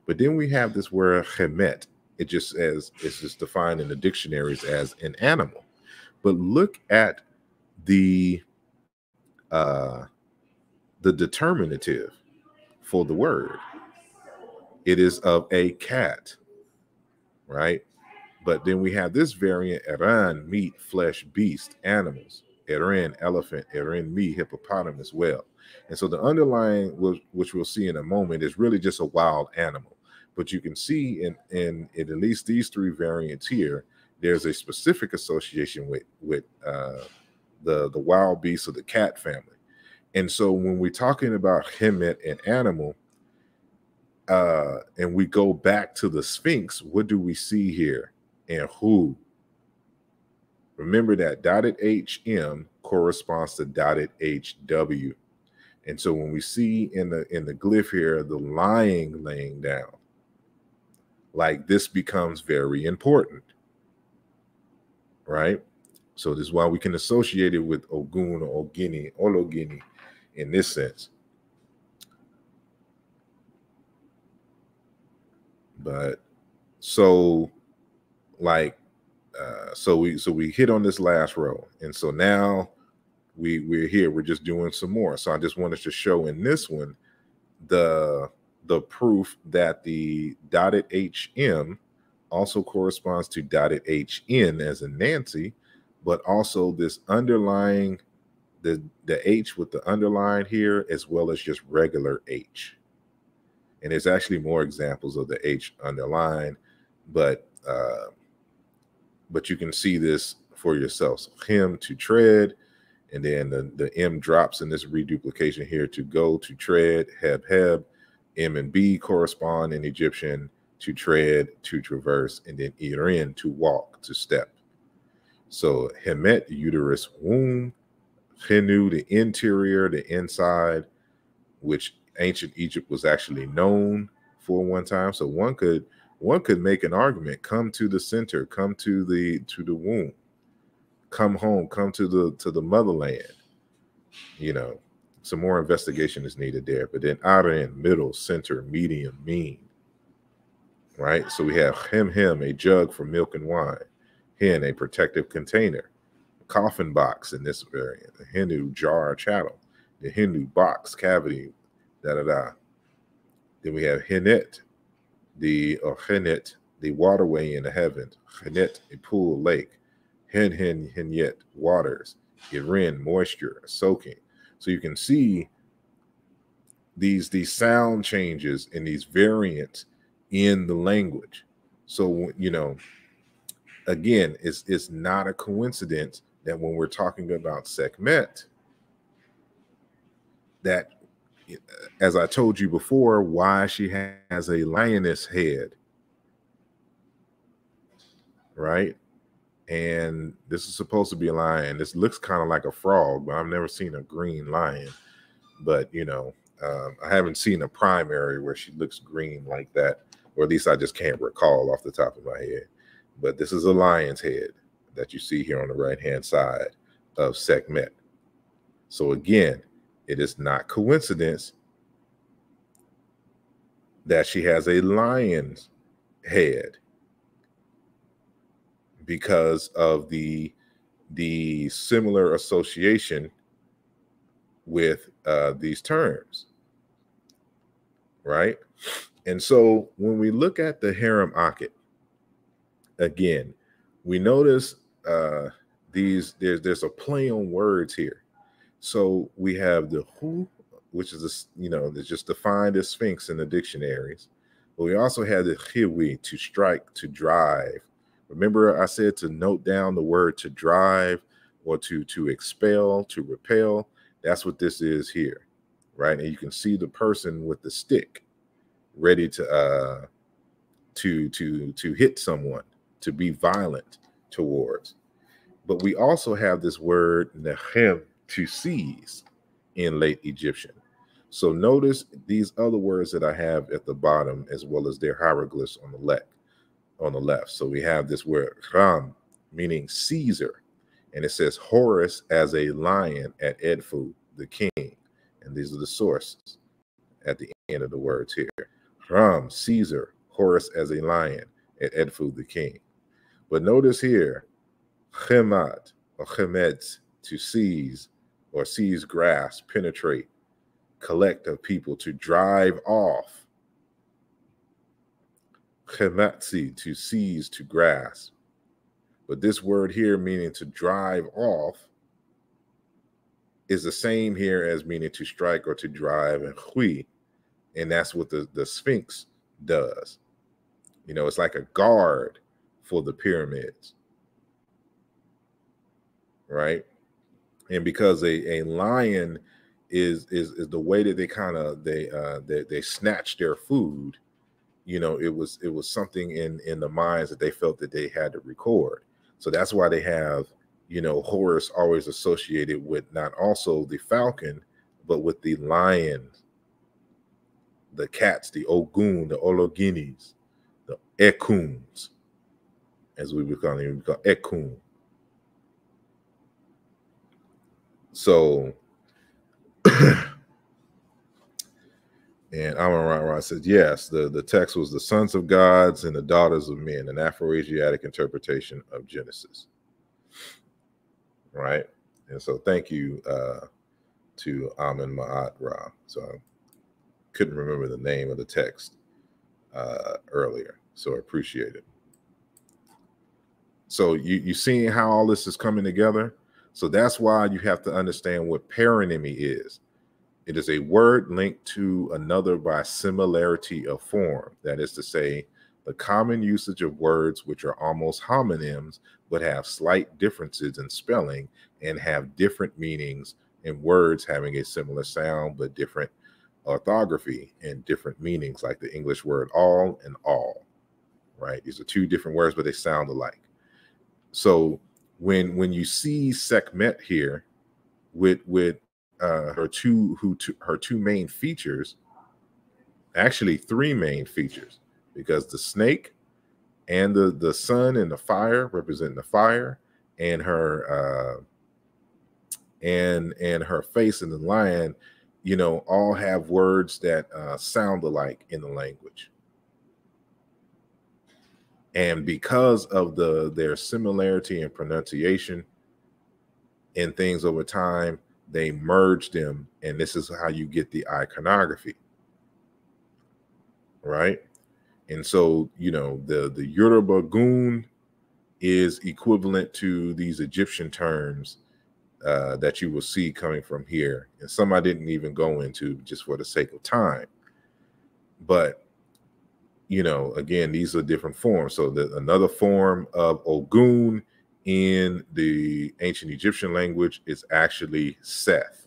But then we have this word chemet. It just says it's just defined in the dictionaries as an animal. But look at the uh, the determinative for the word. It is of a cat, right? But then we have this variant: eran, meat, flesh, beast, animals. Eran, elephant. Eran, me, hippopotamus, whale. And so the underlying, which we'll see in a moment, is really just a wild animal. But you can see in, in, in at least these three variants here, there's a specific association with, with uh, the, the wild beasts of the cat family. And so when we're talking about Hemet and animal, uh, and we go back to the Sphinx, what do we see here? And who? Remember that dotted HM corresponds to dotted HW. And so when we see in the in the glyph here the lying laying down, like this becomes very important. Right? So this is why we can associate it with Ogun or Ogini, Ologini in this sense. But so like uh so we so we hit on this last row and so now we we're here. We're just doing some more. So I just wanted to show in this one the the proof that the dotted HM also corresponds to dotted HN as in Nancy, but also this underlying the the H with the underline here as well as just regular H. And there's actually more examples of the H underline, but uh, but you can see this for yourself. So him to tread, and then the, the M drops in this reduplication here to go to tread, heb, heb. M and B correspond in Egyptian to tread, to traverse, and then irin to walk, to step. So hemet, uterus, womb, henu, the interior, the inside, which ancient Egypt was actually known for one time. So one could one could make an argument: come to the center, come to the to the womb come home, come to the to the motherland. You know, some more investigation is needed there. But then outer end, middle, center, medium, mean. Right? So we have him, him, a jug for milk and wine, hen, a protective container, coffin box in this variant, the Hindu jar chattel, the Hindu box cavity, da da da. Then we have Hinit, the or Hinit, the waterway in the heaven, Hinit, a pool, lake, hen hen hen yet waters, rain moisture, soaking. So you can see these these sound changes and these variants in the language. So you know, again, it's it's not a coincidence that when we're talking about Sekmet, that eh, as I told you before, why she has a lioness head, right? and this is supposed to be a lion. This looks kind of like a frog, but I've never seen a green lion. But you know, um, I haven't seen a primary where she looks green like that, or at least I just can't recall off the top of my head. But this is a lion's head that you see here on the right hand side of Sekhmet. So again, it is not coincidence that she has a lion's head because of the the similar association with uh, these terms, right? And so when we look at the harem akit, again, we notice uh, these there's there's a play on words here. So we have the who, which is this you know it's just defined as sphinx in the dictionaries, but we also have the hiwi to strike, to drive, Remember, I said to note down the word to drive or to, to expel, to repel. That's what this is here, right? And you can see the person with the stick ready to uh to to to hit someone, to be violent towards. But we also have this word nehem to seize in late Egyptian. So notice these other words that I have at the bottom as well as their hieroglyphs on the left on the left. So we have this word Ram, meaning Caesar. And it says Horus as a lion at Edfu, the king. And these are the sources at the end of the words here. Ram, Caesar, Horus as a lion at Edfu, the king. But notice here, Chemat or Chemet, to seize or seize grasp, penetrate, collect of people, to drive off kanatsi, to seize, to grasp. But this word here, meaning to drive off, is the same here as meaning to strike or to drive and hui. And that's what the, the Sphinx does. You know, it's like a guard for the pyramids. Right? And because a, a lion is is is the way that they kind of they uh they, they snatch their food, you know it was it was something in in the minds that they felt that they had to record so that's why they have you know horus always associated with not also the falcon but with the lion the cats the ogun the ologinis the ekuns as we were calling it we call ekun so And Amon Ra says, yes, the, the text was the sons of gods and the daughters of men, an Afroasiatic interpretation of Genesis. Right? And so thank you uh, to Amon Ma'at Ra. So I couldn't remember the name of the text uh, earlier. So I appreciate it. So you, you seeing how all this is coming together? So that's why you have to understand what paronymy is. It is a word linked to another by similarity of form, that is to say, the common usage of words which are almost homonyms but have slight differences in spelling and have different meanings, and words having a similar sound but different orthography and different meanings, like the English word all and all, right? These are two different words, but they sound alike. So when when you see "segment" here with with uh, her two who her two main features, actually three main features, because the snake and the the sun and the fire representing the fire and her uh, and and her face and the lion, you know, all have words that uh, sound alike in the language. And because of the their similarity in pronunciation, and things over time, they merge them, and this is how you get the iconography. Right? And so, you know, the, the Yoruba goon is equivalent to these Egyptian terms uh, that you will see coming from here. And some I didn't even go into just for the sake of time. But, you know, again, these are different forms. So the, another form of Ogun in the ancient Egyptian language is actually Seth.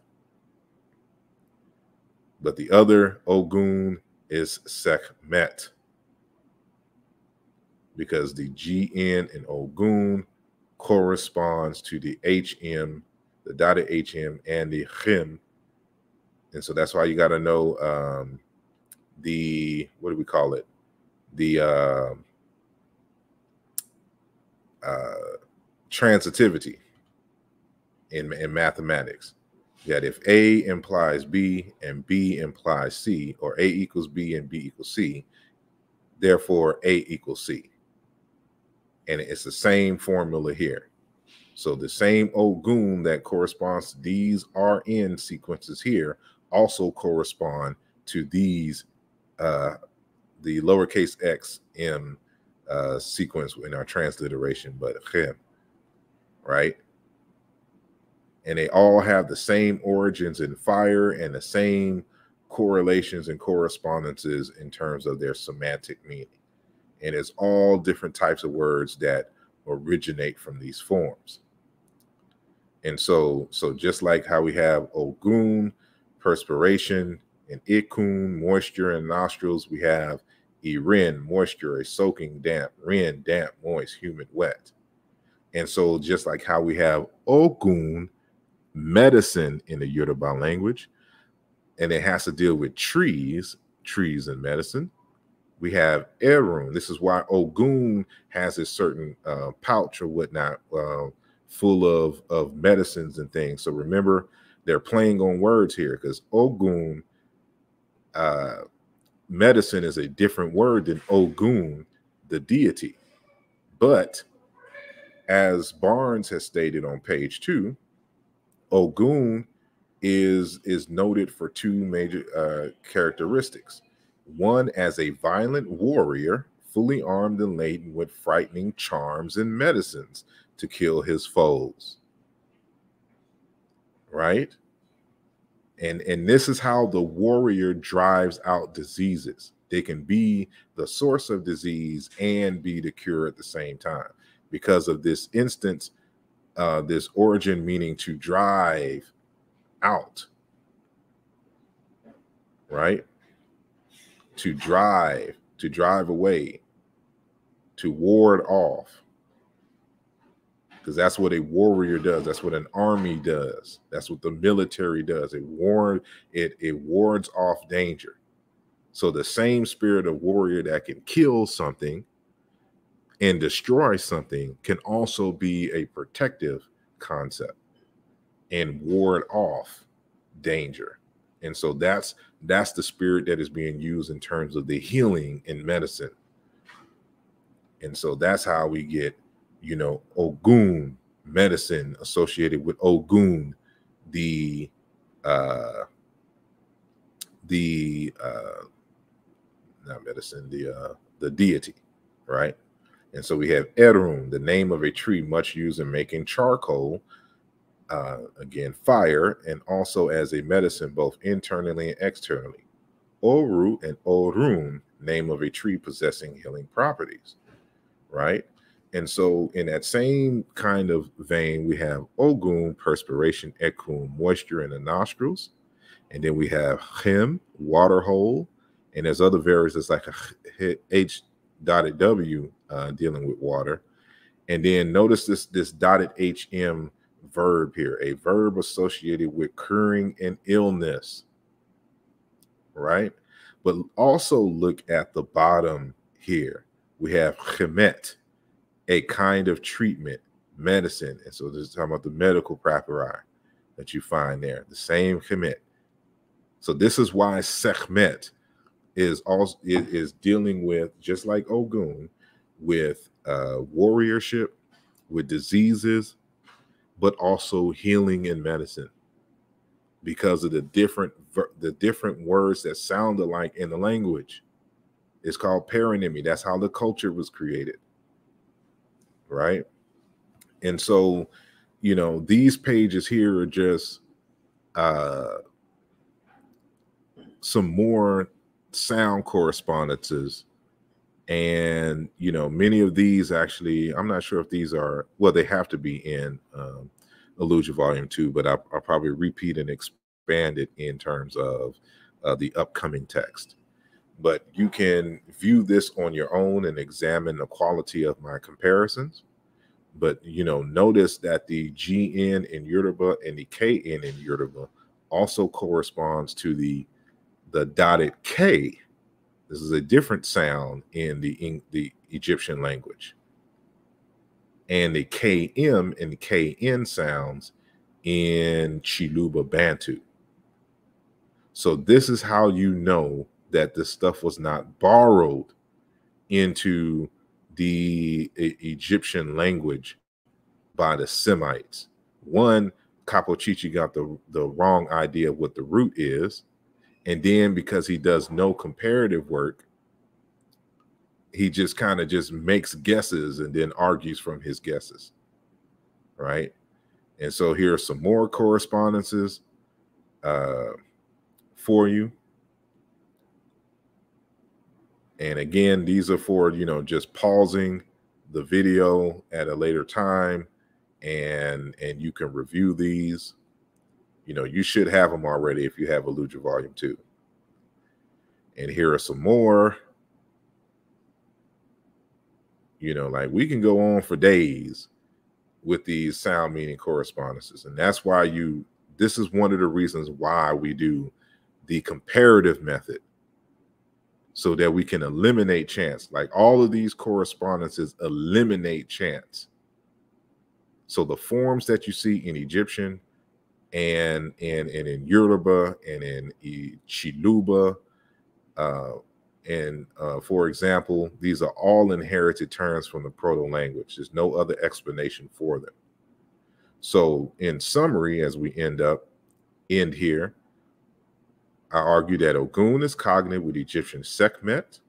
But the other Ogun is Sekhmet. Because the GN in Ogun corresponds to the HM, the dotted HM, and the H M, And so that's why you got to know um, the, what do we call it? The, um, uh, uh, transitivity in, in mathematics that if A implies B and B implies C, or A equals B and B equals C, therefore A equals C. And it's the same formula here. So the same old goon that corresponds to these RN sequences here also correspond to these, uh, the lowercase x m uh, sequence in our transliteration, but chem right? And they all have the same origins in fire and the same correlations and correspondences in terms of their semantic meaning. And it's all different types of words that originate from these forms. And so, so just like how we have ogun, perspiration, and ikun, moisture in nostrils, we have irin, moisture, a soaking damp, rin, damp, moist, humid, wet. And so, just like how we have ogun, medicine in the Yoruba language, and it has to deal with trees, trees and medicine. We have Erun. This is why Ogun has a certain uh, pouch or whatnot uh, full of, of medicines and things. So remember, they're playing on words here because Ogun uh, medicine is a different word than Ogun, the deity. But as Barnes has stated on page two, Ogun is is noted for two major uh, characteristics. One as a violent warrior, fully armed and laden with frightening charms and medicines to kill his foes. Right? And and this is how the warrior drives out diseases. They can be the source of disease and be the cure at the same time because of this instance, uh, this origin meaning to drive out, right? To drive, to drive away, to ward off. Because that's what a warrior does. That's what an army does. That's what the military does. It ward it it wards off danger. So the same spirit of warrior that can kill something and destroy something can also be a protective concept and ward off danger. And so that's that's the spirit that is being used in terms of the healing in medicine. And so that's how we get, you know, Ogun medicine associated with Ogun, the uh the uh not medicine, the uh the deity, right? And so we have Edrum, the name of a tree much used in making charcoal, uh, again, fire, and also as a medicine both internally and externally. Oru and Orun, name of a tree possessing healing properties, right? And so, in that same kind of vein, we have Ogun, perspiration, Ekun, moisture in the nostrils. And then we have hem, water hole. And there's other variants that's like a H dotted W uh, dealing with water. And then notice this, this dotted HM verb here, a verb associated with curing an illness, right? But also look at the bottom here. We have chemet, a kind of treatment, medicine. And so this is talking about the medical papyri that you find there, the same chemet. So this is why sechmet is also is, is dealing with just like Ogun with uh, warriorship, with diseases, but also healing and medicine because of the different the different words that sound alike in the language. It's called paronymy. That's how the culture was created, right? And so, you know, these pages here are just uh, some more sound correspondences and you know many of these actually i'm not sure if these are well they have to be in um illusion volume two but I, will probably repeat and expand it in terms of uh, the upcoming text but you can view this on your own and examine the quality of my comparisons but you know notice that the gn in yoruba and the kn in yoruba also corresponds to the the dotted K, this is a different sound in the, in the Egyptian language. And the KM and the KN sounds in Chiluba Bantu. So this is how you know that this stuff was not borrowed into the e Egyptian language by the Semites. One, Chichi got the, the wrong idea of what the root is. And then because he does no comparative work, he just kind of just makes guesses and then argues from his guesses. Right. And so here are some more correspondences uh, for you. And again, these are for, you know, just pausing the video at a later time and and you can review these you know, you should have them already if you have Aluja Volume 2. And here are some more. You know, like we can go on for days with these sound meaning correspondences. And that's why you, this is one of the reasons why we do the comparative method so that we can eliminate chance. Like all of these correspondences eliminate chance. So the forms that you see in Egyptian, and and and in Yoruba and in Chiluba. Uh, and uh, for example, these are all inherited terms from the proto language. There's no other explanation for them. So, in summary, as we end up end here, I argue that Ogun is cognate with Egyptian Sekhmet,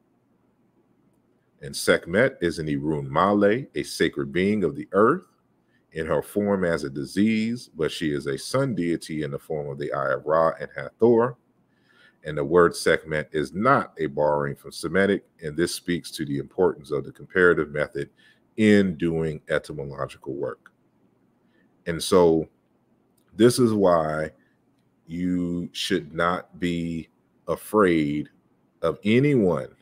and Sekhmet is an Irun Male, a sacred being of the earth, in her form as a disease, but she is a sun deity in the form of the Eye of Ra and Hathor. And the word segment is not a borrowing from Semitic, and this speaks to the importance of the comparative method in doing etymological work. And so, this is why you should not be afraid of anyone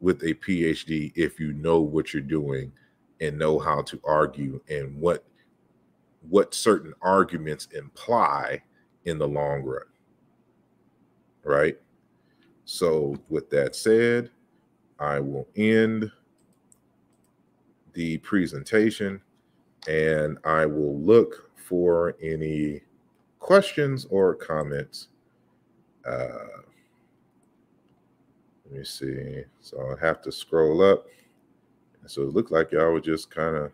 with a PhD if you know what you're doing and know how to argue and what what certain arguments imply in the long run. Right? So with that said, I will end the presentation and I will look for any questions or comments. Uh, let me see. So I have to scroll up. And so it looked like y'all were just kind of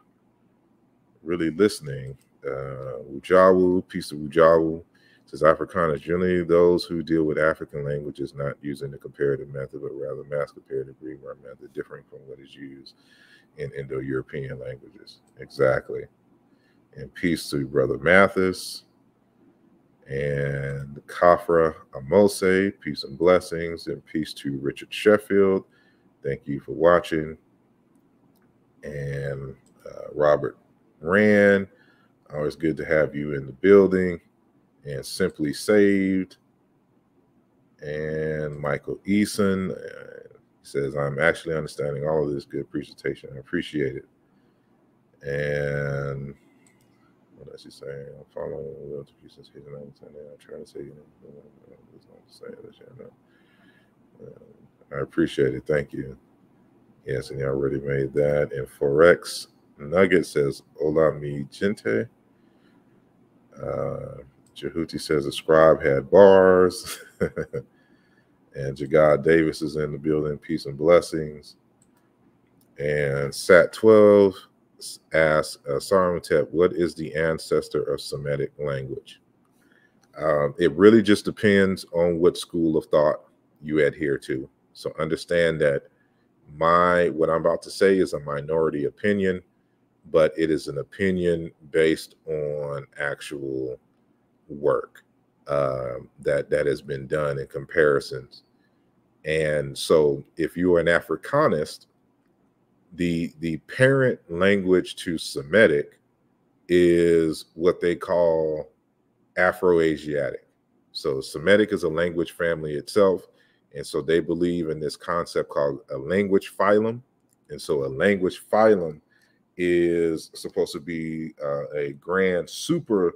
really listening. Uh, Ujawu, piece of Ujawu, says Africana generally those who deal with African languages not using the comparative method, but rather mass comparative grammar method, differing from what is used in Indo European languages. Exactly. And peace to Brother Mathis and Kafra Amose. Peace and blessings. And peace to Richard Sheffield. Thank you for watching and uh, Robert Ran, Always good to have you in the building. And Simply Saved. And Michael Eason uh, says, I'm actually understanding all of this good presentation. I appreciate it. And what else you saying? I'm following the little pieces here and everything. I'm trying to say, you know. Um, I appreciate it. Thank you. Yes, and you already made that. And Forex Nugget says, Hola mi gente. Uh, Jehuti says, the scribe had bars. and Jagad Davis is in the building. Peace and blessings. And Sat 12 asks uh, Sarimtep, what is the ancestor of Semitic language? Um, it really just depends on what school of thought you adhere to. So understand that my what i'm about to say is a minority opinion but it is an opinion based on actual work uh, that that has been done in comparisons and so if you are an africanist the the parent language to semitic is what they call Afro-Asiatic. so semitic is a language family itself and so they believe in this concept called a language phylum. And so a language phylum is supposed to be uh, a grand super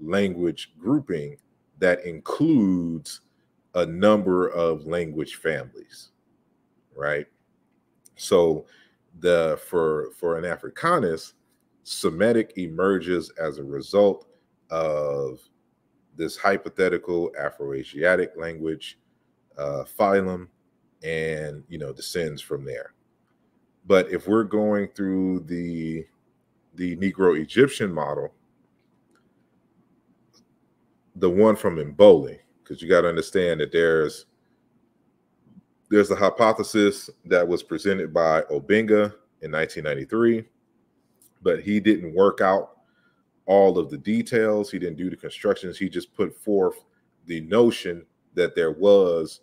language grouping that includes a number of language families, right? So the for for an Africanist, Semitic emerges as a result of this hypothetical Afro-Asiatic language uh, Phylum, and you know descends from there. But if we're going through the the Negro Egyptian model, the one from Mboli, because you got to understand that there's there's a hypothesis that was presented by Obinga in 1993, but he didn't work out all of the details. He didn't do the constructions. He just put forth the notion that there was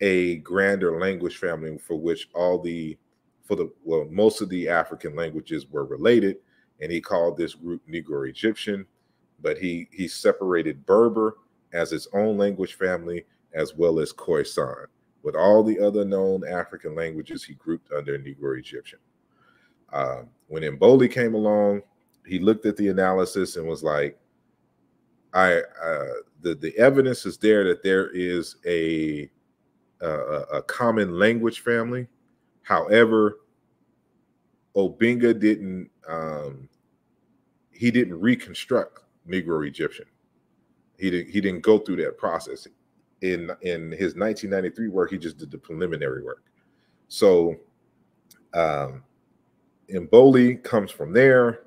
a grander language family for which all the for the well most of the African languages were related, and he called this group Negro Egyptian, but he he separated Berber as its own language family as well as Khoisan. With all the other known African languages, he grouped under Negro Egyptian. Uh, when Mboli came along, he looked at the analysis and was like, "I uh, the the evidence is there that there is a uh, a common language family. However, Obinga didn't um, he didn't reconstruct Negro Egyptian. He didn't he didn't go through that process in in his 1993 work. He just did the preliminary work. So, um, Mboli comes from there.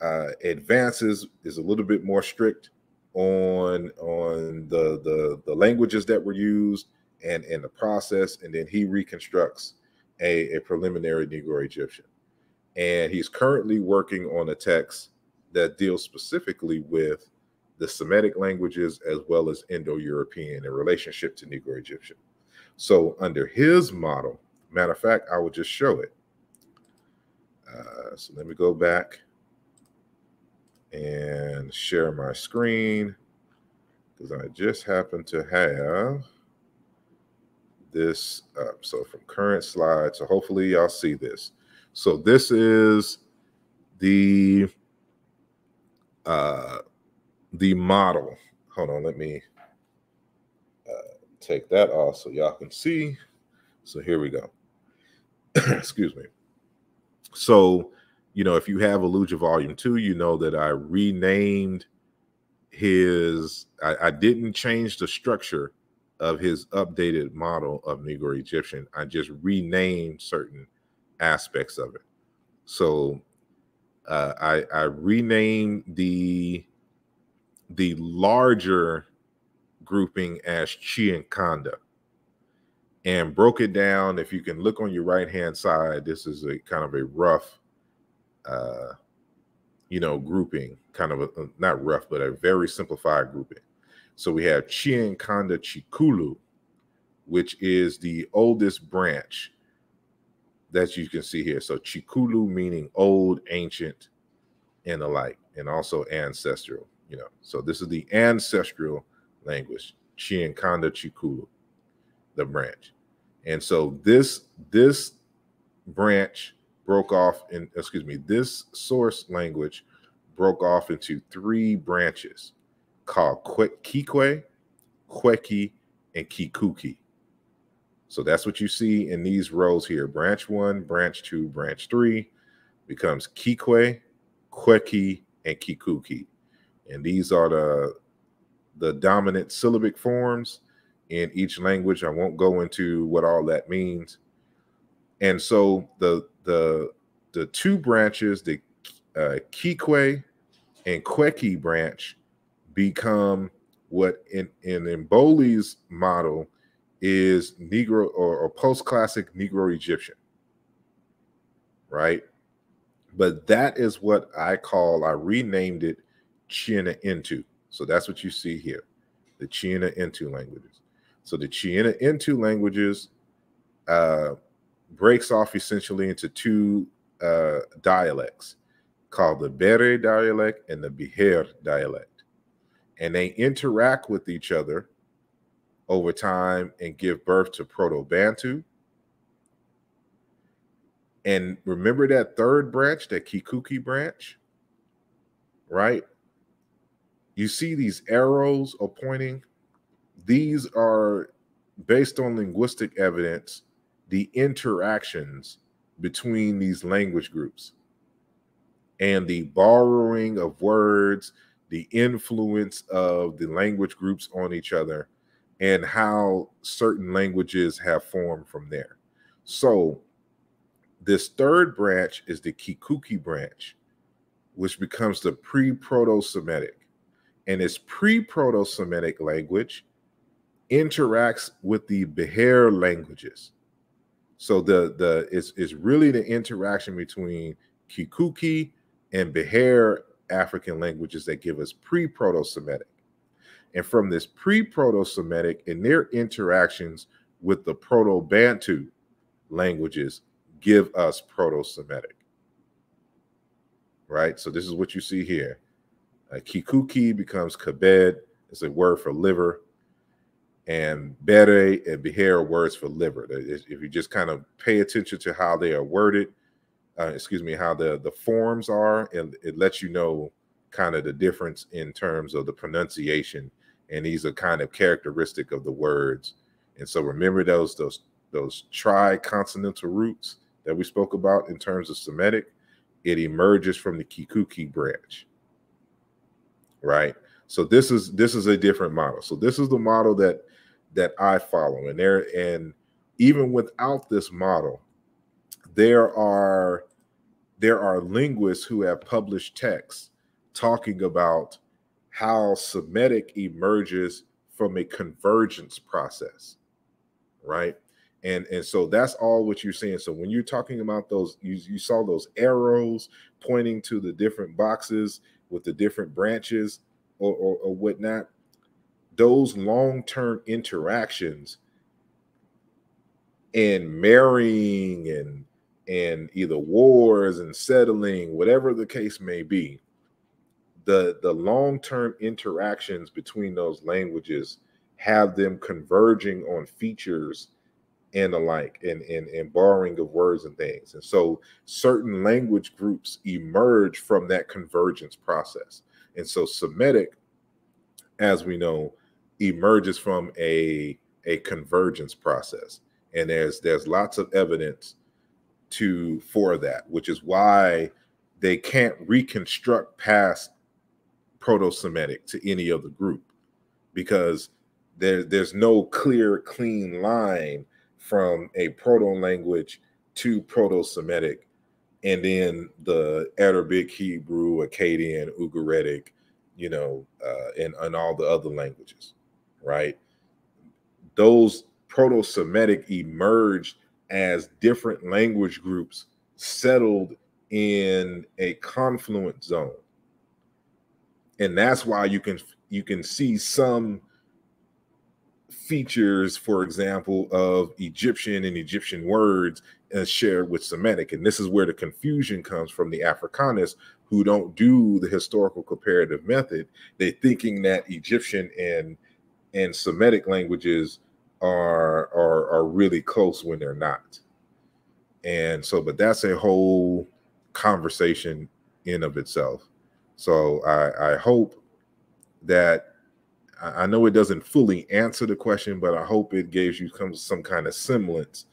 Uh, advances is a little bit more strict on on the the, the languages that were used and and the process, and then he reconstructs a, a preliminary Negro Egyptian. And he's currently working on a text that deals specifically with the Semitic languages as well as Indo European in relationship to Negro Egyptian. So, under his model, matter of fact, I will just show it. Uh, so, let me go back and share my screen because I just happen to have this up. So from current slide, so hopefully y'all see this. So this is the uh, the model. Hold on, let me uh, take that off so y'all can see. So here we go. Excuse me. So you know, if you have Aluja Volume 2, you know that I renamed his, I, I didn't change the structure of his updated model of Negro Egyptian. I just renamed certain aspects of it. So uh, I, I renamed the the larger grouping as Chianconda and broke it down. If you can look on your right hand side, this is a kind of a rough uh, you know, grouping, kind of a, not rough, but a very simplified grouping. So we have Chiankanda Chikulu, which is the oldest branch that you can see here. So Chikulu meaning old, ancient, and alike, and also ancestral. You know, so this is the ancestral language, Chiankanda Chikulu, the branch. And so this this branch broke off in, excuse me, this source language broke off into three branches called Kikwe, Kweki, and Kikuki. So that's what you see in these rows here. Branch one, branch two, branch three becomes Kikwe, Kweki, and Kikuki. And these are the, the dominant syllabic forms in each language. I won't go into what all that means and so the the the two branches, the uh, Kikwe and Kweki branch, become what in in Mboli's model is Negro or, or post classic Negro Egyptian, right? But that is what I call. I renamed it Chiena Intu. So that's what you see here, the Chiena Intu languages. So the Chiena Intu languages. Uh, breaks off essentially into two uh, dialects called the Bere dialect and the Biher dialect. And they interact with each other over time and give birth to Proto Bantu. And remember that third branch, that Kikuki branch, right? You see these arrows are pointing. These are based on linguistic evidence the interactions between these language groups and the borrowing of words, the influence of the language groups on each other, and how certain languages have formed from there. So, this third branch is the Kikuki branch, which becomes the pre Proto Semitic. And its pre Proto Semitic language interacts with the Behar languages. So the the it's it's really the interaction between Kikuki and Behair African languages that give us pre-Proto-Semitic. And from this pre-Proto-Semitic and their interactions with the Proto-Bantu languages give us Proto-Semitic. Right? So this is what you see here. Uh, Kikuki becomes Kabed. It's a word for liver and bere and are words for liver. If you just kind of pay attention to how they are worded, uh, excuse me, how the the forms are, and it lets you know kind of the difference in terms of the pronunciation. And these are kind of characteristic of the words. And so remember those those those tri roots that we spoke about in terms of Semitic. It emerges from the Kikuki branch, right? So this is this is a different model. So this is the model that that I follow, and there and even without this model, there are there are linguists who have published texts talking about how Semitic emerges from a convergence process, right? And and so that's all what you're saying. So when you're talking about those, you, you saw those arrows pointing to the different boxes with the different branches or, or, or whatnot those long term interactions and marrying and and either wars and settling whatever the case may be the the long term interactions between those languages have them converging on features and the like and, and and borrowing of words and things and so certain language groups emerge from that convergence process and so semitic as we know emerges from a a convergence process, and there's there's lots of evidence to for that, which is why they can't reconstruct past proto-Semitic to any other group because there, there's no clear, clean line from a proto-language to proto-Semitic and then the Arabic, Hebrew, Akkadian, Ugaritic, you know, uh, and, and all the other languages right? Those Proto Semitic emerged as different language groups settled in a confluent zone. And that's why you can you can see some features, for example, of Egyptian and Egyptian words as uh, shared with Semitic. And this is where the confusion comes from the Africanists who don't do the historical comparative method. They're thinking that Egyptian and and Semitic languages are are are really close when they're not. And so, but that's a whole conversation in of itself. So I, I hope that I know it doesn't fully answer the question, but I hope it gives you some, some kind of semblance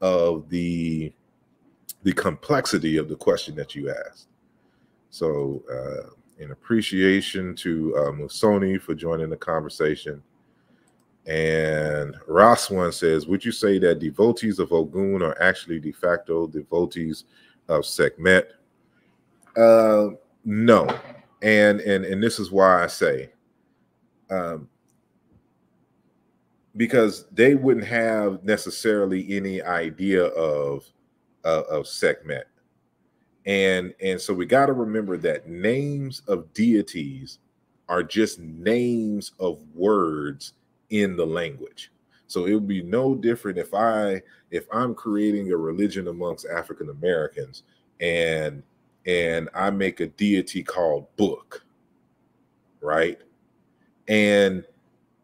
of the the complexity of the question that you asked. So, uh, in appreciation to uh, Musoni for joining the conversation, and Ross one says, Would you say that devotees of Ogun are actually de facto devotees of Segmet?" Uh, no. And, and and this is why I say, um, because they wouldn't have necessarily any idea of uh, of Segmet, and and so we got to remember that names of deities are just names of words in the language. So it would be no different if I if I'm creating a religion amongst African Americans and and I make a deity called Book, right? And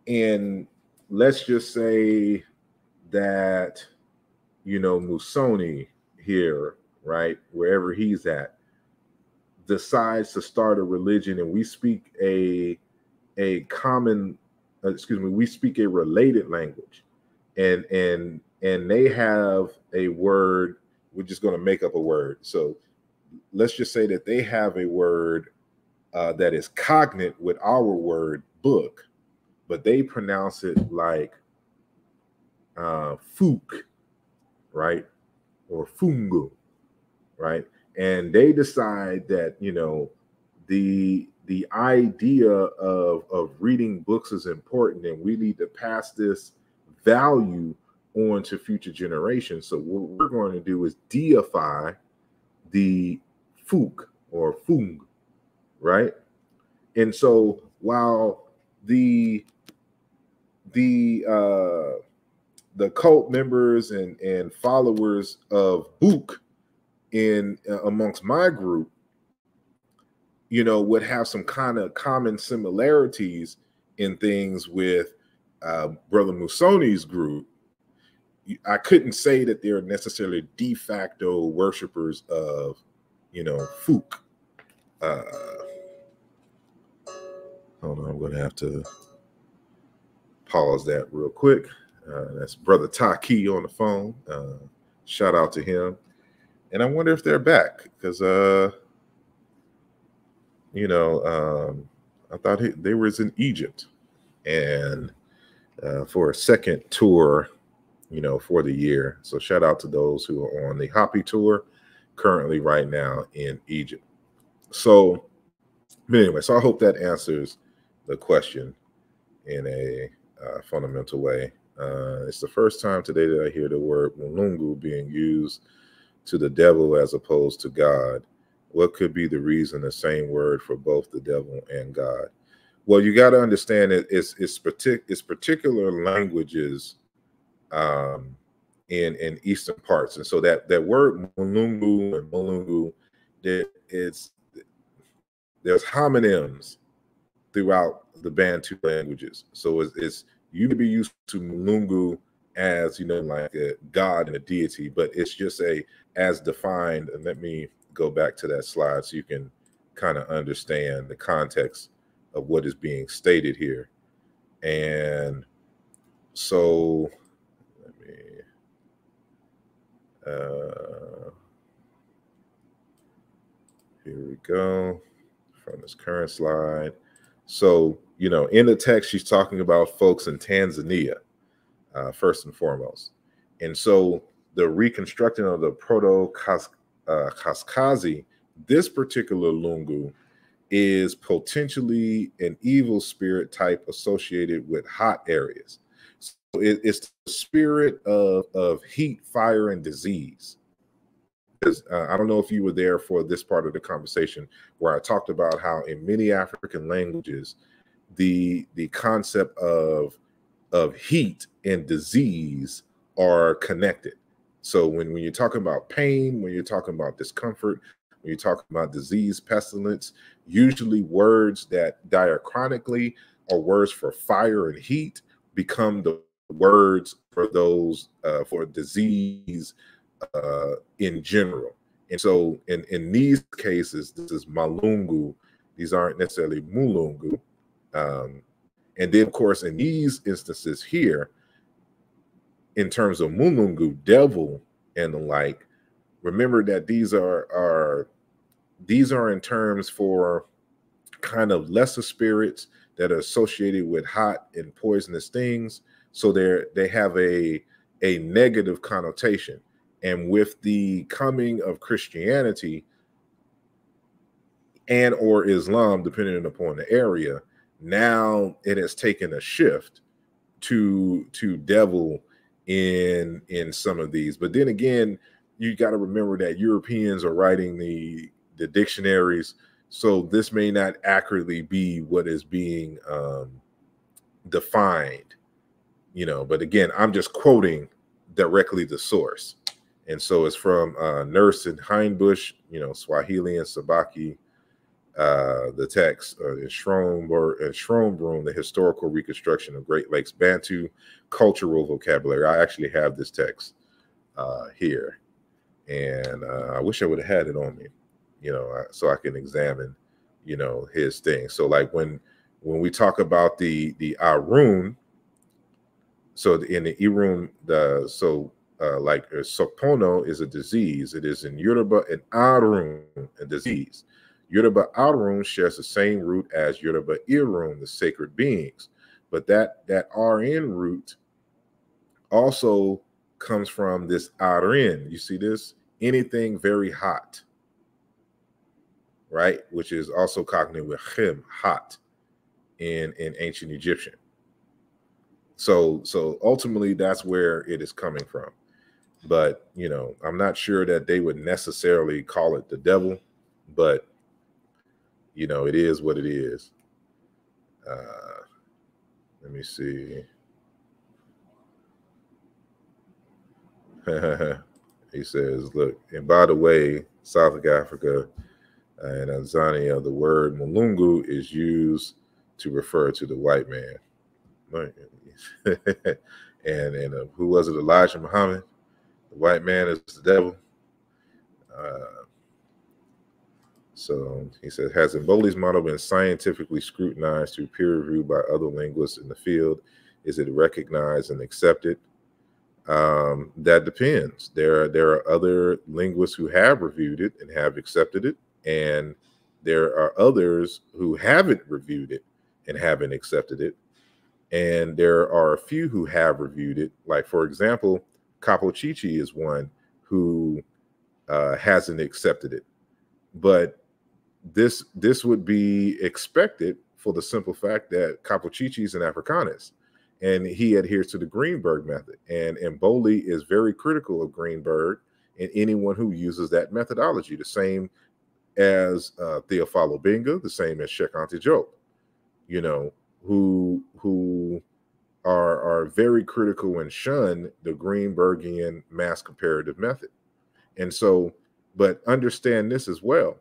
and let's just say that you know Musoni here, right, wherever he's at, decides to start a religion and we speak a a common uh, excuse me, we speak a related language, and and and they have a word. We're just going to make up a word. So let's just say that they have a word uh, that is cognate with our word book, but they pronounce it like uh, "fook," right, or "fungu," right, and they decide that you know the the idea of, of reading books is important and we need to pass this value on to future generations. So what we're going to do is deify the Fuk or Fung, right? And so while the the uh, the cult members and and followers of Book in uh, amongst my group you know, would have some kind of common similarities in things with uh, Brother Musoni's group. I couldn't say that they're necessarily de facto worshipers of, you know, Fook. Uh, hold on, I'm going to have to pause that real quick. Uh, that's Brother Taki on the phone. Uh, shout out to him. And I wonder if they're back because uh, you know, um, I thought he, they was in Egypt, and uh, for a second tour, you know, for the year. So shout out to those who are on the Hoppy tour currently right now in Egypt. So, but anyway, so I hope that answers the question in a uh, fundamental way. Uh, it's the first time today that I hear the word mulungu being used to the devil as opposed to God what could be the reason the same word for both the devil and God? Well, you got to understand it, it's it's, partic- it's particular languages um, in in eastern parts, and so that that word mulungu and mulungu, it's there's homonyms throughout the Bantu languages. So it's, it's you could be used to mulungu as you know like a god and a deity, but it's just a as defined. And let me go back to that slide so you can kind of understand the context of what is being stated here. And so, let me. Uh, here we go from this current slide. So, you know, in the text, she's talking about folks in Tanzania, uh, first and foremost. And so the reconstructing of the Proto uh, Kaskazi, this particular Lungu is potentially an evil spirit type associated with hot areas. So it, it's the spirit of, of heat, fire, and disease. Because uh, I don't know if you were there for this part of the conversation where I talked about how in many African languages, the the concept of of heat and disease are connected. So when, when you're talking about pain, when you're talking about discomfort, when you're talking about disease, pestilence, usually words that diachronically are words for fire and heat become the words for those uh, for disease uh, in general. And so in, in these cases, this is malungu. These aren't necessarily mulungu. Um, and then, of course, in these instances here, in terms of Mumungu, devil, and the like, remember that these are are these are in terms for kind of lesser spirits that are associated with hot and poisonous things. So they're they have a a negative connotation. And with the coming of Christianity and or Islam, depending upon the area, now it has taken a shift to to devil in in some of these. But then again, you got to remember that Europeans are writing the the dictionaries, so this may not accurately be what is being um, defined. You know, but again, I'm just quoting directly the source, and so it's from uh, Nurse and Hindbush, you know, Swahili and Sabaki uh, the text uh, in Schroenberg, and Schroenbrunn, the historical reconstruction of Great Lakes Bantu cultural vocabulary. I actually have this text uh, here, and uh, I wish I would have had it on me, you know, uh, so I can examine, you know, his thing. So, like when when we talk about the the Arun, so in the Irun, the so uh, like uh, Sopono is a disease. It is in Yoruba and Arun, a disease. Yoruba Arun shares the same root as Yoruba Irun, the sacred beings. But that, that RN root also comes from this Arin. You see this? Anything very hot, right? Which is also cognate with him, hot, in, in ancient Egyptian. So, so ultimately, that's where it is coming from. But, you know, I'm not sure that they would necessarily call it the devil, but you know, it is what it is. Uh, let me see. he says, look, and by the way, South Africa and Tanzania, the word Mulungu is used to refer to the white man. and and uh, who was it? Elijah Muhammad. The white man is the devil. Uh, so he said, has Emboli's model been scientifically scrutinized through peer review by other linguists in the field? Is it recognized and accepted? Um, that depends. There are, there are other linguists who have reviewed it and have accepted it, and there are others who haven't reviewed it and haven't accepted it. And there are a few who have reviewed it. Like, for example, Capochichi is one who uh, hasn't accepted it. But this this would be expected for the simple fact that Capoccici is an Africanist and he adheres to the Greenberg method. And Mboli is very critical of Greenberg and anyone who uses that methodology, the same as uh, Theophilo Benga, the same as Sheikh Ante you know, who who are are very critical and shun the Greenbergian mass comparative method. And so, but understand this as well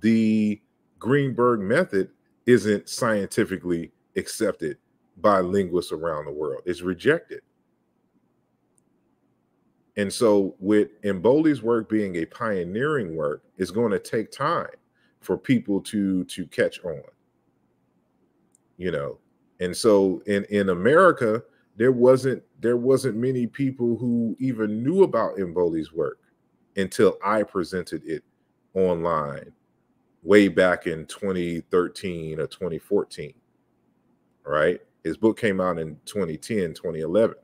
the Greenberg method isn't scientifically accepted by linguists around the world. It's rejected. And so, with Emboli's work being a pioneering work, it's going to take time for people to to catch on. You know, and so in in America, there wasn't there wasn't many people who even knew about Emboli's work until I presented it online way back in 2013 or 2014. Right? His book came out in 2010, 2011.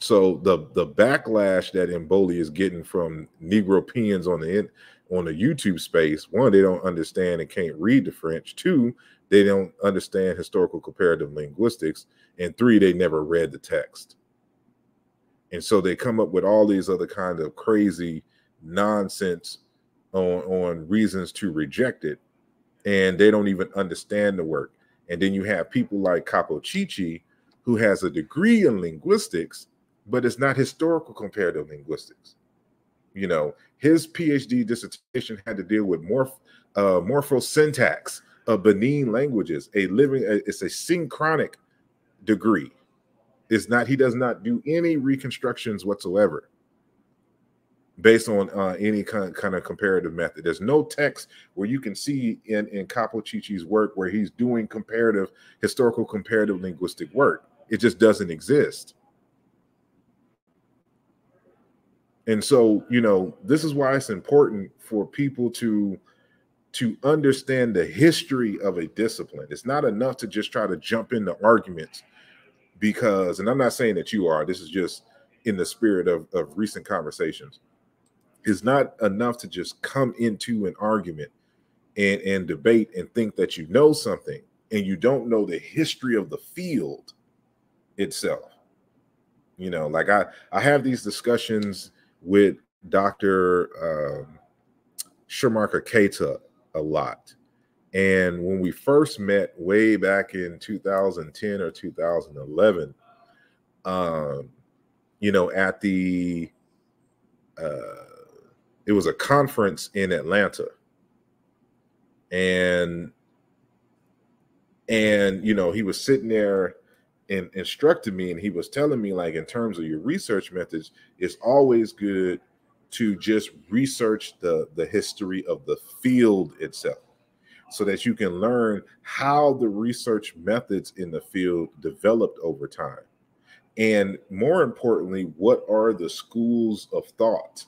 So the the backlash that Emboli is getting from Negropeans on the on the YouTube space, one, they don't understand and can't read the French. Two, they don't understand historical comparative linguistics. And three, they never read the text. And so they come up with all these other kind of crazy nonsense on on reasons to reject it, and they don't even understand the work. And then you have people like Capo Chichi, who has a degree in linguistics, but it's not historical comparative linguistics. You know, his PhD dissertation had to deal with morph uh, morphosyntax of Benin languages, a living, it's a synchronic degree. It's not, he does not do any reconstructions whatsoever based on uh, any kind, kind of comparative method. There's no text where you can see in, in Capocici's work where he's doing comparative, historical comparative linguistic work. It just doesn't exist. And so, you know, this is why it's important for people to to understand the history of a discipline. It's not enough to just try to jump into arguments because, and I'm not saying that you are, this is just in the spirit of, of recent conversations is not enough to just come into an argument and and debate and think that you know something and you don't know the history of the field itself you know like i i have these discussions with dr um Shamarka Keita a lot and when we first met way back in 2010 or 2011 um you know at the uh it was a conference in Atlanta, and and you know he was sitting there and instructed me, and he was telling me like in terms of your research methods, it's always good to just research the the history of the field itself so that you can learn how the research methods in the field developed over time. And more importantly, what are the schools of thought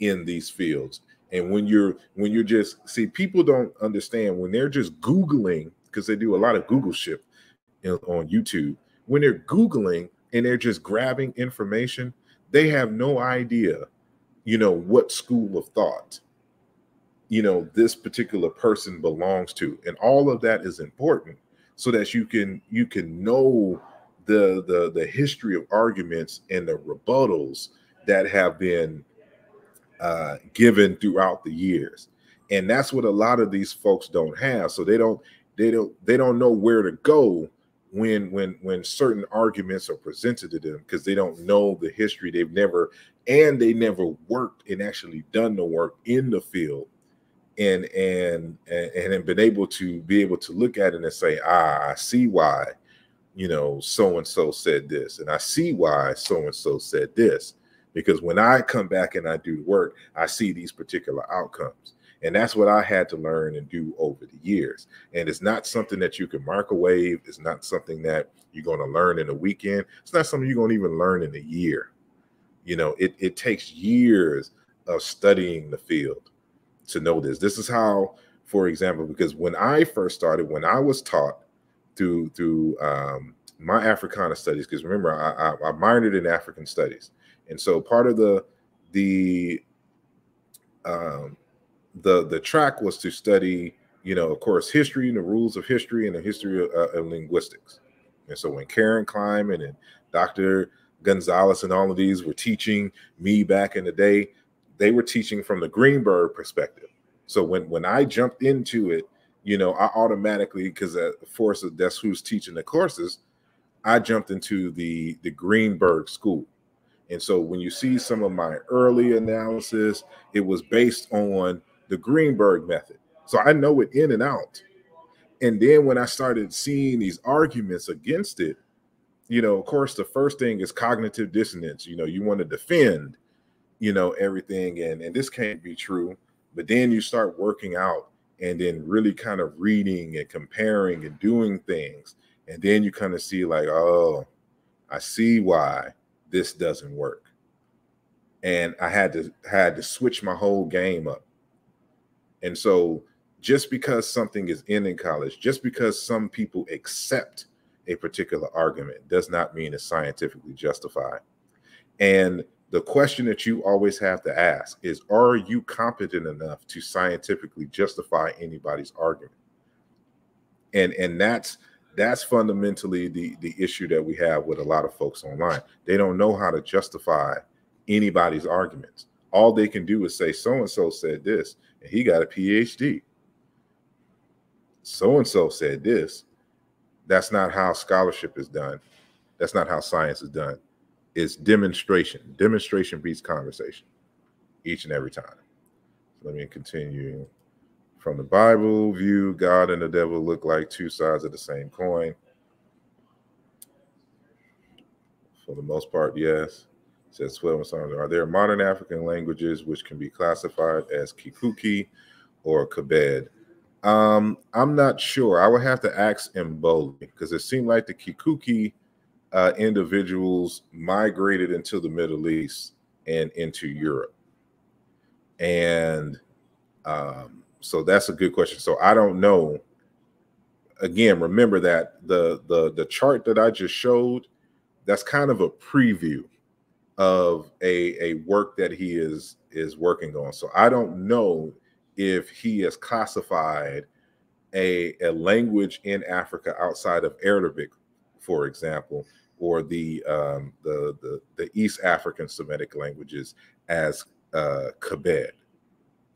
in these fields. And when you're when you're just see people don't understand when they're just googling because they do a lot of Google ship on YouTube. When they're googling and they're just grabbing information, they have no idea, you know, what school of thought you know this particular person belongs to and all of that is important so that you can you can know the the the history of arguments and the rebuttals that have been uh, given throughout the years, and that's what a lot of these folks don't have. So they don't they don't they don't know where to go when when when certain arguments are presented to them because they don't know the history they've never and they never worked and actually done the work in the field and and and, and been able to be able to look at it and say ah i see why you know so and so said this and i see why so and so said this because when I come back and I do the work, I see these particular outcomes. And that's what I had to learn and do over the years. And it's not something that you can microwave. It's not something that you're going to learn in a weekend. It's not something you're going to even learn in a year. You know, it, it takes years of studying the field to know this. This is how, for example, because when I first started, when I was taught through through um, my Africana studies, because remember I, I, I minored in African studies, and so part of the the um, the the track was to study, you know, of course, history and the rules of history and the history of, uh, of linguistics. And so when Karen Klein and Dr. Gonzalez and all of these were teaching me back in the day, they were teaching from the Greenberg perspective. So when when I jumped into it, you know, I automatically because that force that's who's teaching the courses, I jumped into the the Greenberg school. And so when you see some of my early analysis, it was based on the Greenberg method. So I know it in and out. And then when I started seeing these arguments against it, you know, of course, the first thing is cognitive dissonance. You know, you want to defend, you know, everything, and and this can't be true. But then you start working out, and then really kind of reading and comparing and doing things, and then you kind of see like, oh, I see why this doesn't work. And I had to had to switch my whole game up. And so just because something is in in college, just because some people accept a particular argument does not mean it's scientifically justified. And the question that you always have to ask is are you competent enough to scientifically justify anybody's argument? And and that's that's fundamentally the the issue that we have with a lot of folks online. They don't know how to justify anybody's arguments. All they can do is say so and so said this and he got a PhD. So and so said this. That's not how scholarship is done. That's not how science is done. It's demonstration. Demonstration beats conversation each and every time. let me continue. From the Bible view, God and the devil look like two sides of the same coin. For the most part, yes. says 12 and Psalms. Are there modern African languages which can be classified as Kikuki or Kabed? Um, I'm not sure. I would have to ask Mboli because it seemed like the Kikuki uh, individuals migrated into the Middle East and into Europe. And um, so that's a good question. So I don't know. Again, remember that the the the chart that I just showed, that's kind of a preview of a a work that he is is working on. So I don't know if he has classified a a language in Africa outside of Arabic, for example, or the um, the, the the East African Semitic languages as uh, Kabed,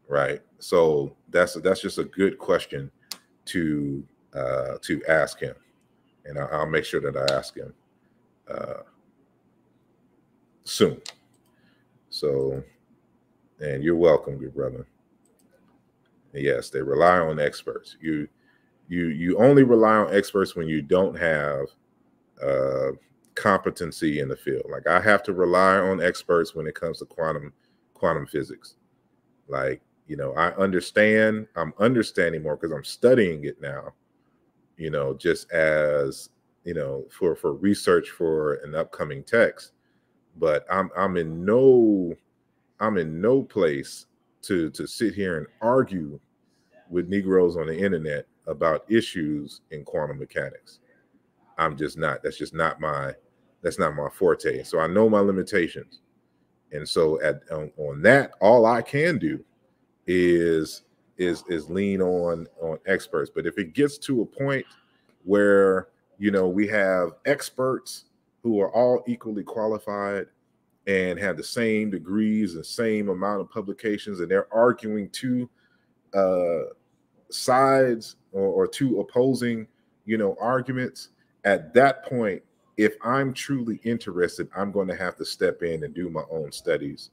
right? So that's that's just a good question to uh, to ask him, and I, will make sure that I ask him uh, soon. So, and you're welcome, good brother. Yes, they rely on experts. You you you only rely on experts when you don't have uh, competency in the field. Like I have to rely on experts when it comes to quantum quantum physics. Like you know i understand i'm understanding more because i'm studying it now you know just as you know for for research for an upcoming text but i'm i'm in no i'm in no place to to sit here and argue with negroes on the internet about issues in quantum mechanics i'm just not that's just not my that's not my forte so i know my limitations and so at on, on that all i can do is is is lean on on experts. But if it gets to a point where you know we have experts who are all equally qualified and have the same degrees and same amount of publications, and they're arguing two uh, sides or, or two opposing you know arguments. At that point, if I'm truly interested, I'm going to have to step in and do my own studies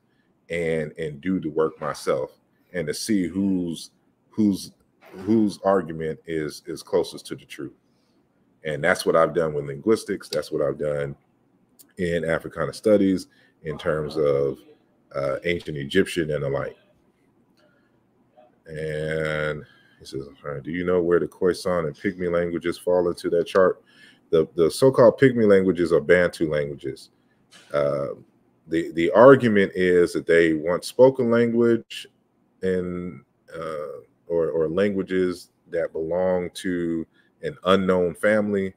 and and do the work myself and to see who's who's whose argument is is closest to the truth. And that's what I've done with linguistics. That's what I've done in Africana studies in terms of uh, ancient Egyptian and the like. And he says, "Do you know where the Khoisan and Pygmy languages fall into that chart?" The the so-called Pygmy languages are Bantu languages. Uh, the the argument is that they once spoke a language in uh, or, or languages that belong to an unknown family.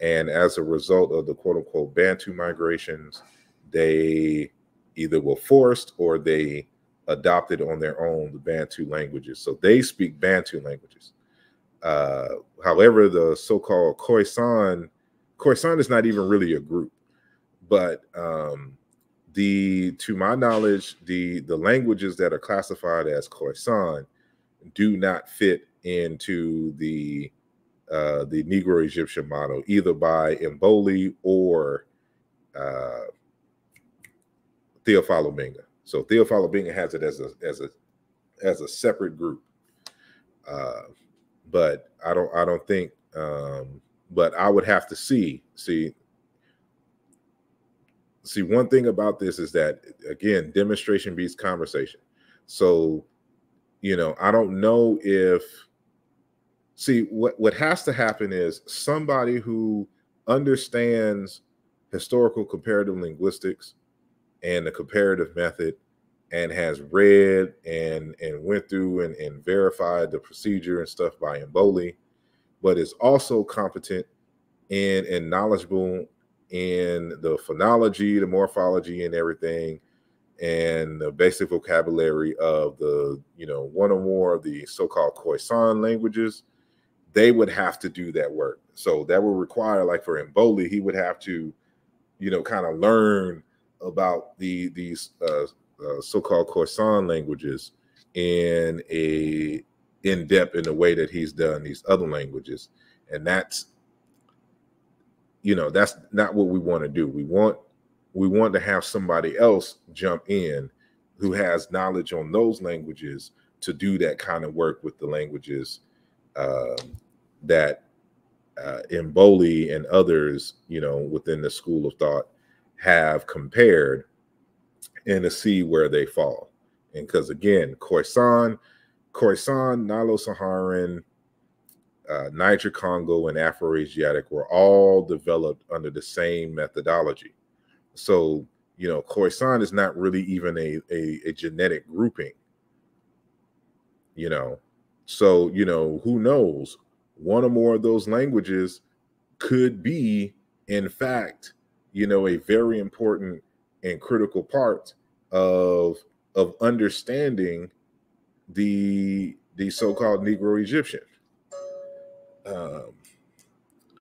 And as a result of the quote unquote Bantu migrations, they either were forced or they adopted on their own the Bantu languages. So they speak Bantu languages. Uh, however, the so called Khoisan, Khoisan is not even really a group, but um, the to my knowledge, the the languages that are classified as Khoisan do not fit into the uh, the Negro Egyptian model, either by Mboli or uh, Theophilo Benga. So Theophilo Benga has it as a as a as a separate group. Uh, but I don't I don't think um, but I would have to see see see one thing about this is that again demonstration beats conversation so you know i don't know if see what what has to happen is somebody who understands historical comparative linguistics and the comparative method and has read and and went through and, and verified the procedure and stuff by Emboli, but is also competent and and knowledgeable in the phonology, the morphology, and everything, and the basic vocabulary of the you know one or more of the so-called Khoisan languages, they would have to do that work. So that would require, like for Mboli, he would have to, you know, kind of learn about the these uh, uh, so-called Khoisan languages in a in depth in the way that he's done these other languages, and that's you know that's not what we want to do we want we want to have somebody else jump in who has knowledge on those languages to do that kind of work with the languages um, that uh, Imboli and others, you know, within the school of thought have compared and to see where they fall. And because again, Khoisan, Khoisan, Nalo Saharan, uh, Niger Congo, and Afroasiatic were all developed under the same methodology. So, you know, Khoisan is not really even a, a, a genetic grouping, you know. So, you know, who knows? One or more of those languages could be, in fact, you know, a very important and critical part of of understanding the the so-called Negro Egyptian. Um,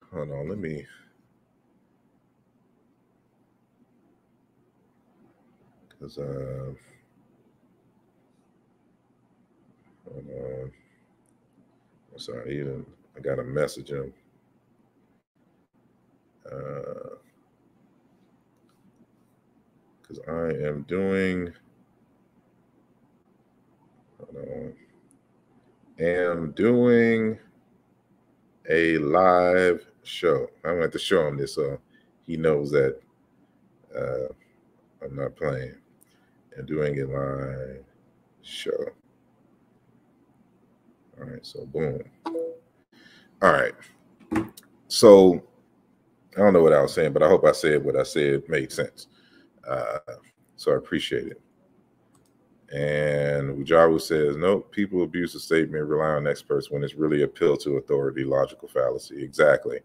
hold on, let me. Because uh, hold on. I'm sorry, he didn't, I got a message in. Because uh, I am doing. Hold on. Am doing a live show. I'm going to have to show him this so he knows that uh, I'm not playing and doing a live show. All right, so boom. All right. So I don't know what I was saying, but I hope I said what I said made sense. Uh, so I appreciate it. And Ujaru says, nope, people abuse the statement, rely on experts when it's really appeal to authority, logical fallacy. Exactly.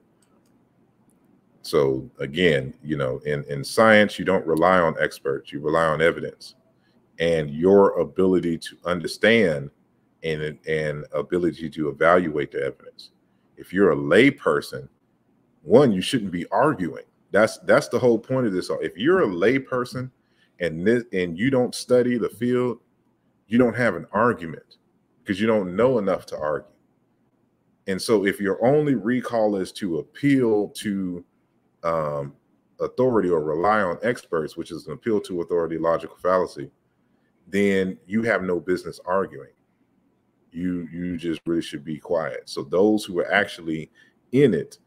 So again, you know, in, in science, you don't rely on experts, you rely on evidence and your ability to understand and, and ability to evaluate the evidence. If you're a layperson, one, you shouldn't be arguing. That's that's the whole point of this. If you're a layperson, and this and you don't study the field, you don't have an argument because you don't know enough to argue. And so if your only recall is to appeal to um, authority or rely on experts, which is an appeal to authority logical fallacy, then you have no business arguing. You you just really should be quiet. So those who are actually in it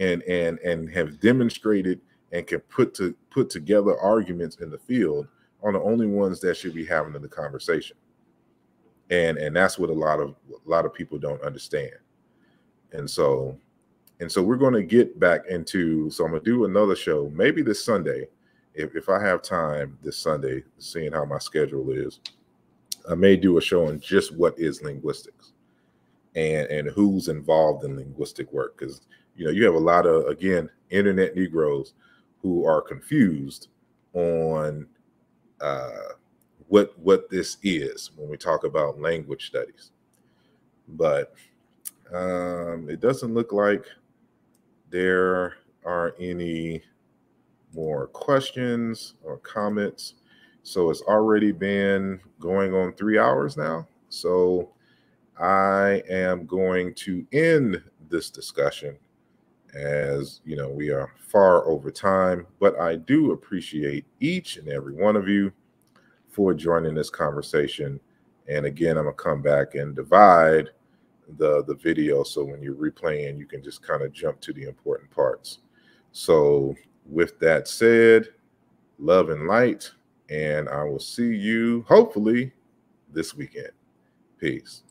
and and and have demonstrated and can put to put together arguments in the field are the only ones that should be having the conversation. And and that's what a lot of a lot of people don't understand. And so and so we're going to get back into so I'm going to do another show maybe this Sunday if if I have time this Sunday seeing how my schedule is. I may do a show on just what is linguistics and and who's involved in linguistic work cuz you know you have a lot of again internet negroes who are confused on uh, what what this is when we talk about language studies. But um, it doesn't look like there are any more questions or comments. So it's already been going on three hours now. So I am going to end this discussion as you know we are far over time but i do appreciate each and every one of you for joining this conversation and again i'm gonna come back and divide the the video so when you're replaying you can just kind of jump to the important parts so with that said love and light and i will see you hopefully this weekend peace